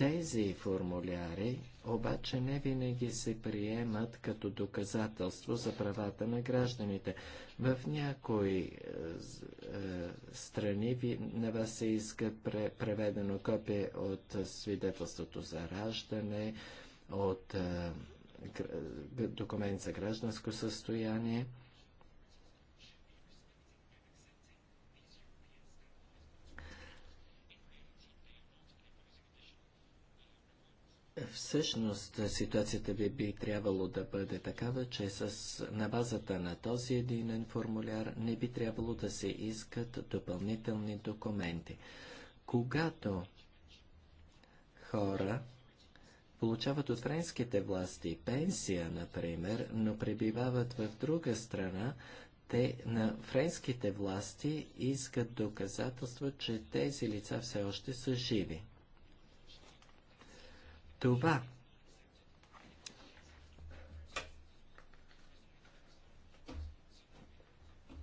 Тези формуляри обаче не винаги се приемат като доказателство за правата на гражданите. В някои е, е, страни ви, на вас се иска пре, преведено копие от свидетелството за раждане, от е, е документ за гражданско състояние. Всъщност ситуацията би, би трябвало да бъде такава, че с, на базата на този единен формуляр не би трябвало да се искат допълнителни документи. Когато хора получават от френските власти пенсия, например, но пребивават в друга страна, те на френските власти искат доказателства, че тези лица все още са живи това.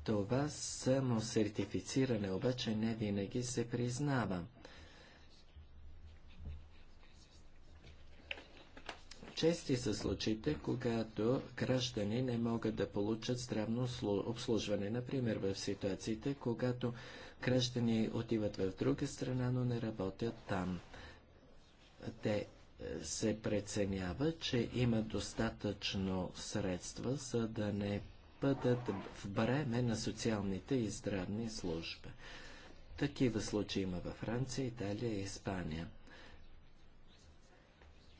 Това само сертифициране обаче не винаги се признава. Чести са случаите, когато граждани не могат да получат здравно обслужване. Например, в ситуациите, когато граждани отиват в друга страна, но не работят там. Те се преценява, че има достатъчно средства, за да не бъдат в бреме на социалните и здравни служби. Такива случаи има във Франция, Италия и Испания.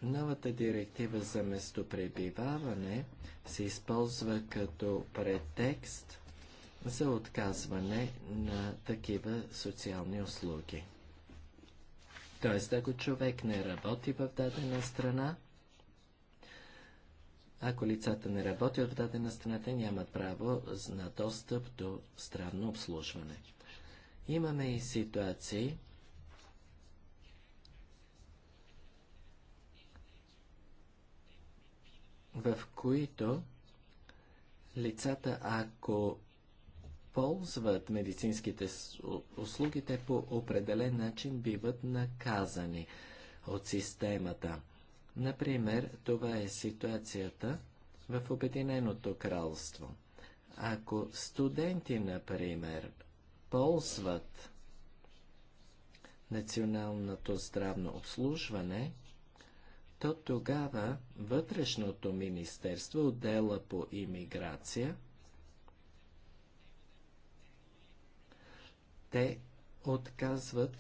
Новата директива за местопребиваване се използва като претекст за отказване на такива социални услуги. Тоест, ако човек не работи в дадена страна, ако лицата не работят в дадена страна, те нямат право на достъп до здравно обслужване. Имаме и ситуации, в които лицата, ако ползват медицинските услуги, те по определен начин биват наказани от системата. Например, това е ситуацията в Обединеното кралство. Ако студенти, например, ползват националното здравно обслужване, то тогава Вътрешното министерство, отдела по имиграция, те отказват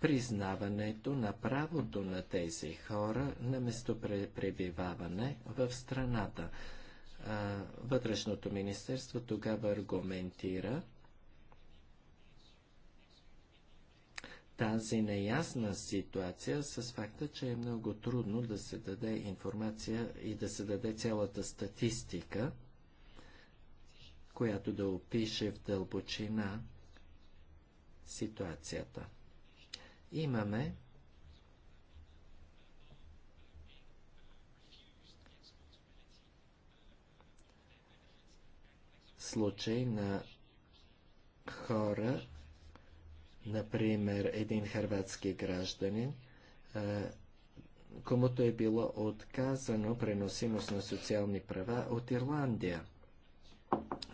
признаването на правото на тези хора на местопребиваване в страната. Вътрешното министерство тогава аргументира тази неясна ситуация с факта, че е много трудно да се даде информация и да се даде цялата статистика която да опише в дълбочина ситуацията. Имаме случай на хора, например, един харватски гражданин, комуто е било отказано преносимост на социални права от Ирландия –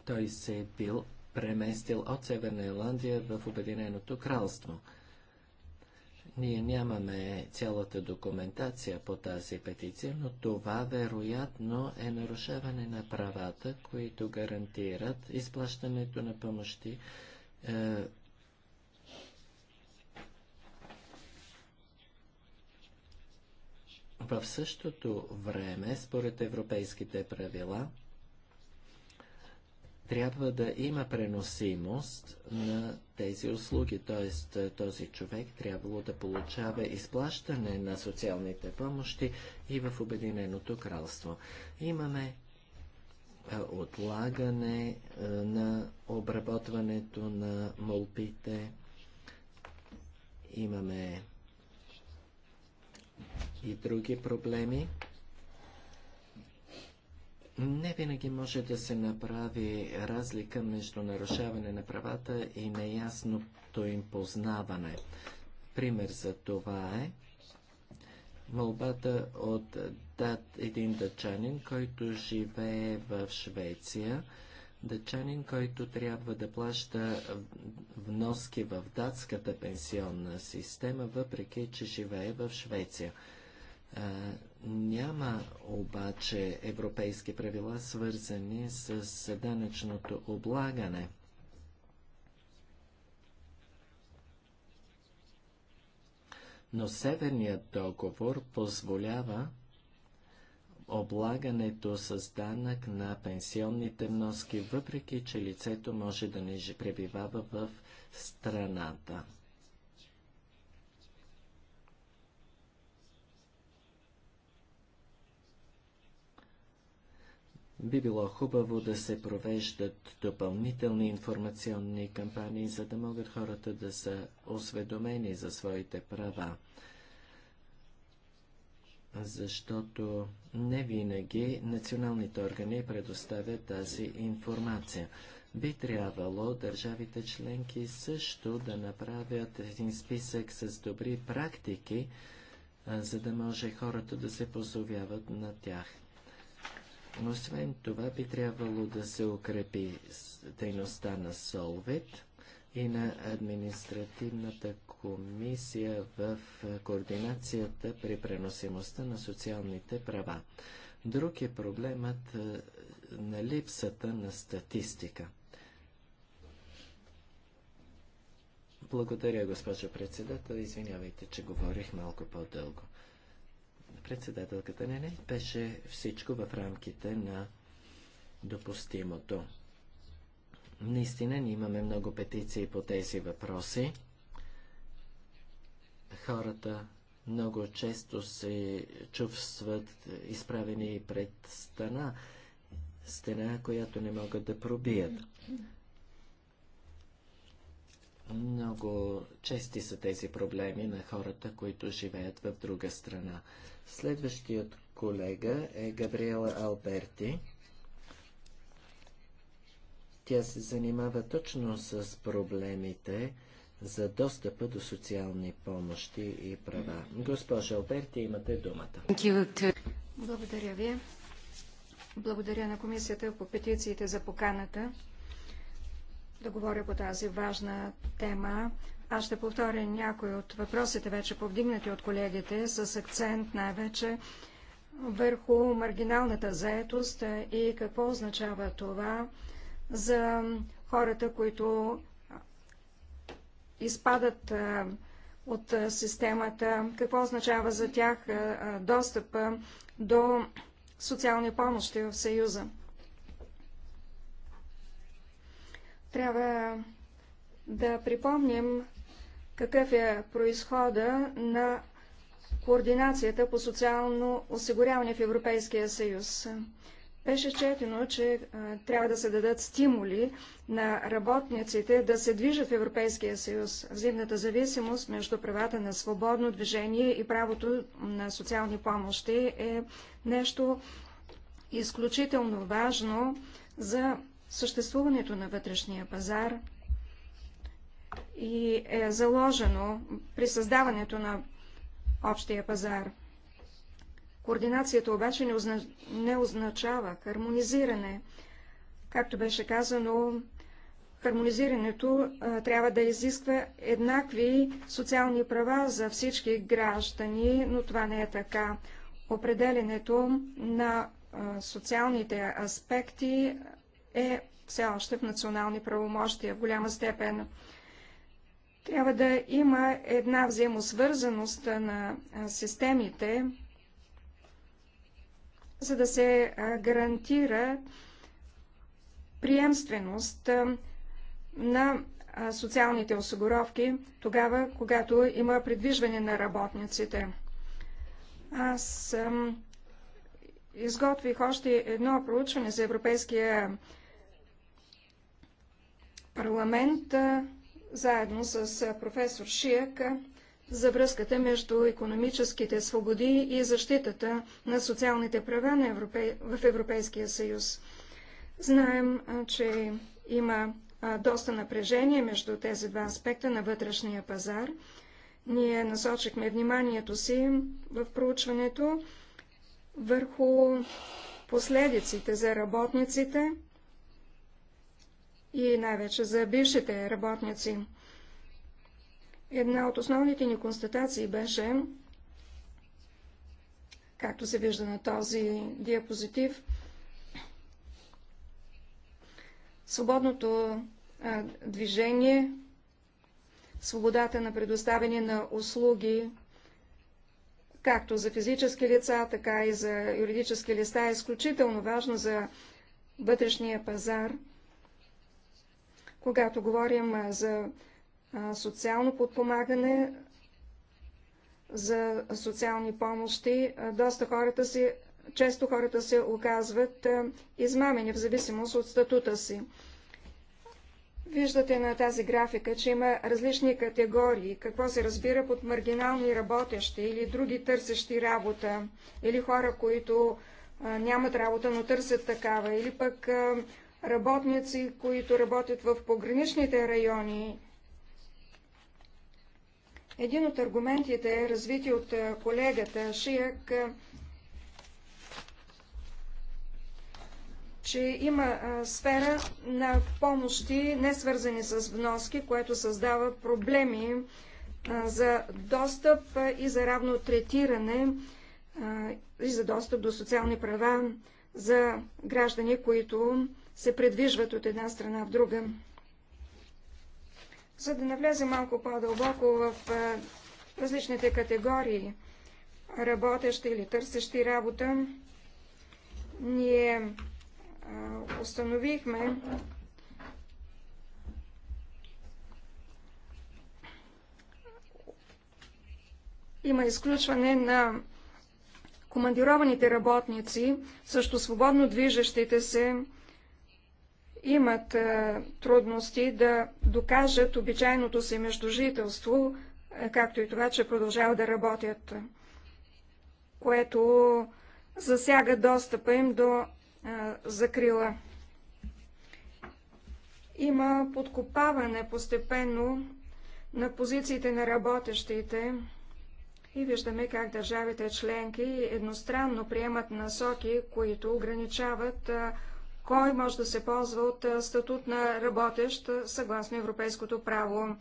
той се е бил преместил от Северна Ирландия в Обединеното кралство. Ние нямаме цялата документация по тази петиция, но това вероятно е нарушаване на правата, които гарантират изплащането на помощи е, В същото време, според европейските правила, трябва да има преносимост на тези услуги, т.е. този човек трябвало да получава изплащане на социалните помощи и в Обединеното кралство. Имаме е, отлагане е, на обработването на молбите, имаме и други проблеми не винаги може да се направи разлика между нарушаване на правата и неясното им познаване. Пример за това е молбата от дат, един дъчанин, който живее в Швеция. Дъчанин, който трябва да плаща вноски в датската пенсионна система, въпреки че живее в Швеция. Няма обаче европейски правила, свързани с данъчното облагане. Но Северният договор позволява облагането с данък на пенсионните вноски, въпреки че лицето може да не пребивава в страната. Би било хубаво да се провеждат допълнителни информационни кампании, за да могат хората да са осведомени за своите права. Защото не винаги националните органи предоставят тази информация. Би трябвало държавите членки също да направят един списък с добри практики, за да може хората да се позовяват на тях. Освен това би трябвало да се укрепи дейността на Солвет и на административната комисия в координацията при преносимостта на социалните права. Друг е проблемът на липсата на статистика. Благодаря, госпожо председател. Извинявайте, че говорих малко по-дълго. Председателката не, не, беше всичко в рамките на допустимото. Наистина ние имаме много петиции по тези въпроси. Хората много често се чувстват изправени пред стена, стена, която не могат да пробият. Много чести са тези проблеми на хората, които живеят в друга страна. Следващият колега е Габриела Алберти. Тя се занимава точно с проблемите за достъпа до социални помощи и права. Госпожа Алберти, имате думата. Благодаря ви. Благодаря на комисията по петициите за поканата да говоря по тази важна тема аз ще повторя някои от въпросите, вече повдигнати от колегите, с акцент най-вече върху маргиналната заетост и какво означава това за хората, които изпадат от системата, какво означава за тях достъпа до социални помощи в Съюза. Трябва да припомним какъв е происхода на координацията по социално осигуряване в Европейския съюз. Беше четено, че а, трябва да се дадат стимули на работниците да се движат в Европейския съюз. Взаимната зависимост между правата на свободно движение и правото на социални помощи е нещо изключително важно за съществуването на вътрешния пазар, и е заложено при създаването на общия пазар. Координацията обаче не, не означава хармонизиране. Както беше казано, хармонизирането а, трябва да изисква еднакви социални права за всички граждани, но това не е така. Определенето на а, социалните аспекти е все още в национални правомощия в голяма степен. Трябва да има една взаимосвързаност на системите, за да се гарантира приемственост на социалните осигуровки тогава, когато има предвижване на работниците. Аз изготвих още едно проучване за Европейския парламент заедно с професор Шиак, за връзката между економическите свободи и защитата на социалните права на Европе... в Европейския съюз. Знаем, че има доста напрежение между тези два аспекта на вътрешния пазар. Ние насочихме вниманието си в проучването върху последиците за работниците и най-вече за бившите работници. Една от основните ни констатации беше, както се вижда на този диапозитив, свободното движение, свободата на предоставяне на услуги, както за физически лица, така и за юридически листа, е изключително важно за вътрешния пазар – когато говорим за социално подпомагане, за социални помощи, доста хората си, често хората се оказват измамени в зависимост от статута си. Виждате на тази графика, че има различни категории, какво се разбира под маргинални работещи или други търсещи работа, или хора, които а, нямат работа, но търсят такава, или пък а, работници, които работят в пограничните райони. Един от аргументите, е развити от колегата Шияк, че има сфера на помощи, не свързани с вноски, което създава проблеми за достъп и за равно третиране и за достъп до социални права за граждани, които се предвижват от една страна в друга. За да навлезе малко по-дълбоко в различните категории работещи или търсещи работа, ние установихме, има изключване на командированите работници, също свободно движещите се имат е, трудности да докажат обичайното си междужителство, е, както и това, че продължават да работят, което засяга достъпа им до е, закрила. Има подкопаване постепенно на позициите на работещите и виждаме как държавите членки едностранно приемат насоки, които ограничават кой може да се ползва от статут на работещ съгласно европейското право.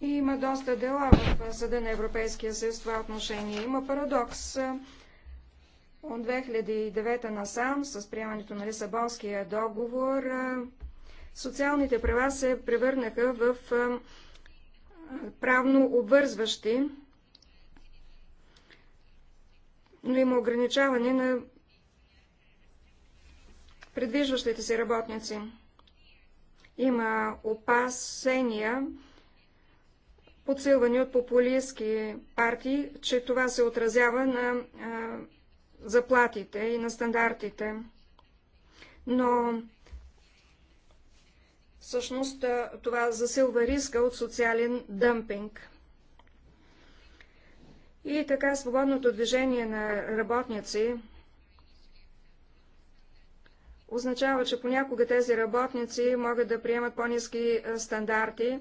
И има доста дела в Съда на Европейския съюз в това отношение. Има парадокс. От 2009 насам, с приемането на Лисабонския договор, социалните права се превърнаха в правно обвързващи, но има ограничаване на предвижващите се работници. Има опасения, подсилвани от популистски партии, че това се отразява на а, заплатите и на стандартите. Но Всъщност това засилва риска от социален дъмпинг. И така свободното движение на работници означава, че понякога тези работници могат да приемат по-низки стандарти,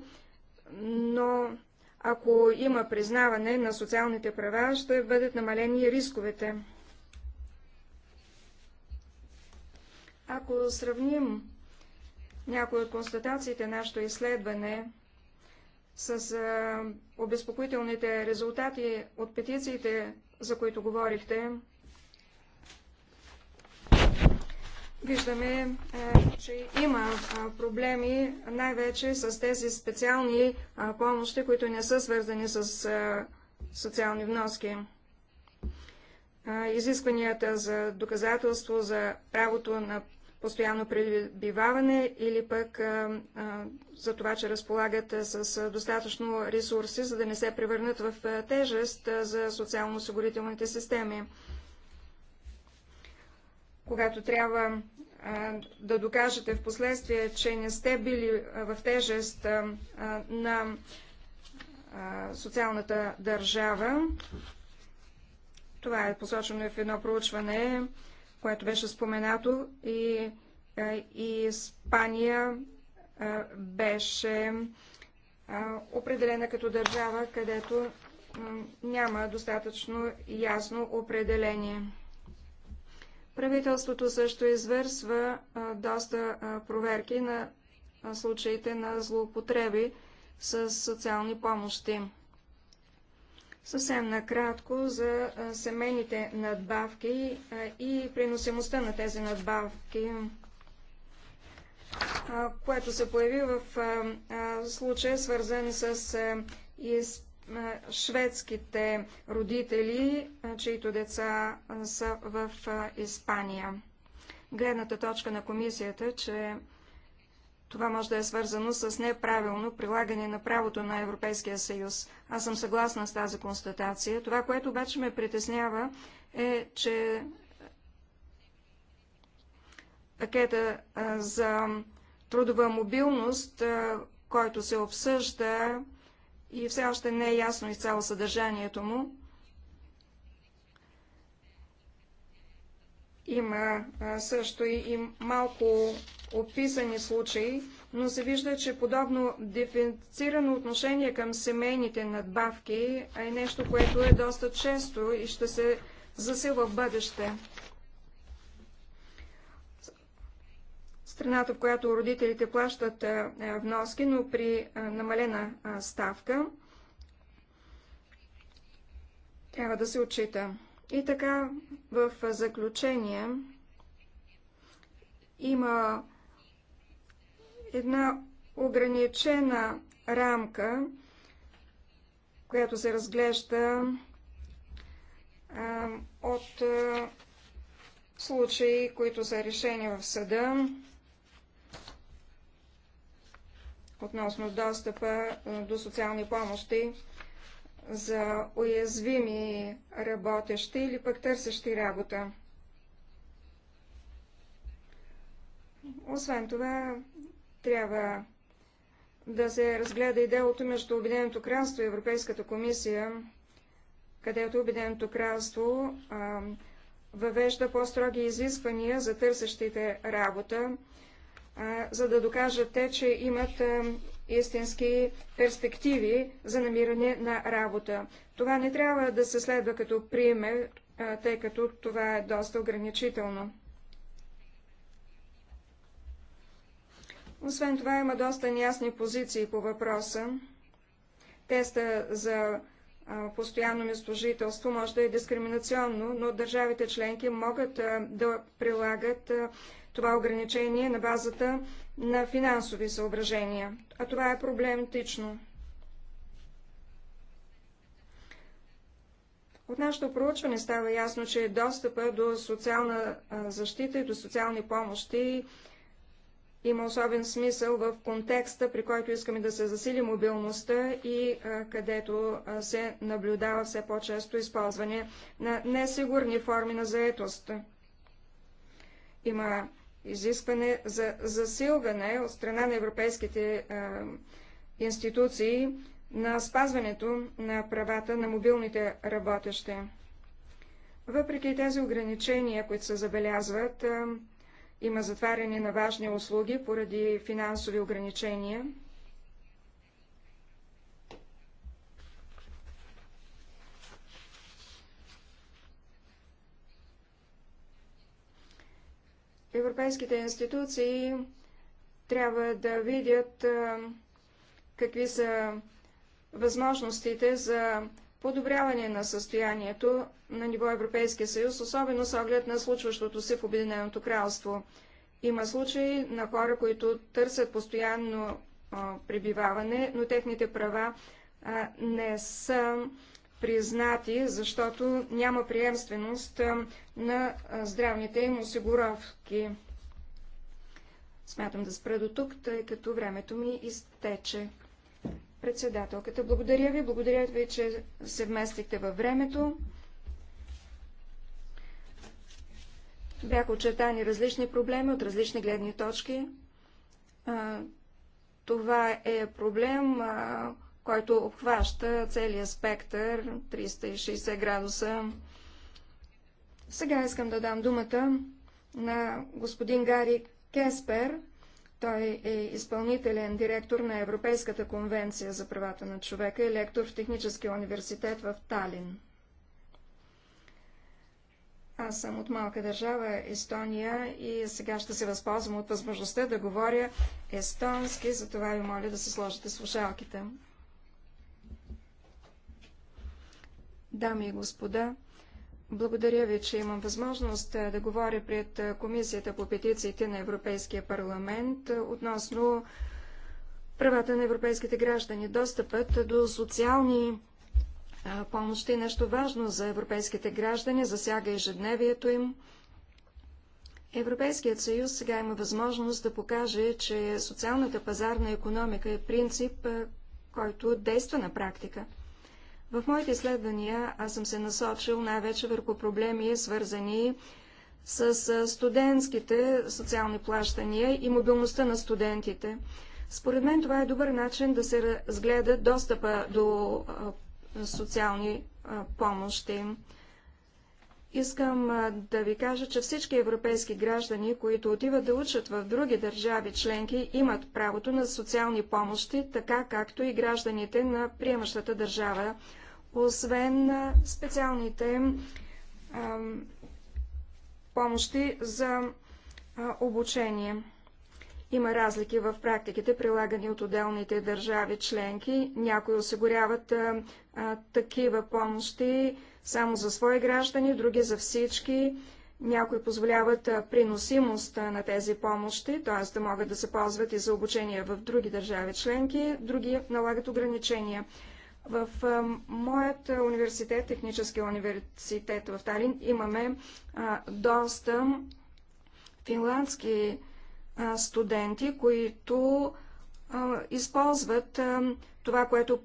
но ако има признаване на социалните права, ще бъдат намалени рисковете. Ако сравним някои от констатациите нашето изследване с обезпокоителните резултати от петициите, за които говорихте, виждаме, че има проблеми най-вече с тези специални помощи, които не са свързани с социални вноски. Изискванията за доказателство за правото на постоянно пребиваване или пък а, а, за това, че разполагат с достатъчно ресурси, за да не се превърнат в тежест за социално-осигурителните системи. Когато трябва а, да докажете в последствие, че не сте били в тежест на социалната държава, това е посочено в едно проучване, което беше споменато и, е, и Испания е, беше е, определена като държава, където няма достатъчно ясно определение. Правителството също извърсва доста проверки на случаите на злоупотреби с социални помощи. Съвсем накратко за семейните надбавки и приносимостта на тези надбавки, което се появи в случая, свързан с шведските родители, чието деца са в Испания. Гледната точка на комисията, че това може да е свързано с неправилно прилагане на правото на Европейския съюз. Аз съм съгласна с тази констатация. Това, което обаче ме притеснява, е, че пакета за трудова мобилност, който се обсъжда и все още не е ясно изцяло съдържанието му, Има също и малко описани случаи, но се вижда, че подобно дифференцирано отношение към семейните надбавки е нещо, което е доста често и ще се засилва в бъдеще. Страната, в която родителите плащат вноски, но при намалена ставка, трябва да се отчита. И така, в заключение, има една ограничена рамка, която се разглежда а, от а, случаи, които са решени в съда относно достъпа а, до социални помощи за уязвими работещи или пък търсещи работа. Освен това, трябва да се разгледа и делото между Обединеното кралство и Европейската комисия, където Обединеното кралство а, въвежда по-строги изисквания за търсещите работа, а, за да докажат те, че имат а, истински перспективи за намиране на работа. Това не трябва да се следва като пример, тъй като това е доста ограничително. Освен това има доста неясни позиции по въпроса. Теста за постоянно местожителство може да е дискриминационно, но държавите членки могат да прилагат това ограничение на базата на финансови съображения, а това е проблематично. От нашето проучване става ясно, че достъпа до социална защита и до социални помощи има особен смисъл в контекста, при който искаме да се засили мобилността и където се наблюдава все по-често използване на несигурни форми на заетост. Има изискване за засилване от страна на европейските а, е, институции на спазването на правата на мобилните работещи. Въпреки тези ограничения, които се забелязват, а, е, има затваряне на важни услуги поради финансови ограничения. европейските институции трябва да видят какви са възможностите за подобряване на състоянието на ниво Европейския съюз, особено с оглед на случващото се в Обединеното кралство. Има случаи на хора, които търсят постоянно пребиваване, но техните права не са признати, защото няма приемственост на здравните им осигуровки. Смятам да спра до тук, тъй като времето ми изтече. Председателката, благодаря ви, благодаря ви, че се вместихте във времето. Бяха очертани различни проблеми от различни гледни точки. Това е проблем, който обхваща целият спектър 360 градуса. Сега искам да дам думата на господин Гари Кеспер. Той е изпълнителен директор на Европейската конвенция за правата на човека и лектор в Техническия университет в Талин. Аз съм от малка държава Естония и сега ще се възползвам от възможността да говоря естонски, затова ви моля да се сложите слушалките. дами и господа, благодаря ви, че имам възможност е, да говоря пред е, Комисията по петициите на Европейския парламент е, относно правата на европейските граждани. Достъпът до социални помощи е нещо важно за европейските граждани, засяга ежедневието им. Европейският съюз сега има възможност да покаже, че социалната пазарна економика е принцип, който действа на практика. В моите изследвания аз съм се насочил най-вече върху проблеми, свързани с студентските социални плащания и мобилността на студентите. Според мен това е добър начин да се разгледа достъпа до социални помощи. Искам да ви кажа, че всички европейски граждани, които отиват да учат в други държави членки, имат правото на социални помощи, така както и гражданите на приемащата държава освен специалните помощи за обучение. Има разлики в практиките, прилагани от отделните държави членки. Някои осигуряват а, а, такива помощи само за свои граждани, други за всички. Някои позволяват а, приносимост а, на тези помощи, т.е. да могат да се ползват и за обучение в други държави членки, други налагат ограничения. В моят университет, Техническия университет в Талин, имаме доста финландски студенти, които използват това, което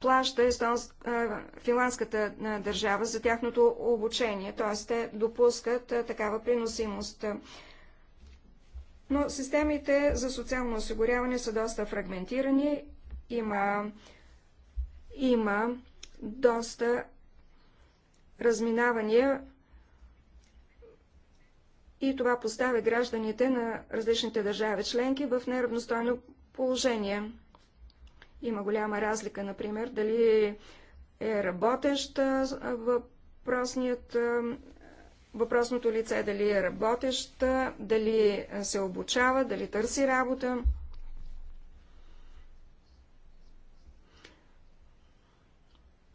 плаща финландската държава за тяхното обучение, т.е. те допускат такава приносимост. Но системите за социално осигуряване са доста фрагментирани. Има има доста разминавания и това поставя гражданите на различните държави членки в неравностойно положение. Има голяма разлика, например, дали е работещ въпросният, въпросното лице, дали е работещ, дали се обучава, дали търси работа.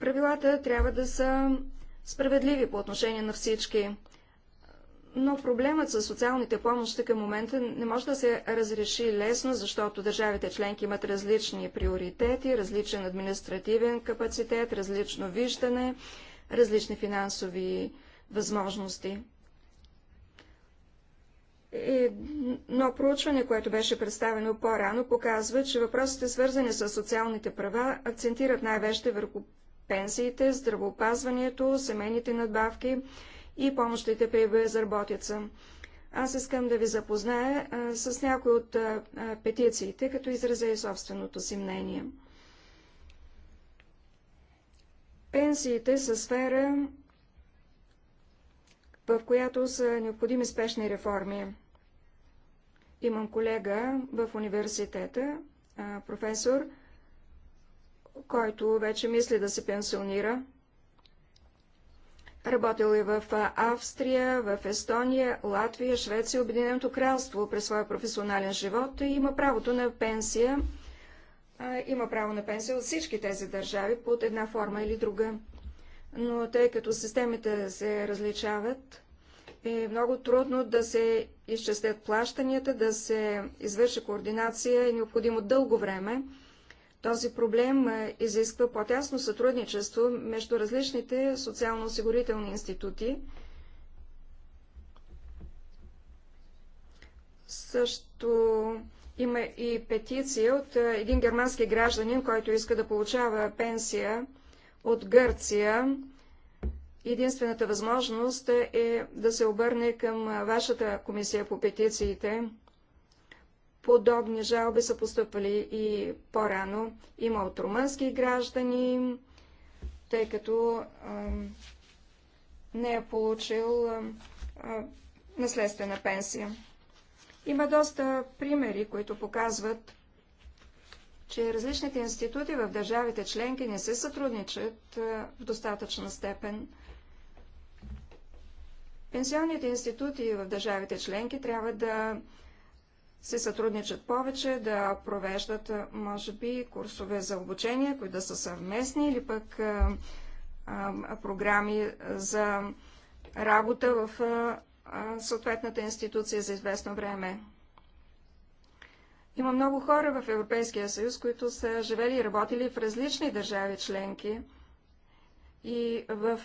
Правилата трябва да са справедливи по отношение на всички. Но проблемът с социалните помощи към момента не може да се разреши лесно, защото държавите членки имат различни приоритети, различен административен капацитет, различно виждане, различни финансови възможности. Едно проучване, което беше представено по-рано, показва, че въпросите свързани с социалните права акцентират най-веще върху пенсиите, здравопазването, семейните надбавки и помощите при безработица. Аз искам да ви запозная а, с някои от а, а, петициите, като изразя и собственото си мнение. Пенсиите са сфера, в която са необходими спешни реформи. Имам колега в университета, професор, който вече мисли да се пенсионира. Работил е в Австрия, в Естония, Латвия, Швеция, Обединеното кралство през своя професионален живот и има правото на пенсия. Има право на пенсия от всички тези държави под една форма или друга. Но тъй като системите се различават, е много трудно да се изчистят плащанията, да се извърши координация, е необходимо дълго време. Този проблем е, изисква по-тясно сътрудничество между различните социално-осигурителни институти. Също има и петиция от е, един германски гражданин, който иска да получава пенсия от Гърция. Единствената възможност е да се обърне към е, вашата комисия по петициите. Подобни жалби са поступали и по-рано. Има от румънски граждани, тъй като а, не е получил а, наследствена пенсия. Има доста примери, които показват, че различните институти в държавите членки не се сътрудничат в достатъчна степен. Пенсионните институти в държавите членки трябва да си сътрудничат повече, да провеждат, може би, курсове за обучение, които да са съвместни или пък а, а, програми за работа в а, съответната институция за известно време. Има много хора в Европейския съюз, които са живели и работили в различни държави членки. И в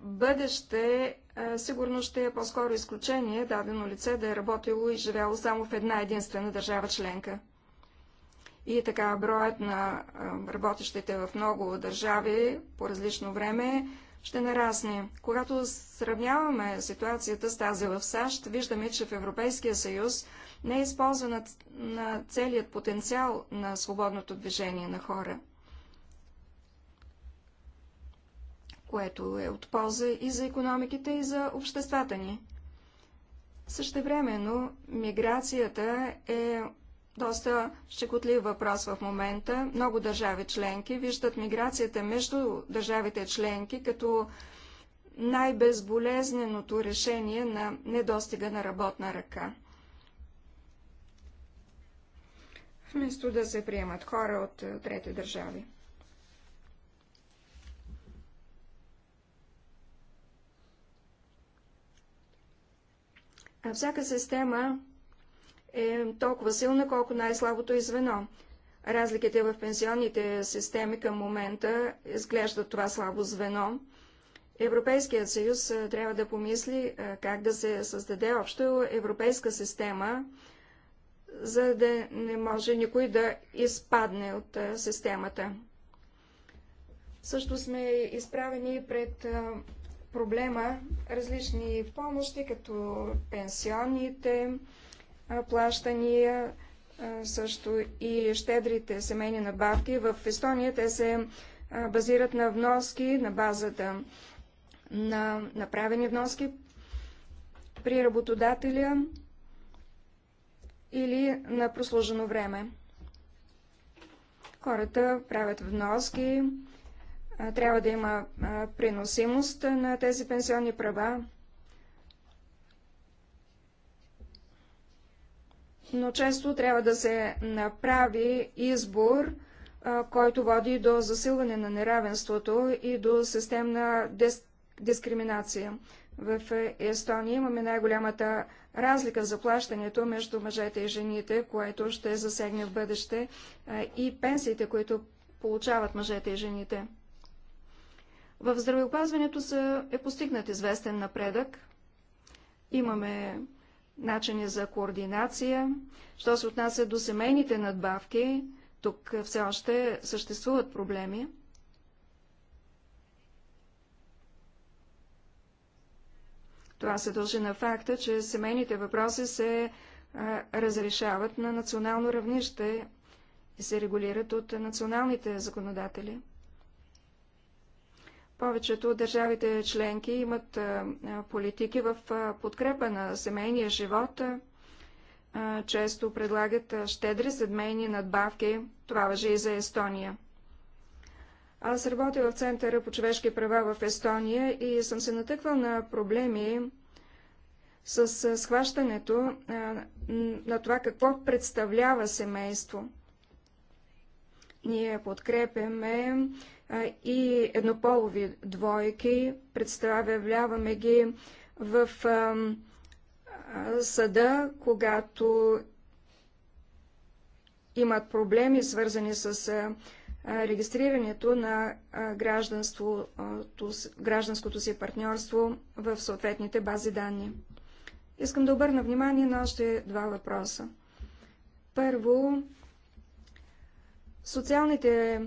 бъдеще е, сигурно ще е по-скоро изключение дадено лице да е работило и живяло само в една единствена държава членка. И така броят на е, работещите в много държави по различно време ще нарасне. Когато сравняваме ситуацията с тази в САЩ, виждаме, че в Европейския съюз не е използван на целият потенциал на свободното движение на хора – което е от полза и за економиките, и за обществата ни. Същевременно, миграцията е доста щекотлив въпрос в момента. Много държави членки виждат миграцията между държавите членки като най-безболезненото решение на недостига на работна ръка. Вместо да се приемат хора от трети държави. Всяка система е толкова силна, колко най-слабото извено. звено. Разликите в пенсионните системи към момента изглеждат това слабо звено. Европейският съюз трябва да помисли как да се създаде общо европейска система, за да не може никой да изпадне от системата. Също сме изправени пред проблема различни помощи, като пенсионните плащания, също и щедрите семейни набавки. В Естония те се базират на вноски на базата на направени вноски при работодателя или на прослужено време. Хората правят вноски, трябва да има преносимост на тези пенсионни права. Но често трябва да се направи избор, който води до засилване на неравенството и до системна дис... дискриминация. В е, Естония имаме най-голямата разлика в заплащането между мъжете и жените, което ще засегне в бъдеще и пенсиите, които получават мъжете и жените. В здравеопазването са, е постигнат известен напредък. Имаме начини за координация. Що се отнася до семейните надбавки, тук все още съществуват проблеми. Това се дължи на факта, че семейните въпроси се а, разрешават на национално равнище и се регулират от националните законодатели. Повечето от държавите членки имат политики в подкрепа на семейния живот. Често предлагат щедри седмейни надбавки. Това въжи и за Естония. Аз работя в Центъра по човешки права в Естония и съм се натъквал на проблеми с схващането на това какво представлява семейство. Ние подкрепяме и еднополови двойки. Представяваме ги в съда, когато имат проблеми, свързани с регистрирането на гражданското си партньорство в съответните бази данни. Искам да обърна внимание на още два въпроса. Първо, социалните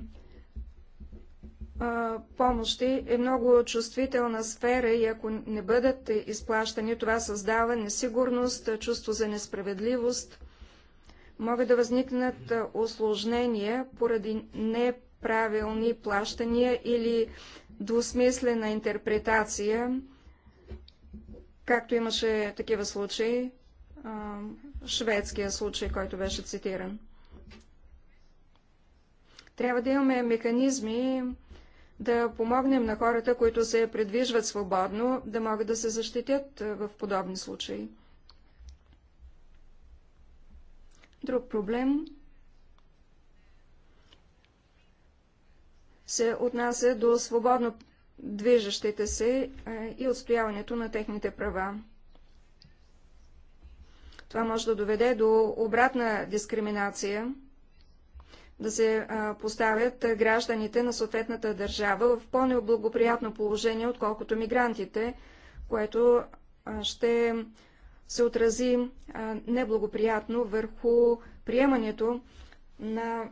помощи е много чувствителна сфера и ако не бъдат изплащани, това създава несигурност, чувство за несправедливост. Могат да възникнат осложнения поради неправилни плащания или двусмислена интерпретация, както имаше такива случаи, шведския случай, който беше цитиран. Трябва да имаме механизми, да помогнем на хората, които се предвижват свободно, да могат да се защитят е, в подобни случаи. Друг проблем се отнася до свободно движещите се е, и отстояването на техните права. Това може да доведе до обратна дискриминация да се поставят гражданите на съответната държава в по-неблагоприятно положение, отколкото мигрантите, което ще се отрази неблагоприятно върху приемането на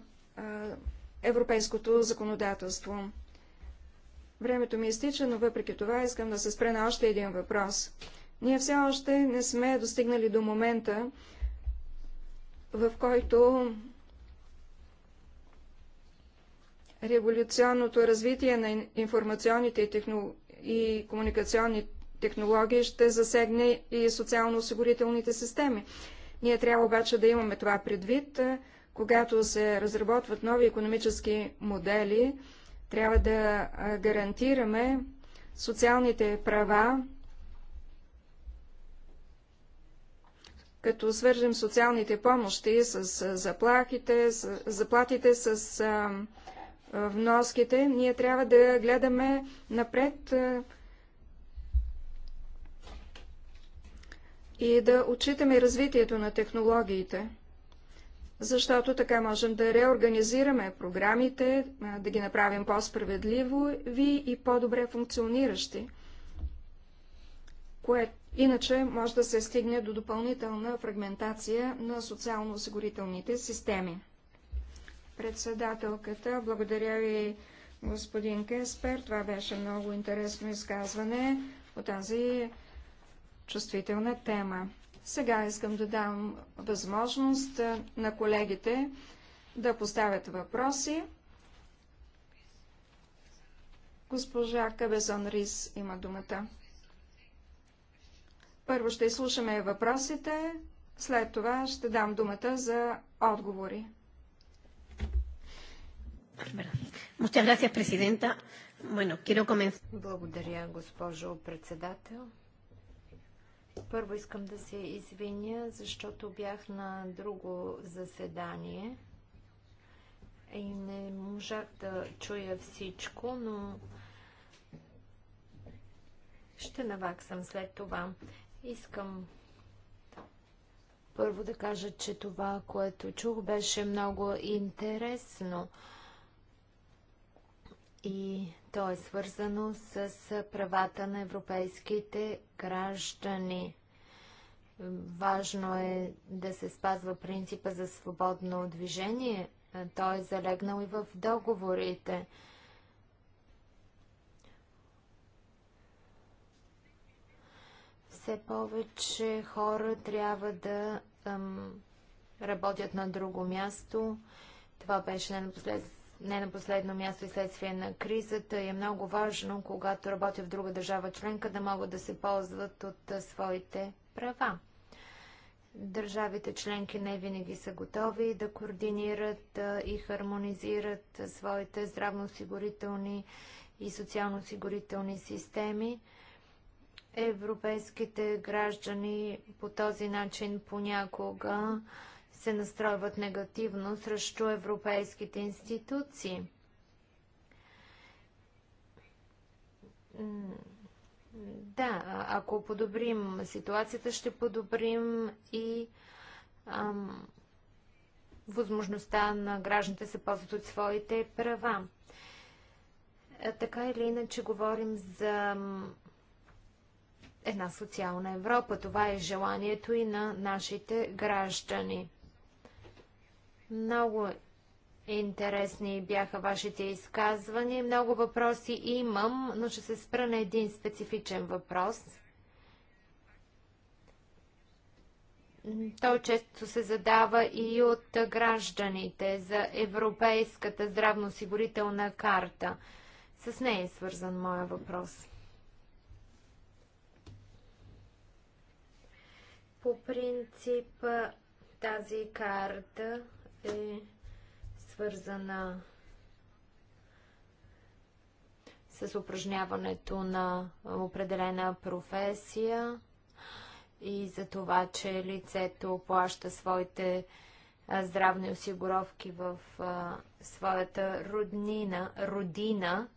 европейското законодателство. Времето ми изтича, но въпреки това искам да се спре на още един въпрос. Ние все още не сме достигнали до момента, в който революционното развитие на информационните и комуникационни технологии ще засегне и социално-осигурителните системи. Ние трябва обаче да имаме това предвид, когато се разработват нови економически модели, трябва да гарантираме социалните права, като свържем социалните помощи с заплахите, с, заплатите, с вноските, ние трябва да гледаме напред и да отчитаме развитието на технологиите, защото така можем да реорганизираме програмите, да ги направим по-справедливо и по-добре функциониращи, което иначе може да се стигне до допълнителна фрагментация на социално-осигурителните системи. Председателката, благодаря ви, господин Кеспер. Това беше много интересно изказване по тази чувствителна тема. Сега искам да дам възможност на колегите да поставят въпроси. Госпожа Кабезон Рис има думата. Първо ще изслушаме въпросите, след това ще дам думата за отговори. Благодаря, госпожо председател. Първо искам да се извиня, защото бях на друго заседание и не можах да чуя всичко, но ще наваксам след това. Искам първо да кажа, че това, което чух, беше много интересно и то е свързано с правата на европейските граждани. Важно е да се спазва принципа за свободно движение. Той е залегнал и в договорите. Все повече хора трябва да ам, работят на друго място. Това беше на последствие не на последно място и следствие на кризата е много важно, когато работя в друга държава членка, да могат да се ползват от своите права. Държавите членки не винаги са готови да координират и хармонизират своите здравноосигурителни и социално-осигурителни системи. Европейските граждани по този начин понякога се настройват негативно срещу европейските институции. Да, ако подобрим ситуацията, ще подобрим и ам, възможността на гражданите се ползват от своите права. А, така или иначе говорим за една социална Европа. Това е желанието и на нашите граждани. Много интересни бяха вашите изказвания. Много въпроси имам, но ще се спра на един специфичен въпрос. Той често се задава и от гражданите за Европейската здравноосигурителна карта. С нея е свързан моя въпрос. По принцип тази карта е свързана с упражняването на определена професия и за това, че лицето плаща своите здравни осигуровки в своята роднина, родина.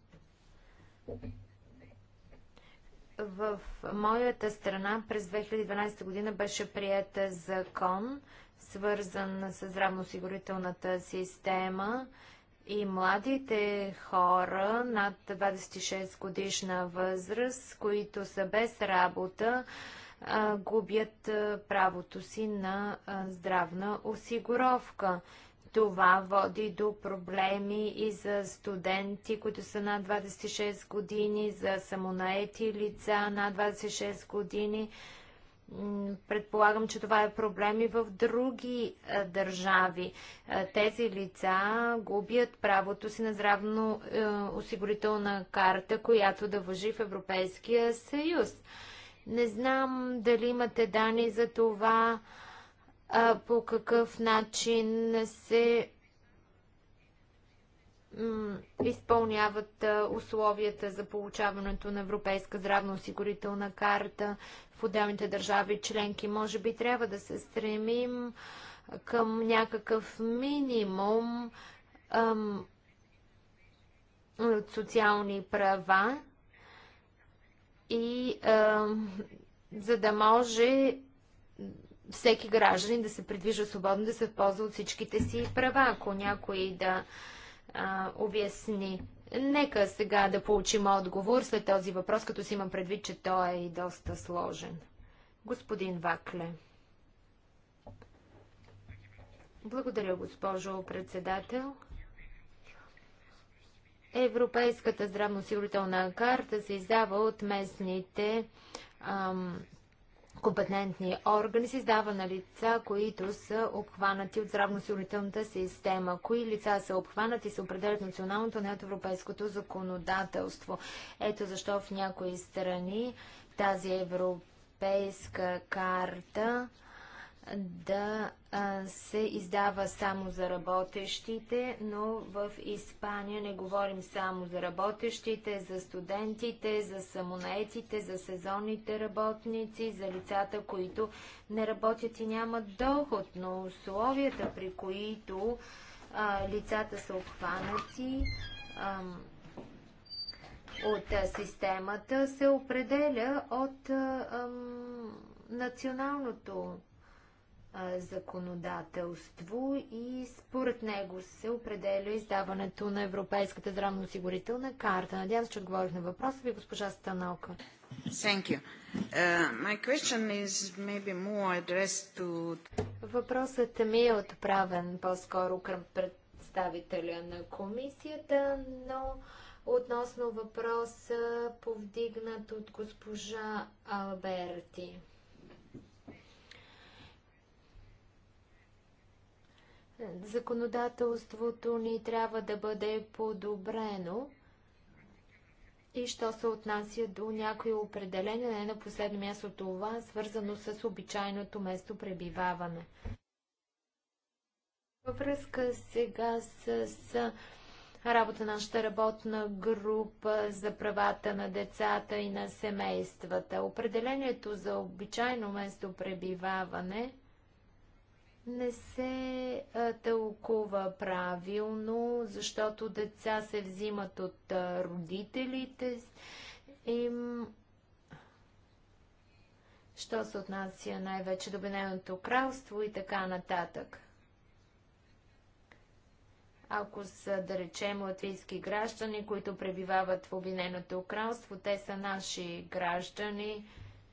В моята страна през 2012 година беше прият закон, свързан с здравноосигурителната система и младите хора над 26 годишна възраст, които са без работа, губят правото си на здравна осигуровка. Това води до проблеми и за студенти, които са над 26 години, за самонаети лица над 26 години, Предполагам, че това е проблем и в други е, държави. Е, тези лица губят правото си на здравно е, осигурителна карта, която да въжи в Европейския съюз. Не знам дали имате данни за това по какъв начин се изпълняват условията за получаването на Европейска здравноосигурителна карта в отделните държави членки. Може би трябва да се стремим към някакъв минимум ам, от социални права и ам, за да може всеки гражданин да се придвижва свободно, да се ползва от всичките си права. Ако някой да а, обясни. Нека сега да получим отговор след този въпрос, като си имам предвид, че той е и доста сложен. Господин Вакле. Благодаря, госпожо председател. Европейската здравноосигурителна карта се издава от местните ам, компетентни органи се издава на лица, които са обхванати от здравноосигурителната система. Кои лица са обхванати се определят националното, не от европейското законодателство. Ето защо в някои страни тази европейска карта да се издава само за работещите, но в Испания не говорим само за работещите, за студентите, за самонаетите, за сезонните работници, за лицата, които не работят и нямат доход, но условията, при които а, лицата са обхванати а, от а, системата, се определя от националното законодателство и според него се определя издаването на Европейската здравноосигурителна карта. Надявам се, че отговорих на въпроса ви, госпожа Станалка. Uh, to... Въпросът ми е отправен по-скоро към представителя на комисията, но относно въпроса повдигнат от госпожа Алберти. законодателството ни трябва да бъде подобрено. И що се отнася до някои определения, не на последно място това, свързано с обичайното место пребиваване. Във връзка сега с, с работа на нашата работна група за правата на децата и на семействата. Определението за обичайно место пребиваване – не се а, тълкува правилно, защото деца се взимат от а, родителите им. Що се отнася най-вече до Бененото кралство и така нататък. Ако са, да речем, латвийски граждани, които пребивават в Обединеното кралство, те са наши граждани,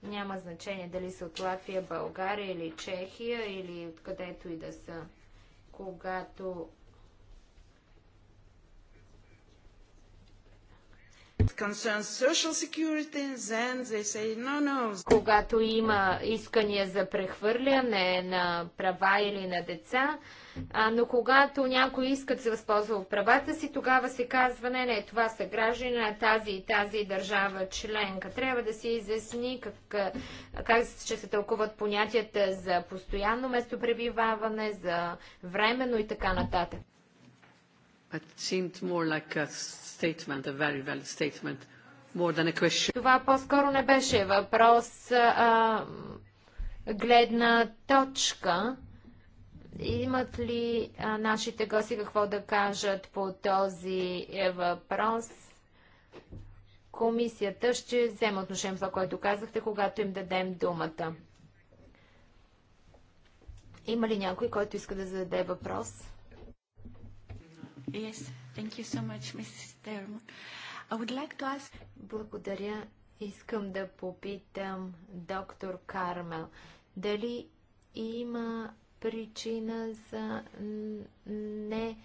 няма значение дали са от Латвия, България или Чехия или откъдето и да са. Когато Когато има искания за прехвърляне на права или на деца, но когато някой искат да се възползва от правата си, тогава се казва, не, не, това са граждани на тази и тази държава членка. Трябва да се изясни как, как ще се тълкуват понятията за постоянно местопребиваване, за временно и така нататък. It seemed more like a statement, a very valid statement, more than a question. Това по-скоро не беше въпрос, а, гледна точка. Имат ли а, нашите гости какво да кажат по този е, въпрос? Комисията ще вземе отношение това, което казахте, когато им дадем думата. Има ли някой, който иска да зададе въпрос? Yes. Thank you so much, I would like to ask... Благодаря. Искам да попитам доктор Кармел. Дали има причина за не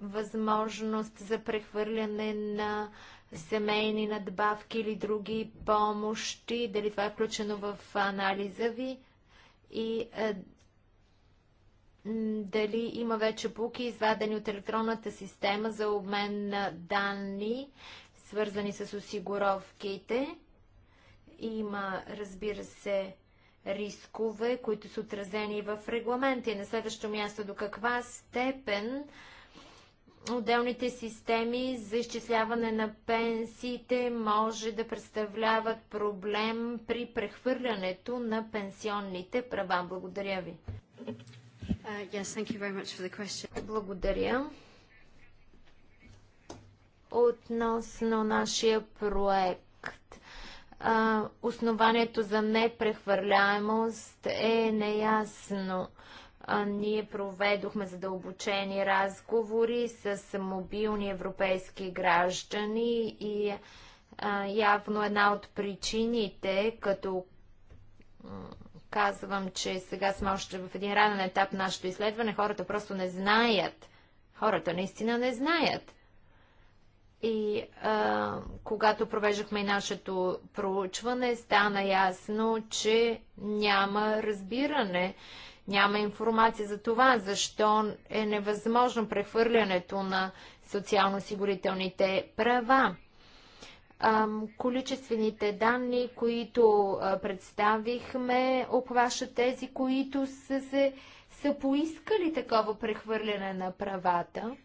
възможност за прехвърляне на семейни надбавки или други помощи, дали това е включено в анализа ви и е, дали има вече буки, извадени от електронната система за обмен на данни, свързани с осигуровките. Има, разбира се, рискове, които са отразени в регламента. И на следващо място, до каква степен отделните системи за изчисляване на пенсиите може да представляват проблем при прехвърлянето на пенсионните права. Благодаря ви. Uh, Благодаря. Относно нашия проект. Основанието за непрехвърляемост е неясно. Ние проведохме задълбочени разговори с мобилни европейски граждани и явно една от причините, като казвам, че сега сме още в един ранен етап нашето изследване. Хората просто не знаят. Хората наистина не знаят. И а, когато провеждахме нашето проучване, стана ясно, че няма разбиране, няма информация за това, защо е невъзможно прехвърлянето на социално-осигурителните права. Количествените данни, които представихме, обхващат тези, които са, се, са поискали такова прехвърляне на правата.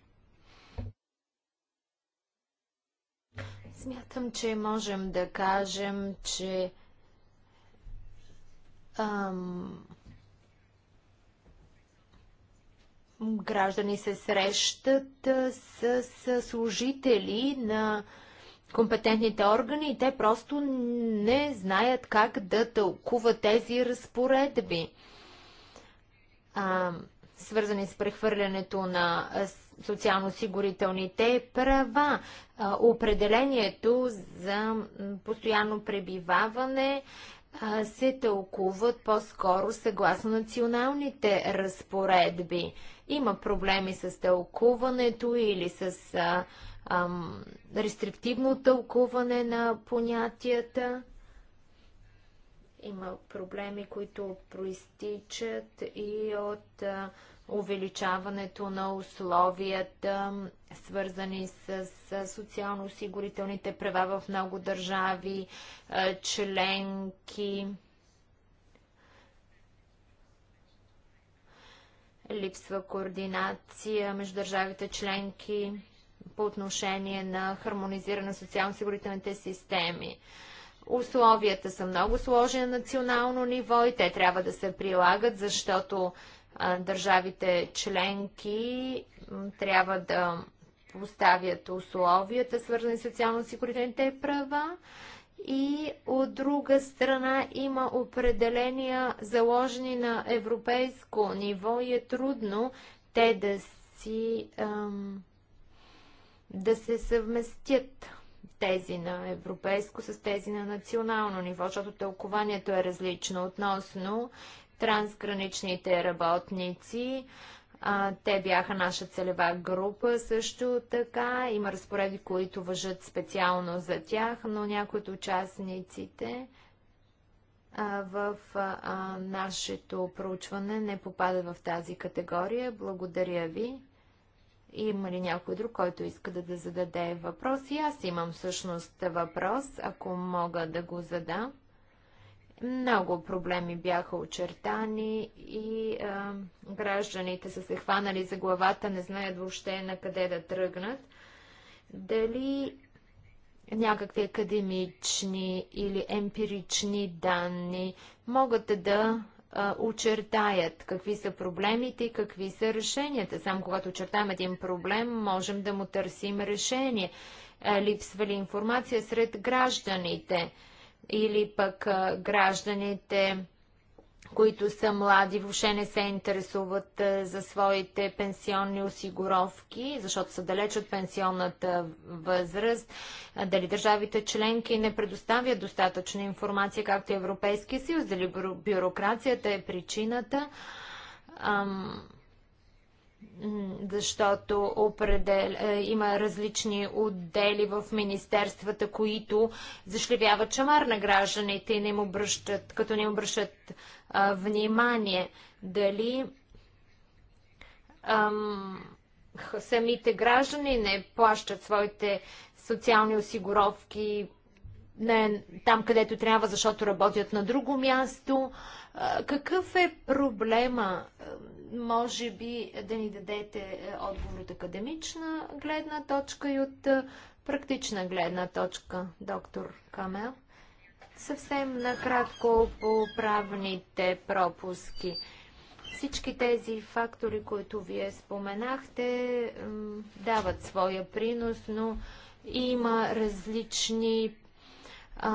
Смятам, че можем да кажем, че ам, граждани се срещат с, с служители на компетентните органи и те просто не знаят как да тълкуват тези разпоредби, а, свързани с прехвърлянето на социално-осигурителните права, а, определението за постоянно пребиваване а, се тълкуват по-скоро съгласно националните разпоредби. Има проблеми с тълкуването или с а, ам, рестриктивно тълкуване на понятията. Има проблеми, които проистичат и от а, увеличаването на условията, свързани с, с социално-осигурителните права в много държави, а, членки. Липсва координация между държавите членки по отношение на хармонизиране на социално-сигурителните системи. Условията са много сложни на национално ниво и те трябва да се прилагат, защото държавите членки трябва да поставят условията, свързани с социално-сигурителните права. И от друга страна има определения заложени на европейско ниво и е трудно те да си ам, да се съвместят тези на европейско с тези на национално ниво, защото тълкованието е различно относно трансграничните работници. те бяха наша целева група също така. Има разпореди, които въжат специално за тях, но някои от участниците в нашето проучване не попадат в тази категория. Благодаря ви. Има ли някой друг, който иска да, да зададе въпрос? И аз имам всъщност въпрос, ако мога да го задам. Много проблеми бяха очертани и а, гражданите са се хванали за главата, не знаят въобще на къде да тръгнат. Дали някакви академични или емпирични данни могат да очертаят какви са проблемите и какви са решенията. Само когато очертаем един проблем, можем да му търсим решение. Е, липсва ли информация сред гражданите? Или пък гражданите които са млади, въобще не се интересуват за своите пенсионни осигуровки, защото са далеч от пенсионната възраст. Дали държавите членки не предоставят достатъчна информация, както Европейския съюз, дали бюрокрацията е причината. Ам защото определ... Е, има различни отдели в министерствата, които зашлевяват чамар на гражданите и не им обръщат, като не им обръщат а, внимание. Дали ам, самите граждани не плащат своите социални осигуровки не там, където трябва, защото работят на друго място. А, какъв е проблема? може би да ни дадете е, отговор от академична гледна точка и от е, практична гледна точка, доктор Камел. Съвсем накратко по правните пропуски. Всички тези фактори, които вие споменахте, дават своя принос, но има различни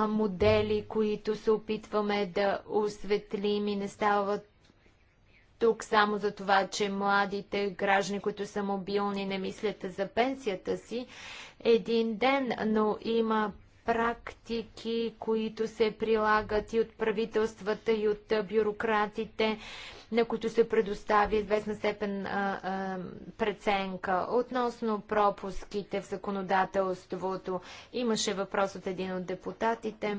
модели, които се опитваме да осветлим и не стават тук само за това, че младите граждани, които са мобилни, не мислят за пенсията си един ден, но има практики, които се прилагат и от правителствата, и от бюрократите, на които се предостави известна степен а, а, преценка. Относно пропуските в законодателството, имаше въпрос от един от депутатите,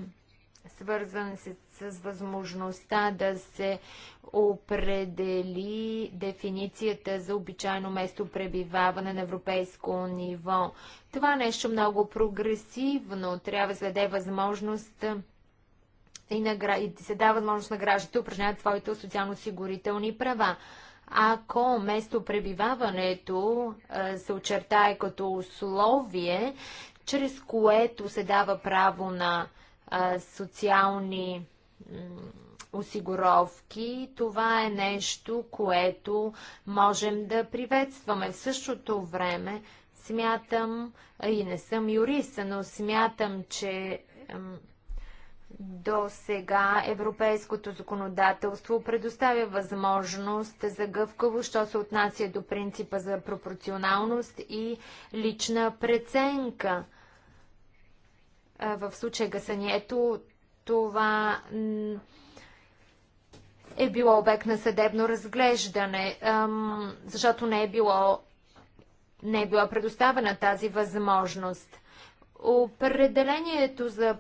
свързан с с възможността да се определи дефиницията за обичайно место пребиваване на европейско ниво. Това нещо много прогресивно трябва да даде възможност и, на, и се дава възможност на гражданите да упражняват своите социално-осигурителни права. Ако место пребиваването а, се очертае като условие, чрез което се дава право на а, социални осигуровки, това е нещо, което можем да приветстваме. В същото време смятам, и не съм юрист, но смятам, че до сега европейското законодателство предоставя възможност за гъвкаво, що се отнася до принципа за пропорционалност и лична преценка. В случая гасанието това е било обект на съдебно разглеждане, защото не е, било, не е била предоставена тази възможност. Определението за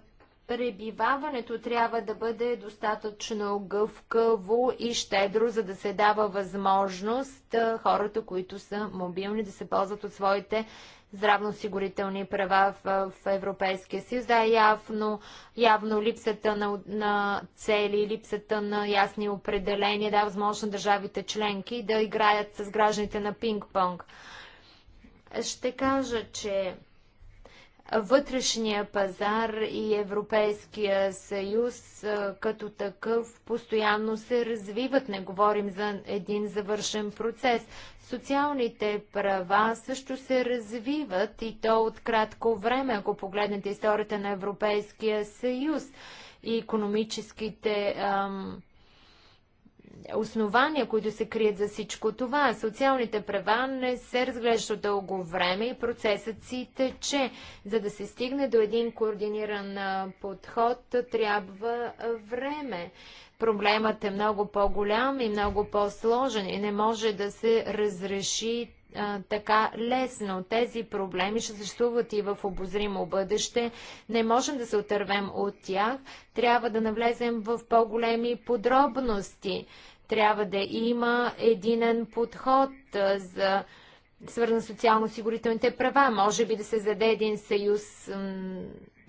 пребиваването трябва да бъде достатъчно гъвкаво и щедро, за да се дава възможност хората, които са мобилни, да се ползват от своите здравноосигурителни права в, в Европейския съюз. Да, явно, явно липсата на, на цели, липсата на ясни определения дава възможност държавите членки да играят с гражданите на пинг-понг. Ще кажа, че вътрешния пазар и Европейския съюз като такъв постоянно се развиват. Не говорим за един завършен процес. Социалните права също се развиват и то от кратко време, ако погледнете историята на Европейския съюз и економическите ам, основания, които се крият за всичко това. Социалните права не се разглеждат дълго време и процесът си тече. За да се стигне до един координиран подход, трябва време. Проблемът е много по-голям и много по-сложен и не може да се разреши а, така лесно. Тези проблеми ще съществуват и в обозримо бъдеще. Не можем да се отървем от тях. Трябва да навлезем в по-големи подробности. Трябва да има единен подход а, за свързан с социално-осигурителните права. Може би да се заде един съюз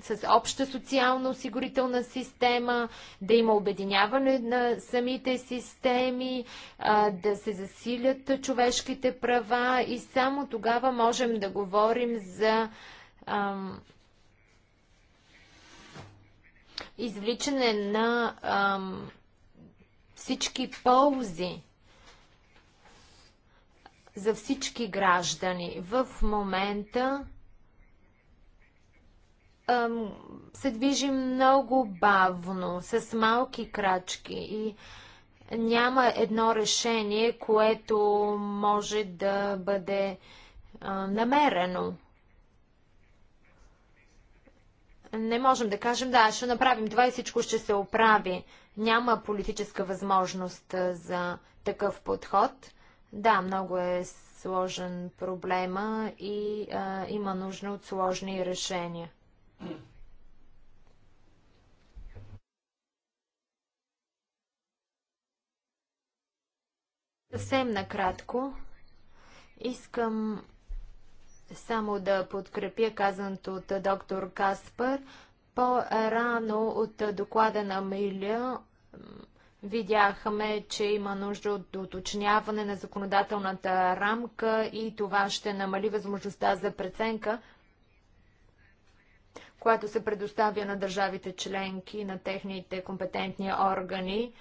с обща социална осигурителна система, да има обединяване на самите системи, да се засилят човешките права и само тогава можем да говорим за ам, извличане на ам, всички ползи за всички граждани. В момента се движим много бавно, с малки крачки и няма едно решение, което може да бъде а, намерено. Не можем да кажем, да, ще направим това и всичко ще се оправи. Няма политическа възможност за такъв подход. Да, много е сложен проблема и а, има нужда от сложни решения. Съвсем накратко искам само да подкрепя казаното от доктор Каспар. По-рано от доклада на Миля видяхме, че има нужда от уточняване на законодателната рамка и това ще намали възможността за преценка която се предоставя на държавите членки, на техните компетентни органи.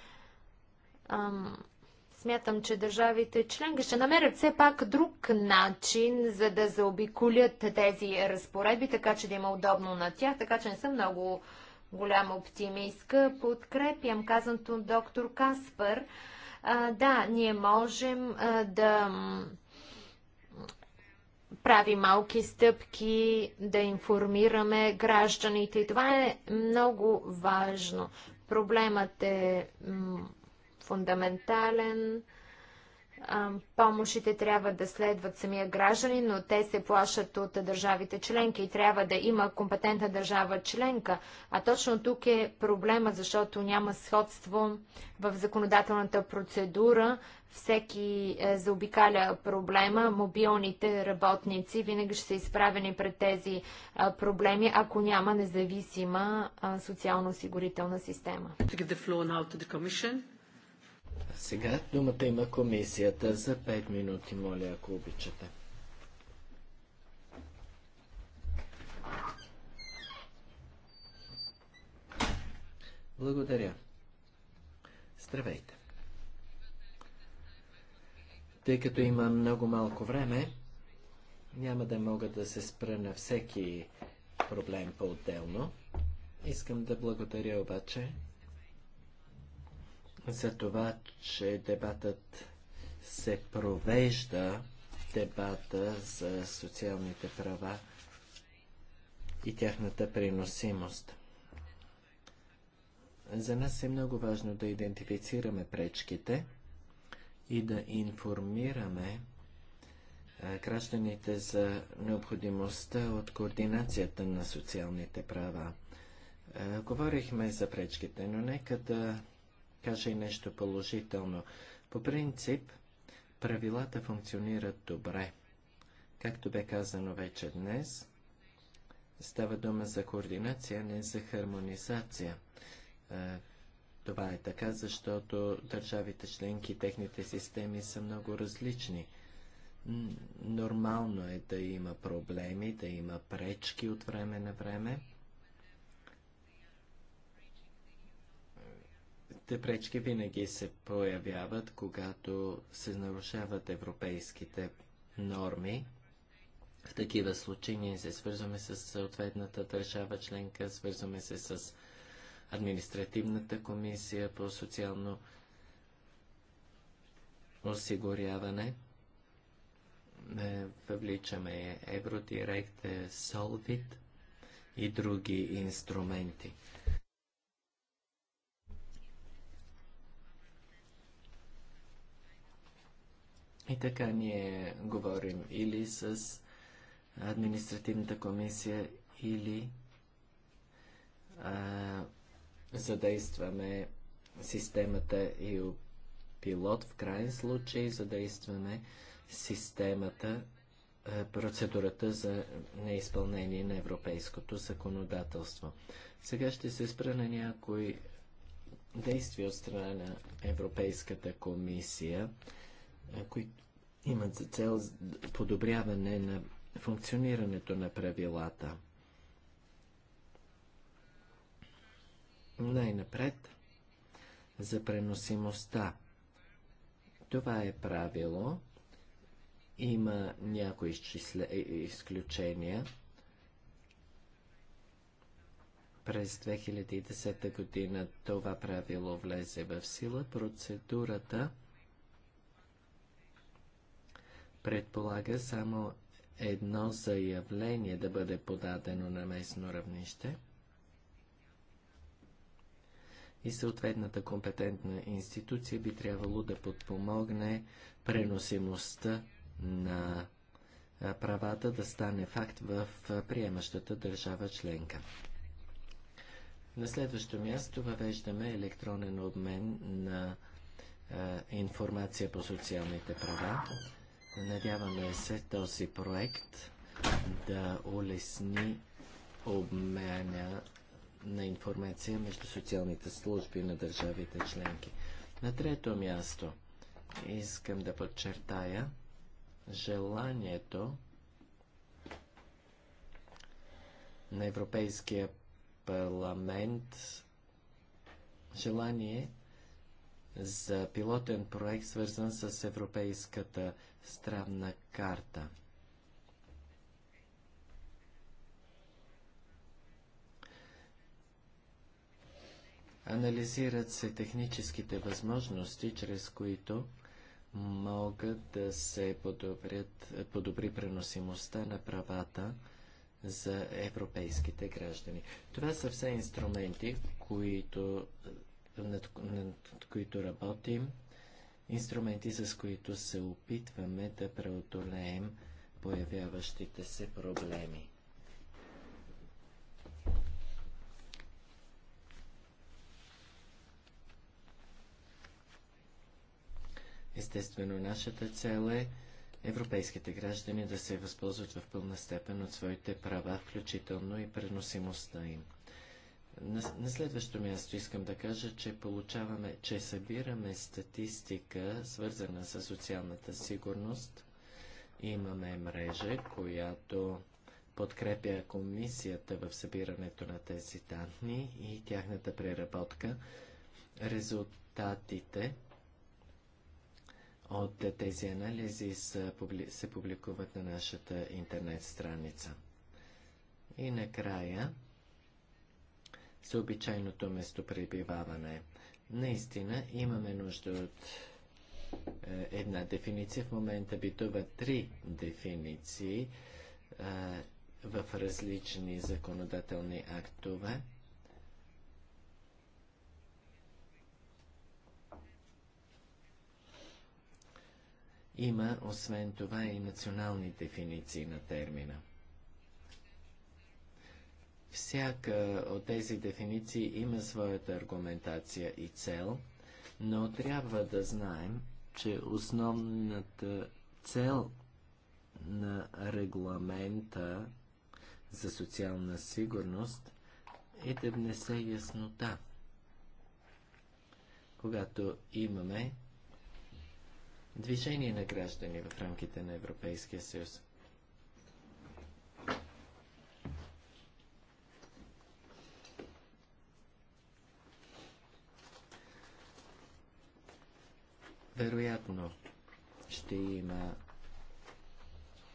смятам, че държавите членки ще намерят все пак друг начин, за да заобиколят тези разпоредби, така че да има удобно на тях, така че не съм много голям оптимистка. Подкрепям казаното доктор Каспер. А, да, ние можем а, да прави малки стъпки, да информираме гражданите. И това е много важно. Проблемът е фундаментален помощите трябва да следват самия граждани, но те се плашат от държавите членки и трябва да има компетентна държава членка. А точно тук е проблема, защото няма сходство в законодателната процедура. Всеки е, заобикаля проблема. Мобилните работници винаги ще са изправени пред тези е, проблеми, ако няма независима е, социално-осигурителна система. Сега думата има комисията за 5 минути, моля, ако обичате. Благодаря. Здравейте. Тъй като има много малко време, няма да мога да се спра на всеки проблем по-отделно. Искам да благодаря обаче за това, че дебатът се провежда, дебата за социалните права и тяхната приносимост. За нас е много важно да идентифицираме пречките и да информираме гражданите за необходимостта от координацията на социалните права. Говорихме за пречките, но нека да Каже и нещо положително. По принцип, правилата функционират добре. Както бе казано вече днес, става дума за координация, не за хармонизация. Е, това е така, защото държавите членки, техните системи са много различни. Нормално е да има проблеми, да има пречки от време на време. Те пречки винаги се появяват, когато се нарушават европейските норми. В такива случаи ние се свързваме с съответната държава членка, свързваме се с административната комисия по социално осигуряване. Е, въвличаме Евродирект, е, Solvit и други инструменти. И така ние говорим или с административната комисия, или а, задействаме системата и пилот, в крайен случай задействаме системата, процедурата за неизпълнение на европейското законодателство. Сега ще се спра на някои действия от страна на Европейската комисия е, които имат за цел подобряване на функционирането на правилата. Най-напред за преносимостта. Това е правило. Има някои изчисле... изключения. През 2010 година това правило влезе в сила. Процедурата предполага само едно заявление да бъде подадено на местно равнище и съответната компетентна институция би трябвало да подпомогне преносимостта на правата да стане факт в приемащата държава членка. На следващо място въвеждаме електронен обмен на информация по социалните права. Надяваме се този проект да улесни обмяна на информация между социалните служби на държавите членки. На трето място искам да подчертая желанието на Европейския парламент желание за пилотен проект, свързан с Европейската здравна карта. Анализират се техническите възможности, чрез които могат да се подобрят, подобри преносимостта на правата за европейските граждани. Това са все инструменти, които, над, над които работим инструменти, с които се опитваме да преодолеем появяващите се проблеми. Естествено, нашата цел е европейските граждани да се възползват в пълна степен от своите права, включително и преносимостта им. На, на следващо място искам да кажа, че получаваме, че събираме статистика, свързана с социалната сигурност. Имаме мрежа, която подкрепя комисията в събирането на тези данни и тяхната преработка. Резултатите от тези анализи се публикуват на нашата интернет страница. И накрая с обичайното местопребиваване. Наистина имаме нужда от е, една дефиниция. В момента битува три дефиниции е, в различни законодателни актове. Има, освен това, и национални дефиниции на термина. Всяка от тези дефиниции има своята аргументация и цел, но трябва да знаем, че основната цел на регламента за социална сигурност е да внесе яснота. Когато имаме движение на граждани в рамките на Европейския съюз. Вероятно ще има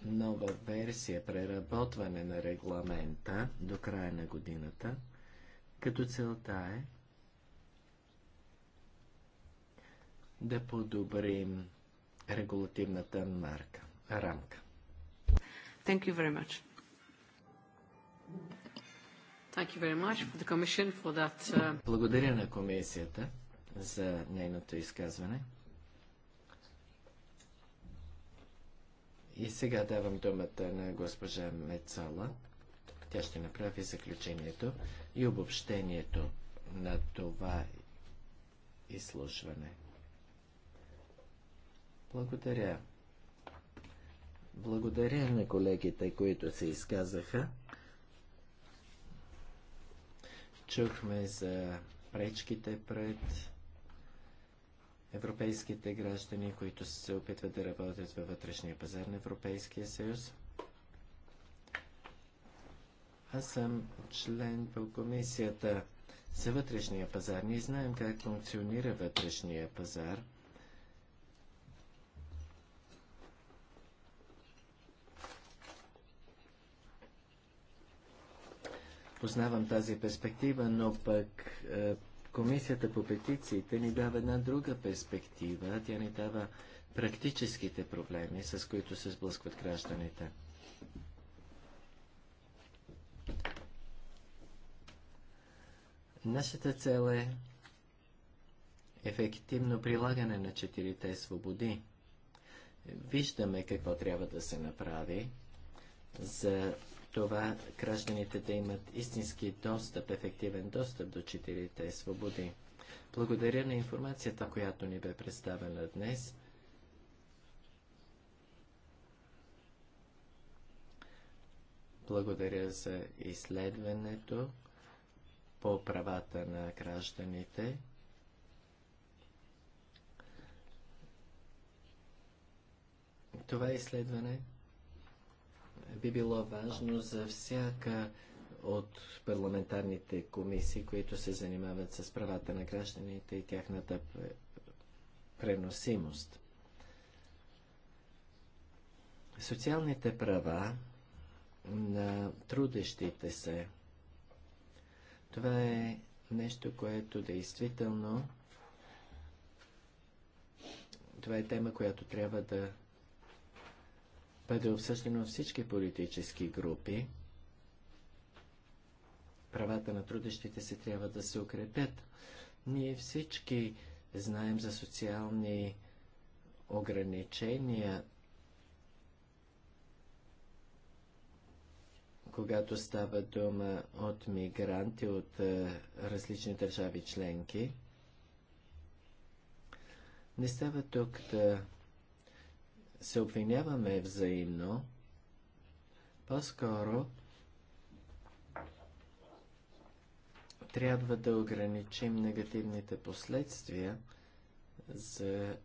нова версия, преработване на регламента до края на годината, като целта е да подобрим регулативната марка, рамка. Thank you very much. Thank you very much for the commission for that, uh... Благодаря на комисията за нейното изказване. И сега давам думата на госпожа Мецала. Тя ще направи заключението и обобщението на това изслушване. Благодаря. Благодаря на колегите, които се изказаха. Чухме за пречките пред европейските граждани, които се опитват да работят във вътрешния пазар на Европейския съюз. Аз съм член по комисията за вътрешния пазар. Ние знаем как функционира вътрешния пазар. Познавам тази перспектива, но пък е, Комисията по петициите ни дава една друга перспектива. Тя ни дава практическите проблеми, с които се сблъскват гражданите. Нашата цел е ефективно прилагане на четирите свободи. Виждаме какво трябва да се направи за това гражданите да имат истински достъп, ефективен достъп до четирите свободи. Благодаря на информацията, която ни бе представена днес. Благодаря за изследването по правата на гражданите. Това изследване би било важно за всяка от парламентарните комисии, които се занимават с правата на гражданите и тяхната преносимост. Социалните права на трудещите се. Това е нещо, което действително това е тема, която трябва да бъде обсъждано всички политически групи. Правата на трудещите се трябва да се укрепят. Ние всички знаем за социални ограничения, когато става дума от мигранти от е, различни държави членки. Не става тук да се обвиняваме взаимно, по-скоро трябва да ограничим негативните последствия за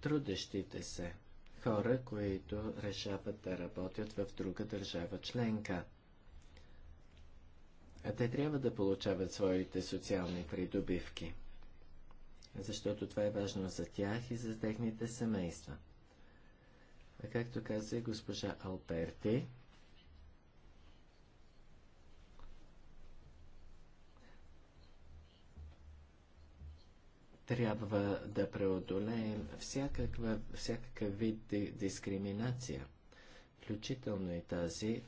трудещите се хора, които решават да работят в друга държава членка. А те трябва да получават своите социални придобивки, защото това е важно за тях и за техните семейства. Както каза госпожа Алберти, трябва да преодолеем всякаква, всякакъв вид дискриминация, включително и тази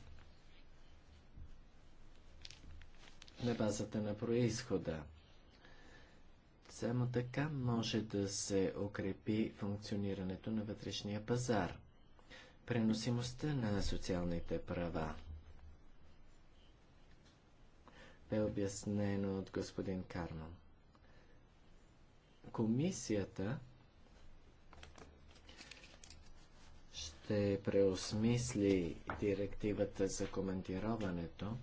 на базата на происхода. Само така може да се укрепи функционирането на вътрешния пазар преносимостта на социалните права. Бе обяснено от господин Карман. Комисията ще преосмисли директивата за коментироването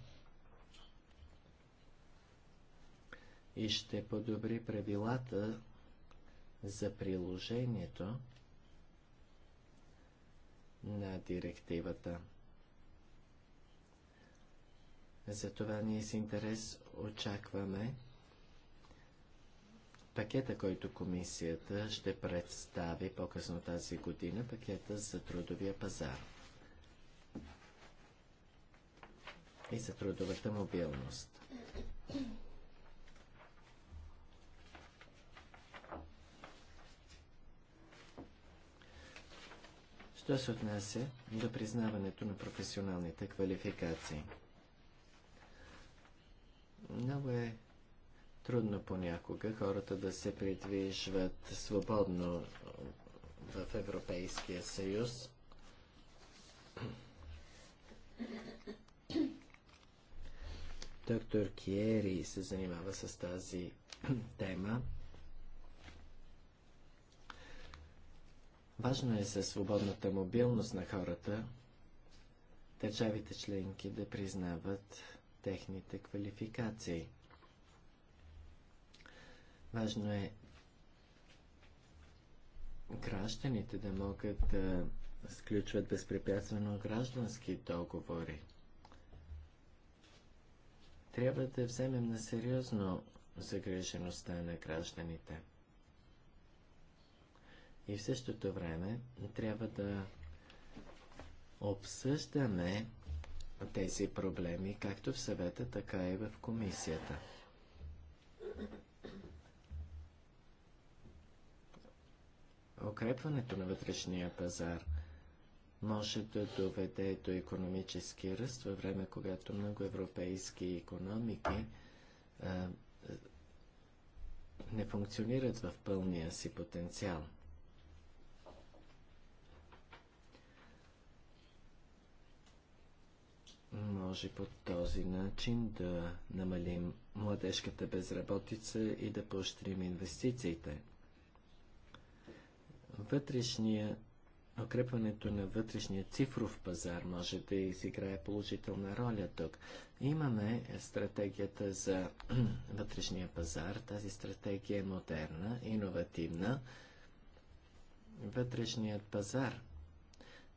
и ще подобри правилата за приложението на директивата. Затова ние с интерес очакваме пакета, който комисията ще представи по-късно тази година, пакета за трудовия пазар и за трудовата мобилност. Що се отнася до признаването на професионалните квалификации? Много е трудно понякога хората да се придвижват свободно в Европейския съюз. Доктор Киери се занимава с тази тема. Важно е със свободната мобилност на хората държавите членки да признават техните квалификации. Важно е гражданите да могат да сключват безпрепятствено граждански договори. Трябва да вземем на сериозно загрежеността на гражданите. И в същото време трябва да обсъждаме тези проблеми, както в съвета, така и в комисията. Укрепването на вътрешния пазар може да доведе до економически ръст във време, когато много европейски економики а, не функционират в пълния си потенциал – може по този начин да намалим младежката безработица и да поощрим инвестициите. Вътрешния, укрепването на вътрешния цифров пазар може да изиграе положителна роля тук. Имаме стратегията за вътрешния пазар. Тази стратегия е модерна, иновативна. Вътрешният пазар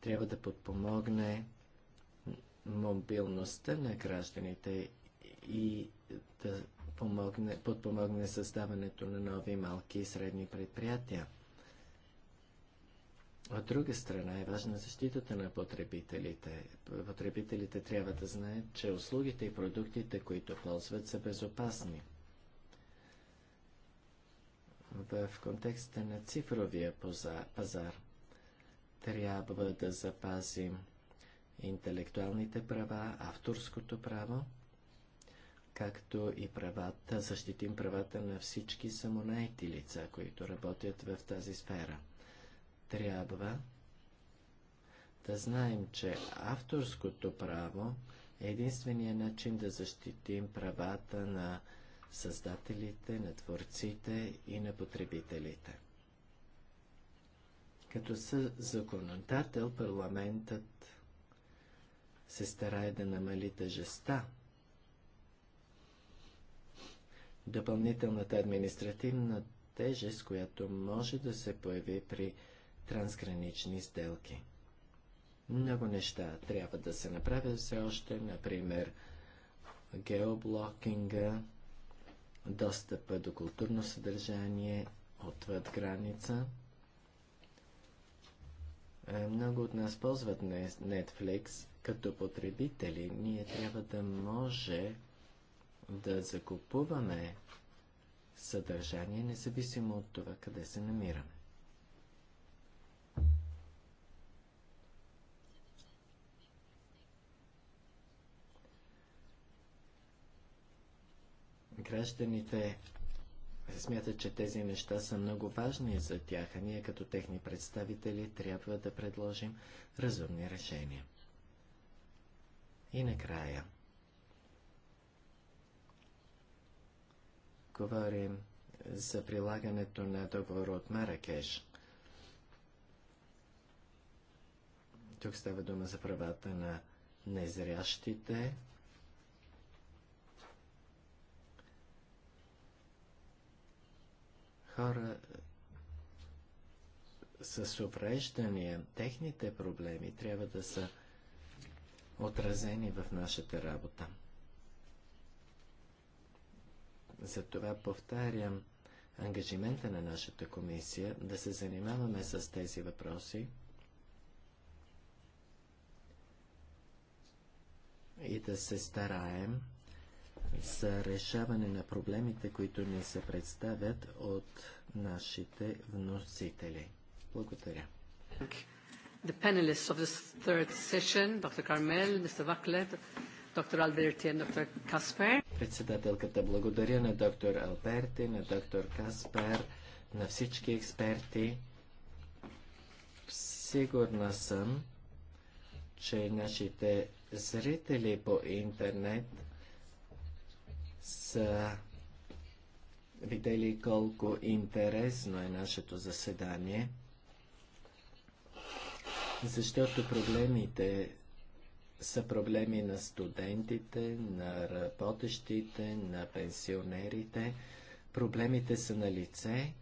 трябва да подпомогне мобилността на гражданите и да помогне, подпомогне създаването на нови малки и средни предприятия. От друга страна е важна защитата на потребителите. Потребителите трябва да знаят, че услугите и продуктите, които ползват, са безопасни. В контекста на цифровия пазар трябва да запазим интелектуалните права, авторското право, както и правата, защитим правата на всички самонайти лица, които работят в тази сфера. Трябва да знаем, че авторското право е единствения начин да защитим правата на създателите, на творците и на потребителите. Като съ законодател парламентът се старае да намали тъжеста. Допълнителната административна тежест, която може да се появи при трансгранични сделки. Много неща трябва да се направят все още, например геоблокинга, достъпа до културно съдържание отвъд граница. Е, много от нас ползват Netflix, като потребители ние трябва да може да закупуваме съдържание, независимо от това къде се намираме. Гражданите смятат, че тези неща са много важни за тях, а ние като техни представители трябва да предложим разумни решения. И накрая. Говорим за прилагането на договор от Маракеш. Тук става дума за правата на незрящите. Хора с увреждания, техните проблеми трябва да са отразени в нашата работа. Затова повтарям ангажимента на нашата комисия да се занимаваме с тези въпроси и да се стараем за решаване на проблемите, които ни се представят от нашите вносители. Благодаря the panelists of this third session, Dr. Carmel, Mr. Vaklet, Dr. Alberti and Dr. Kasper. Председателката благодаря на доктор Алберти, на доктор Каспер, на всички експерти. Сигурна съм, че нашите зрители по интернет са видели колко интересно е нашето заседание – защото проблемите са проблеми на студентите, на работещите, на пенсионерите. Проблемите са на лице.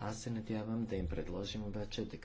Аз се надявам да им предложим обаче да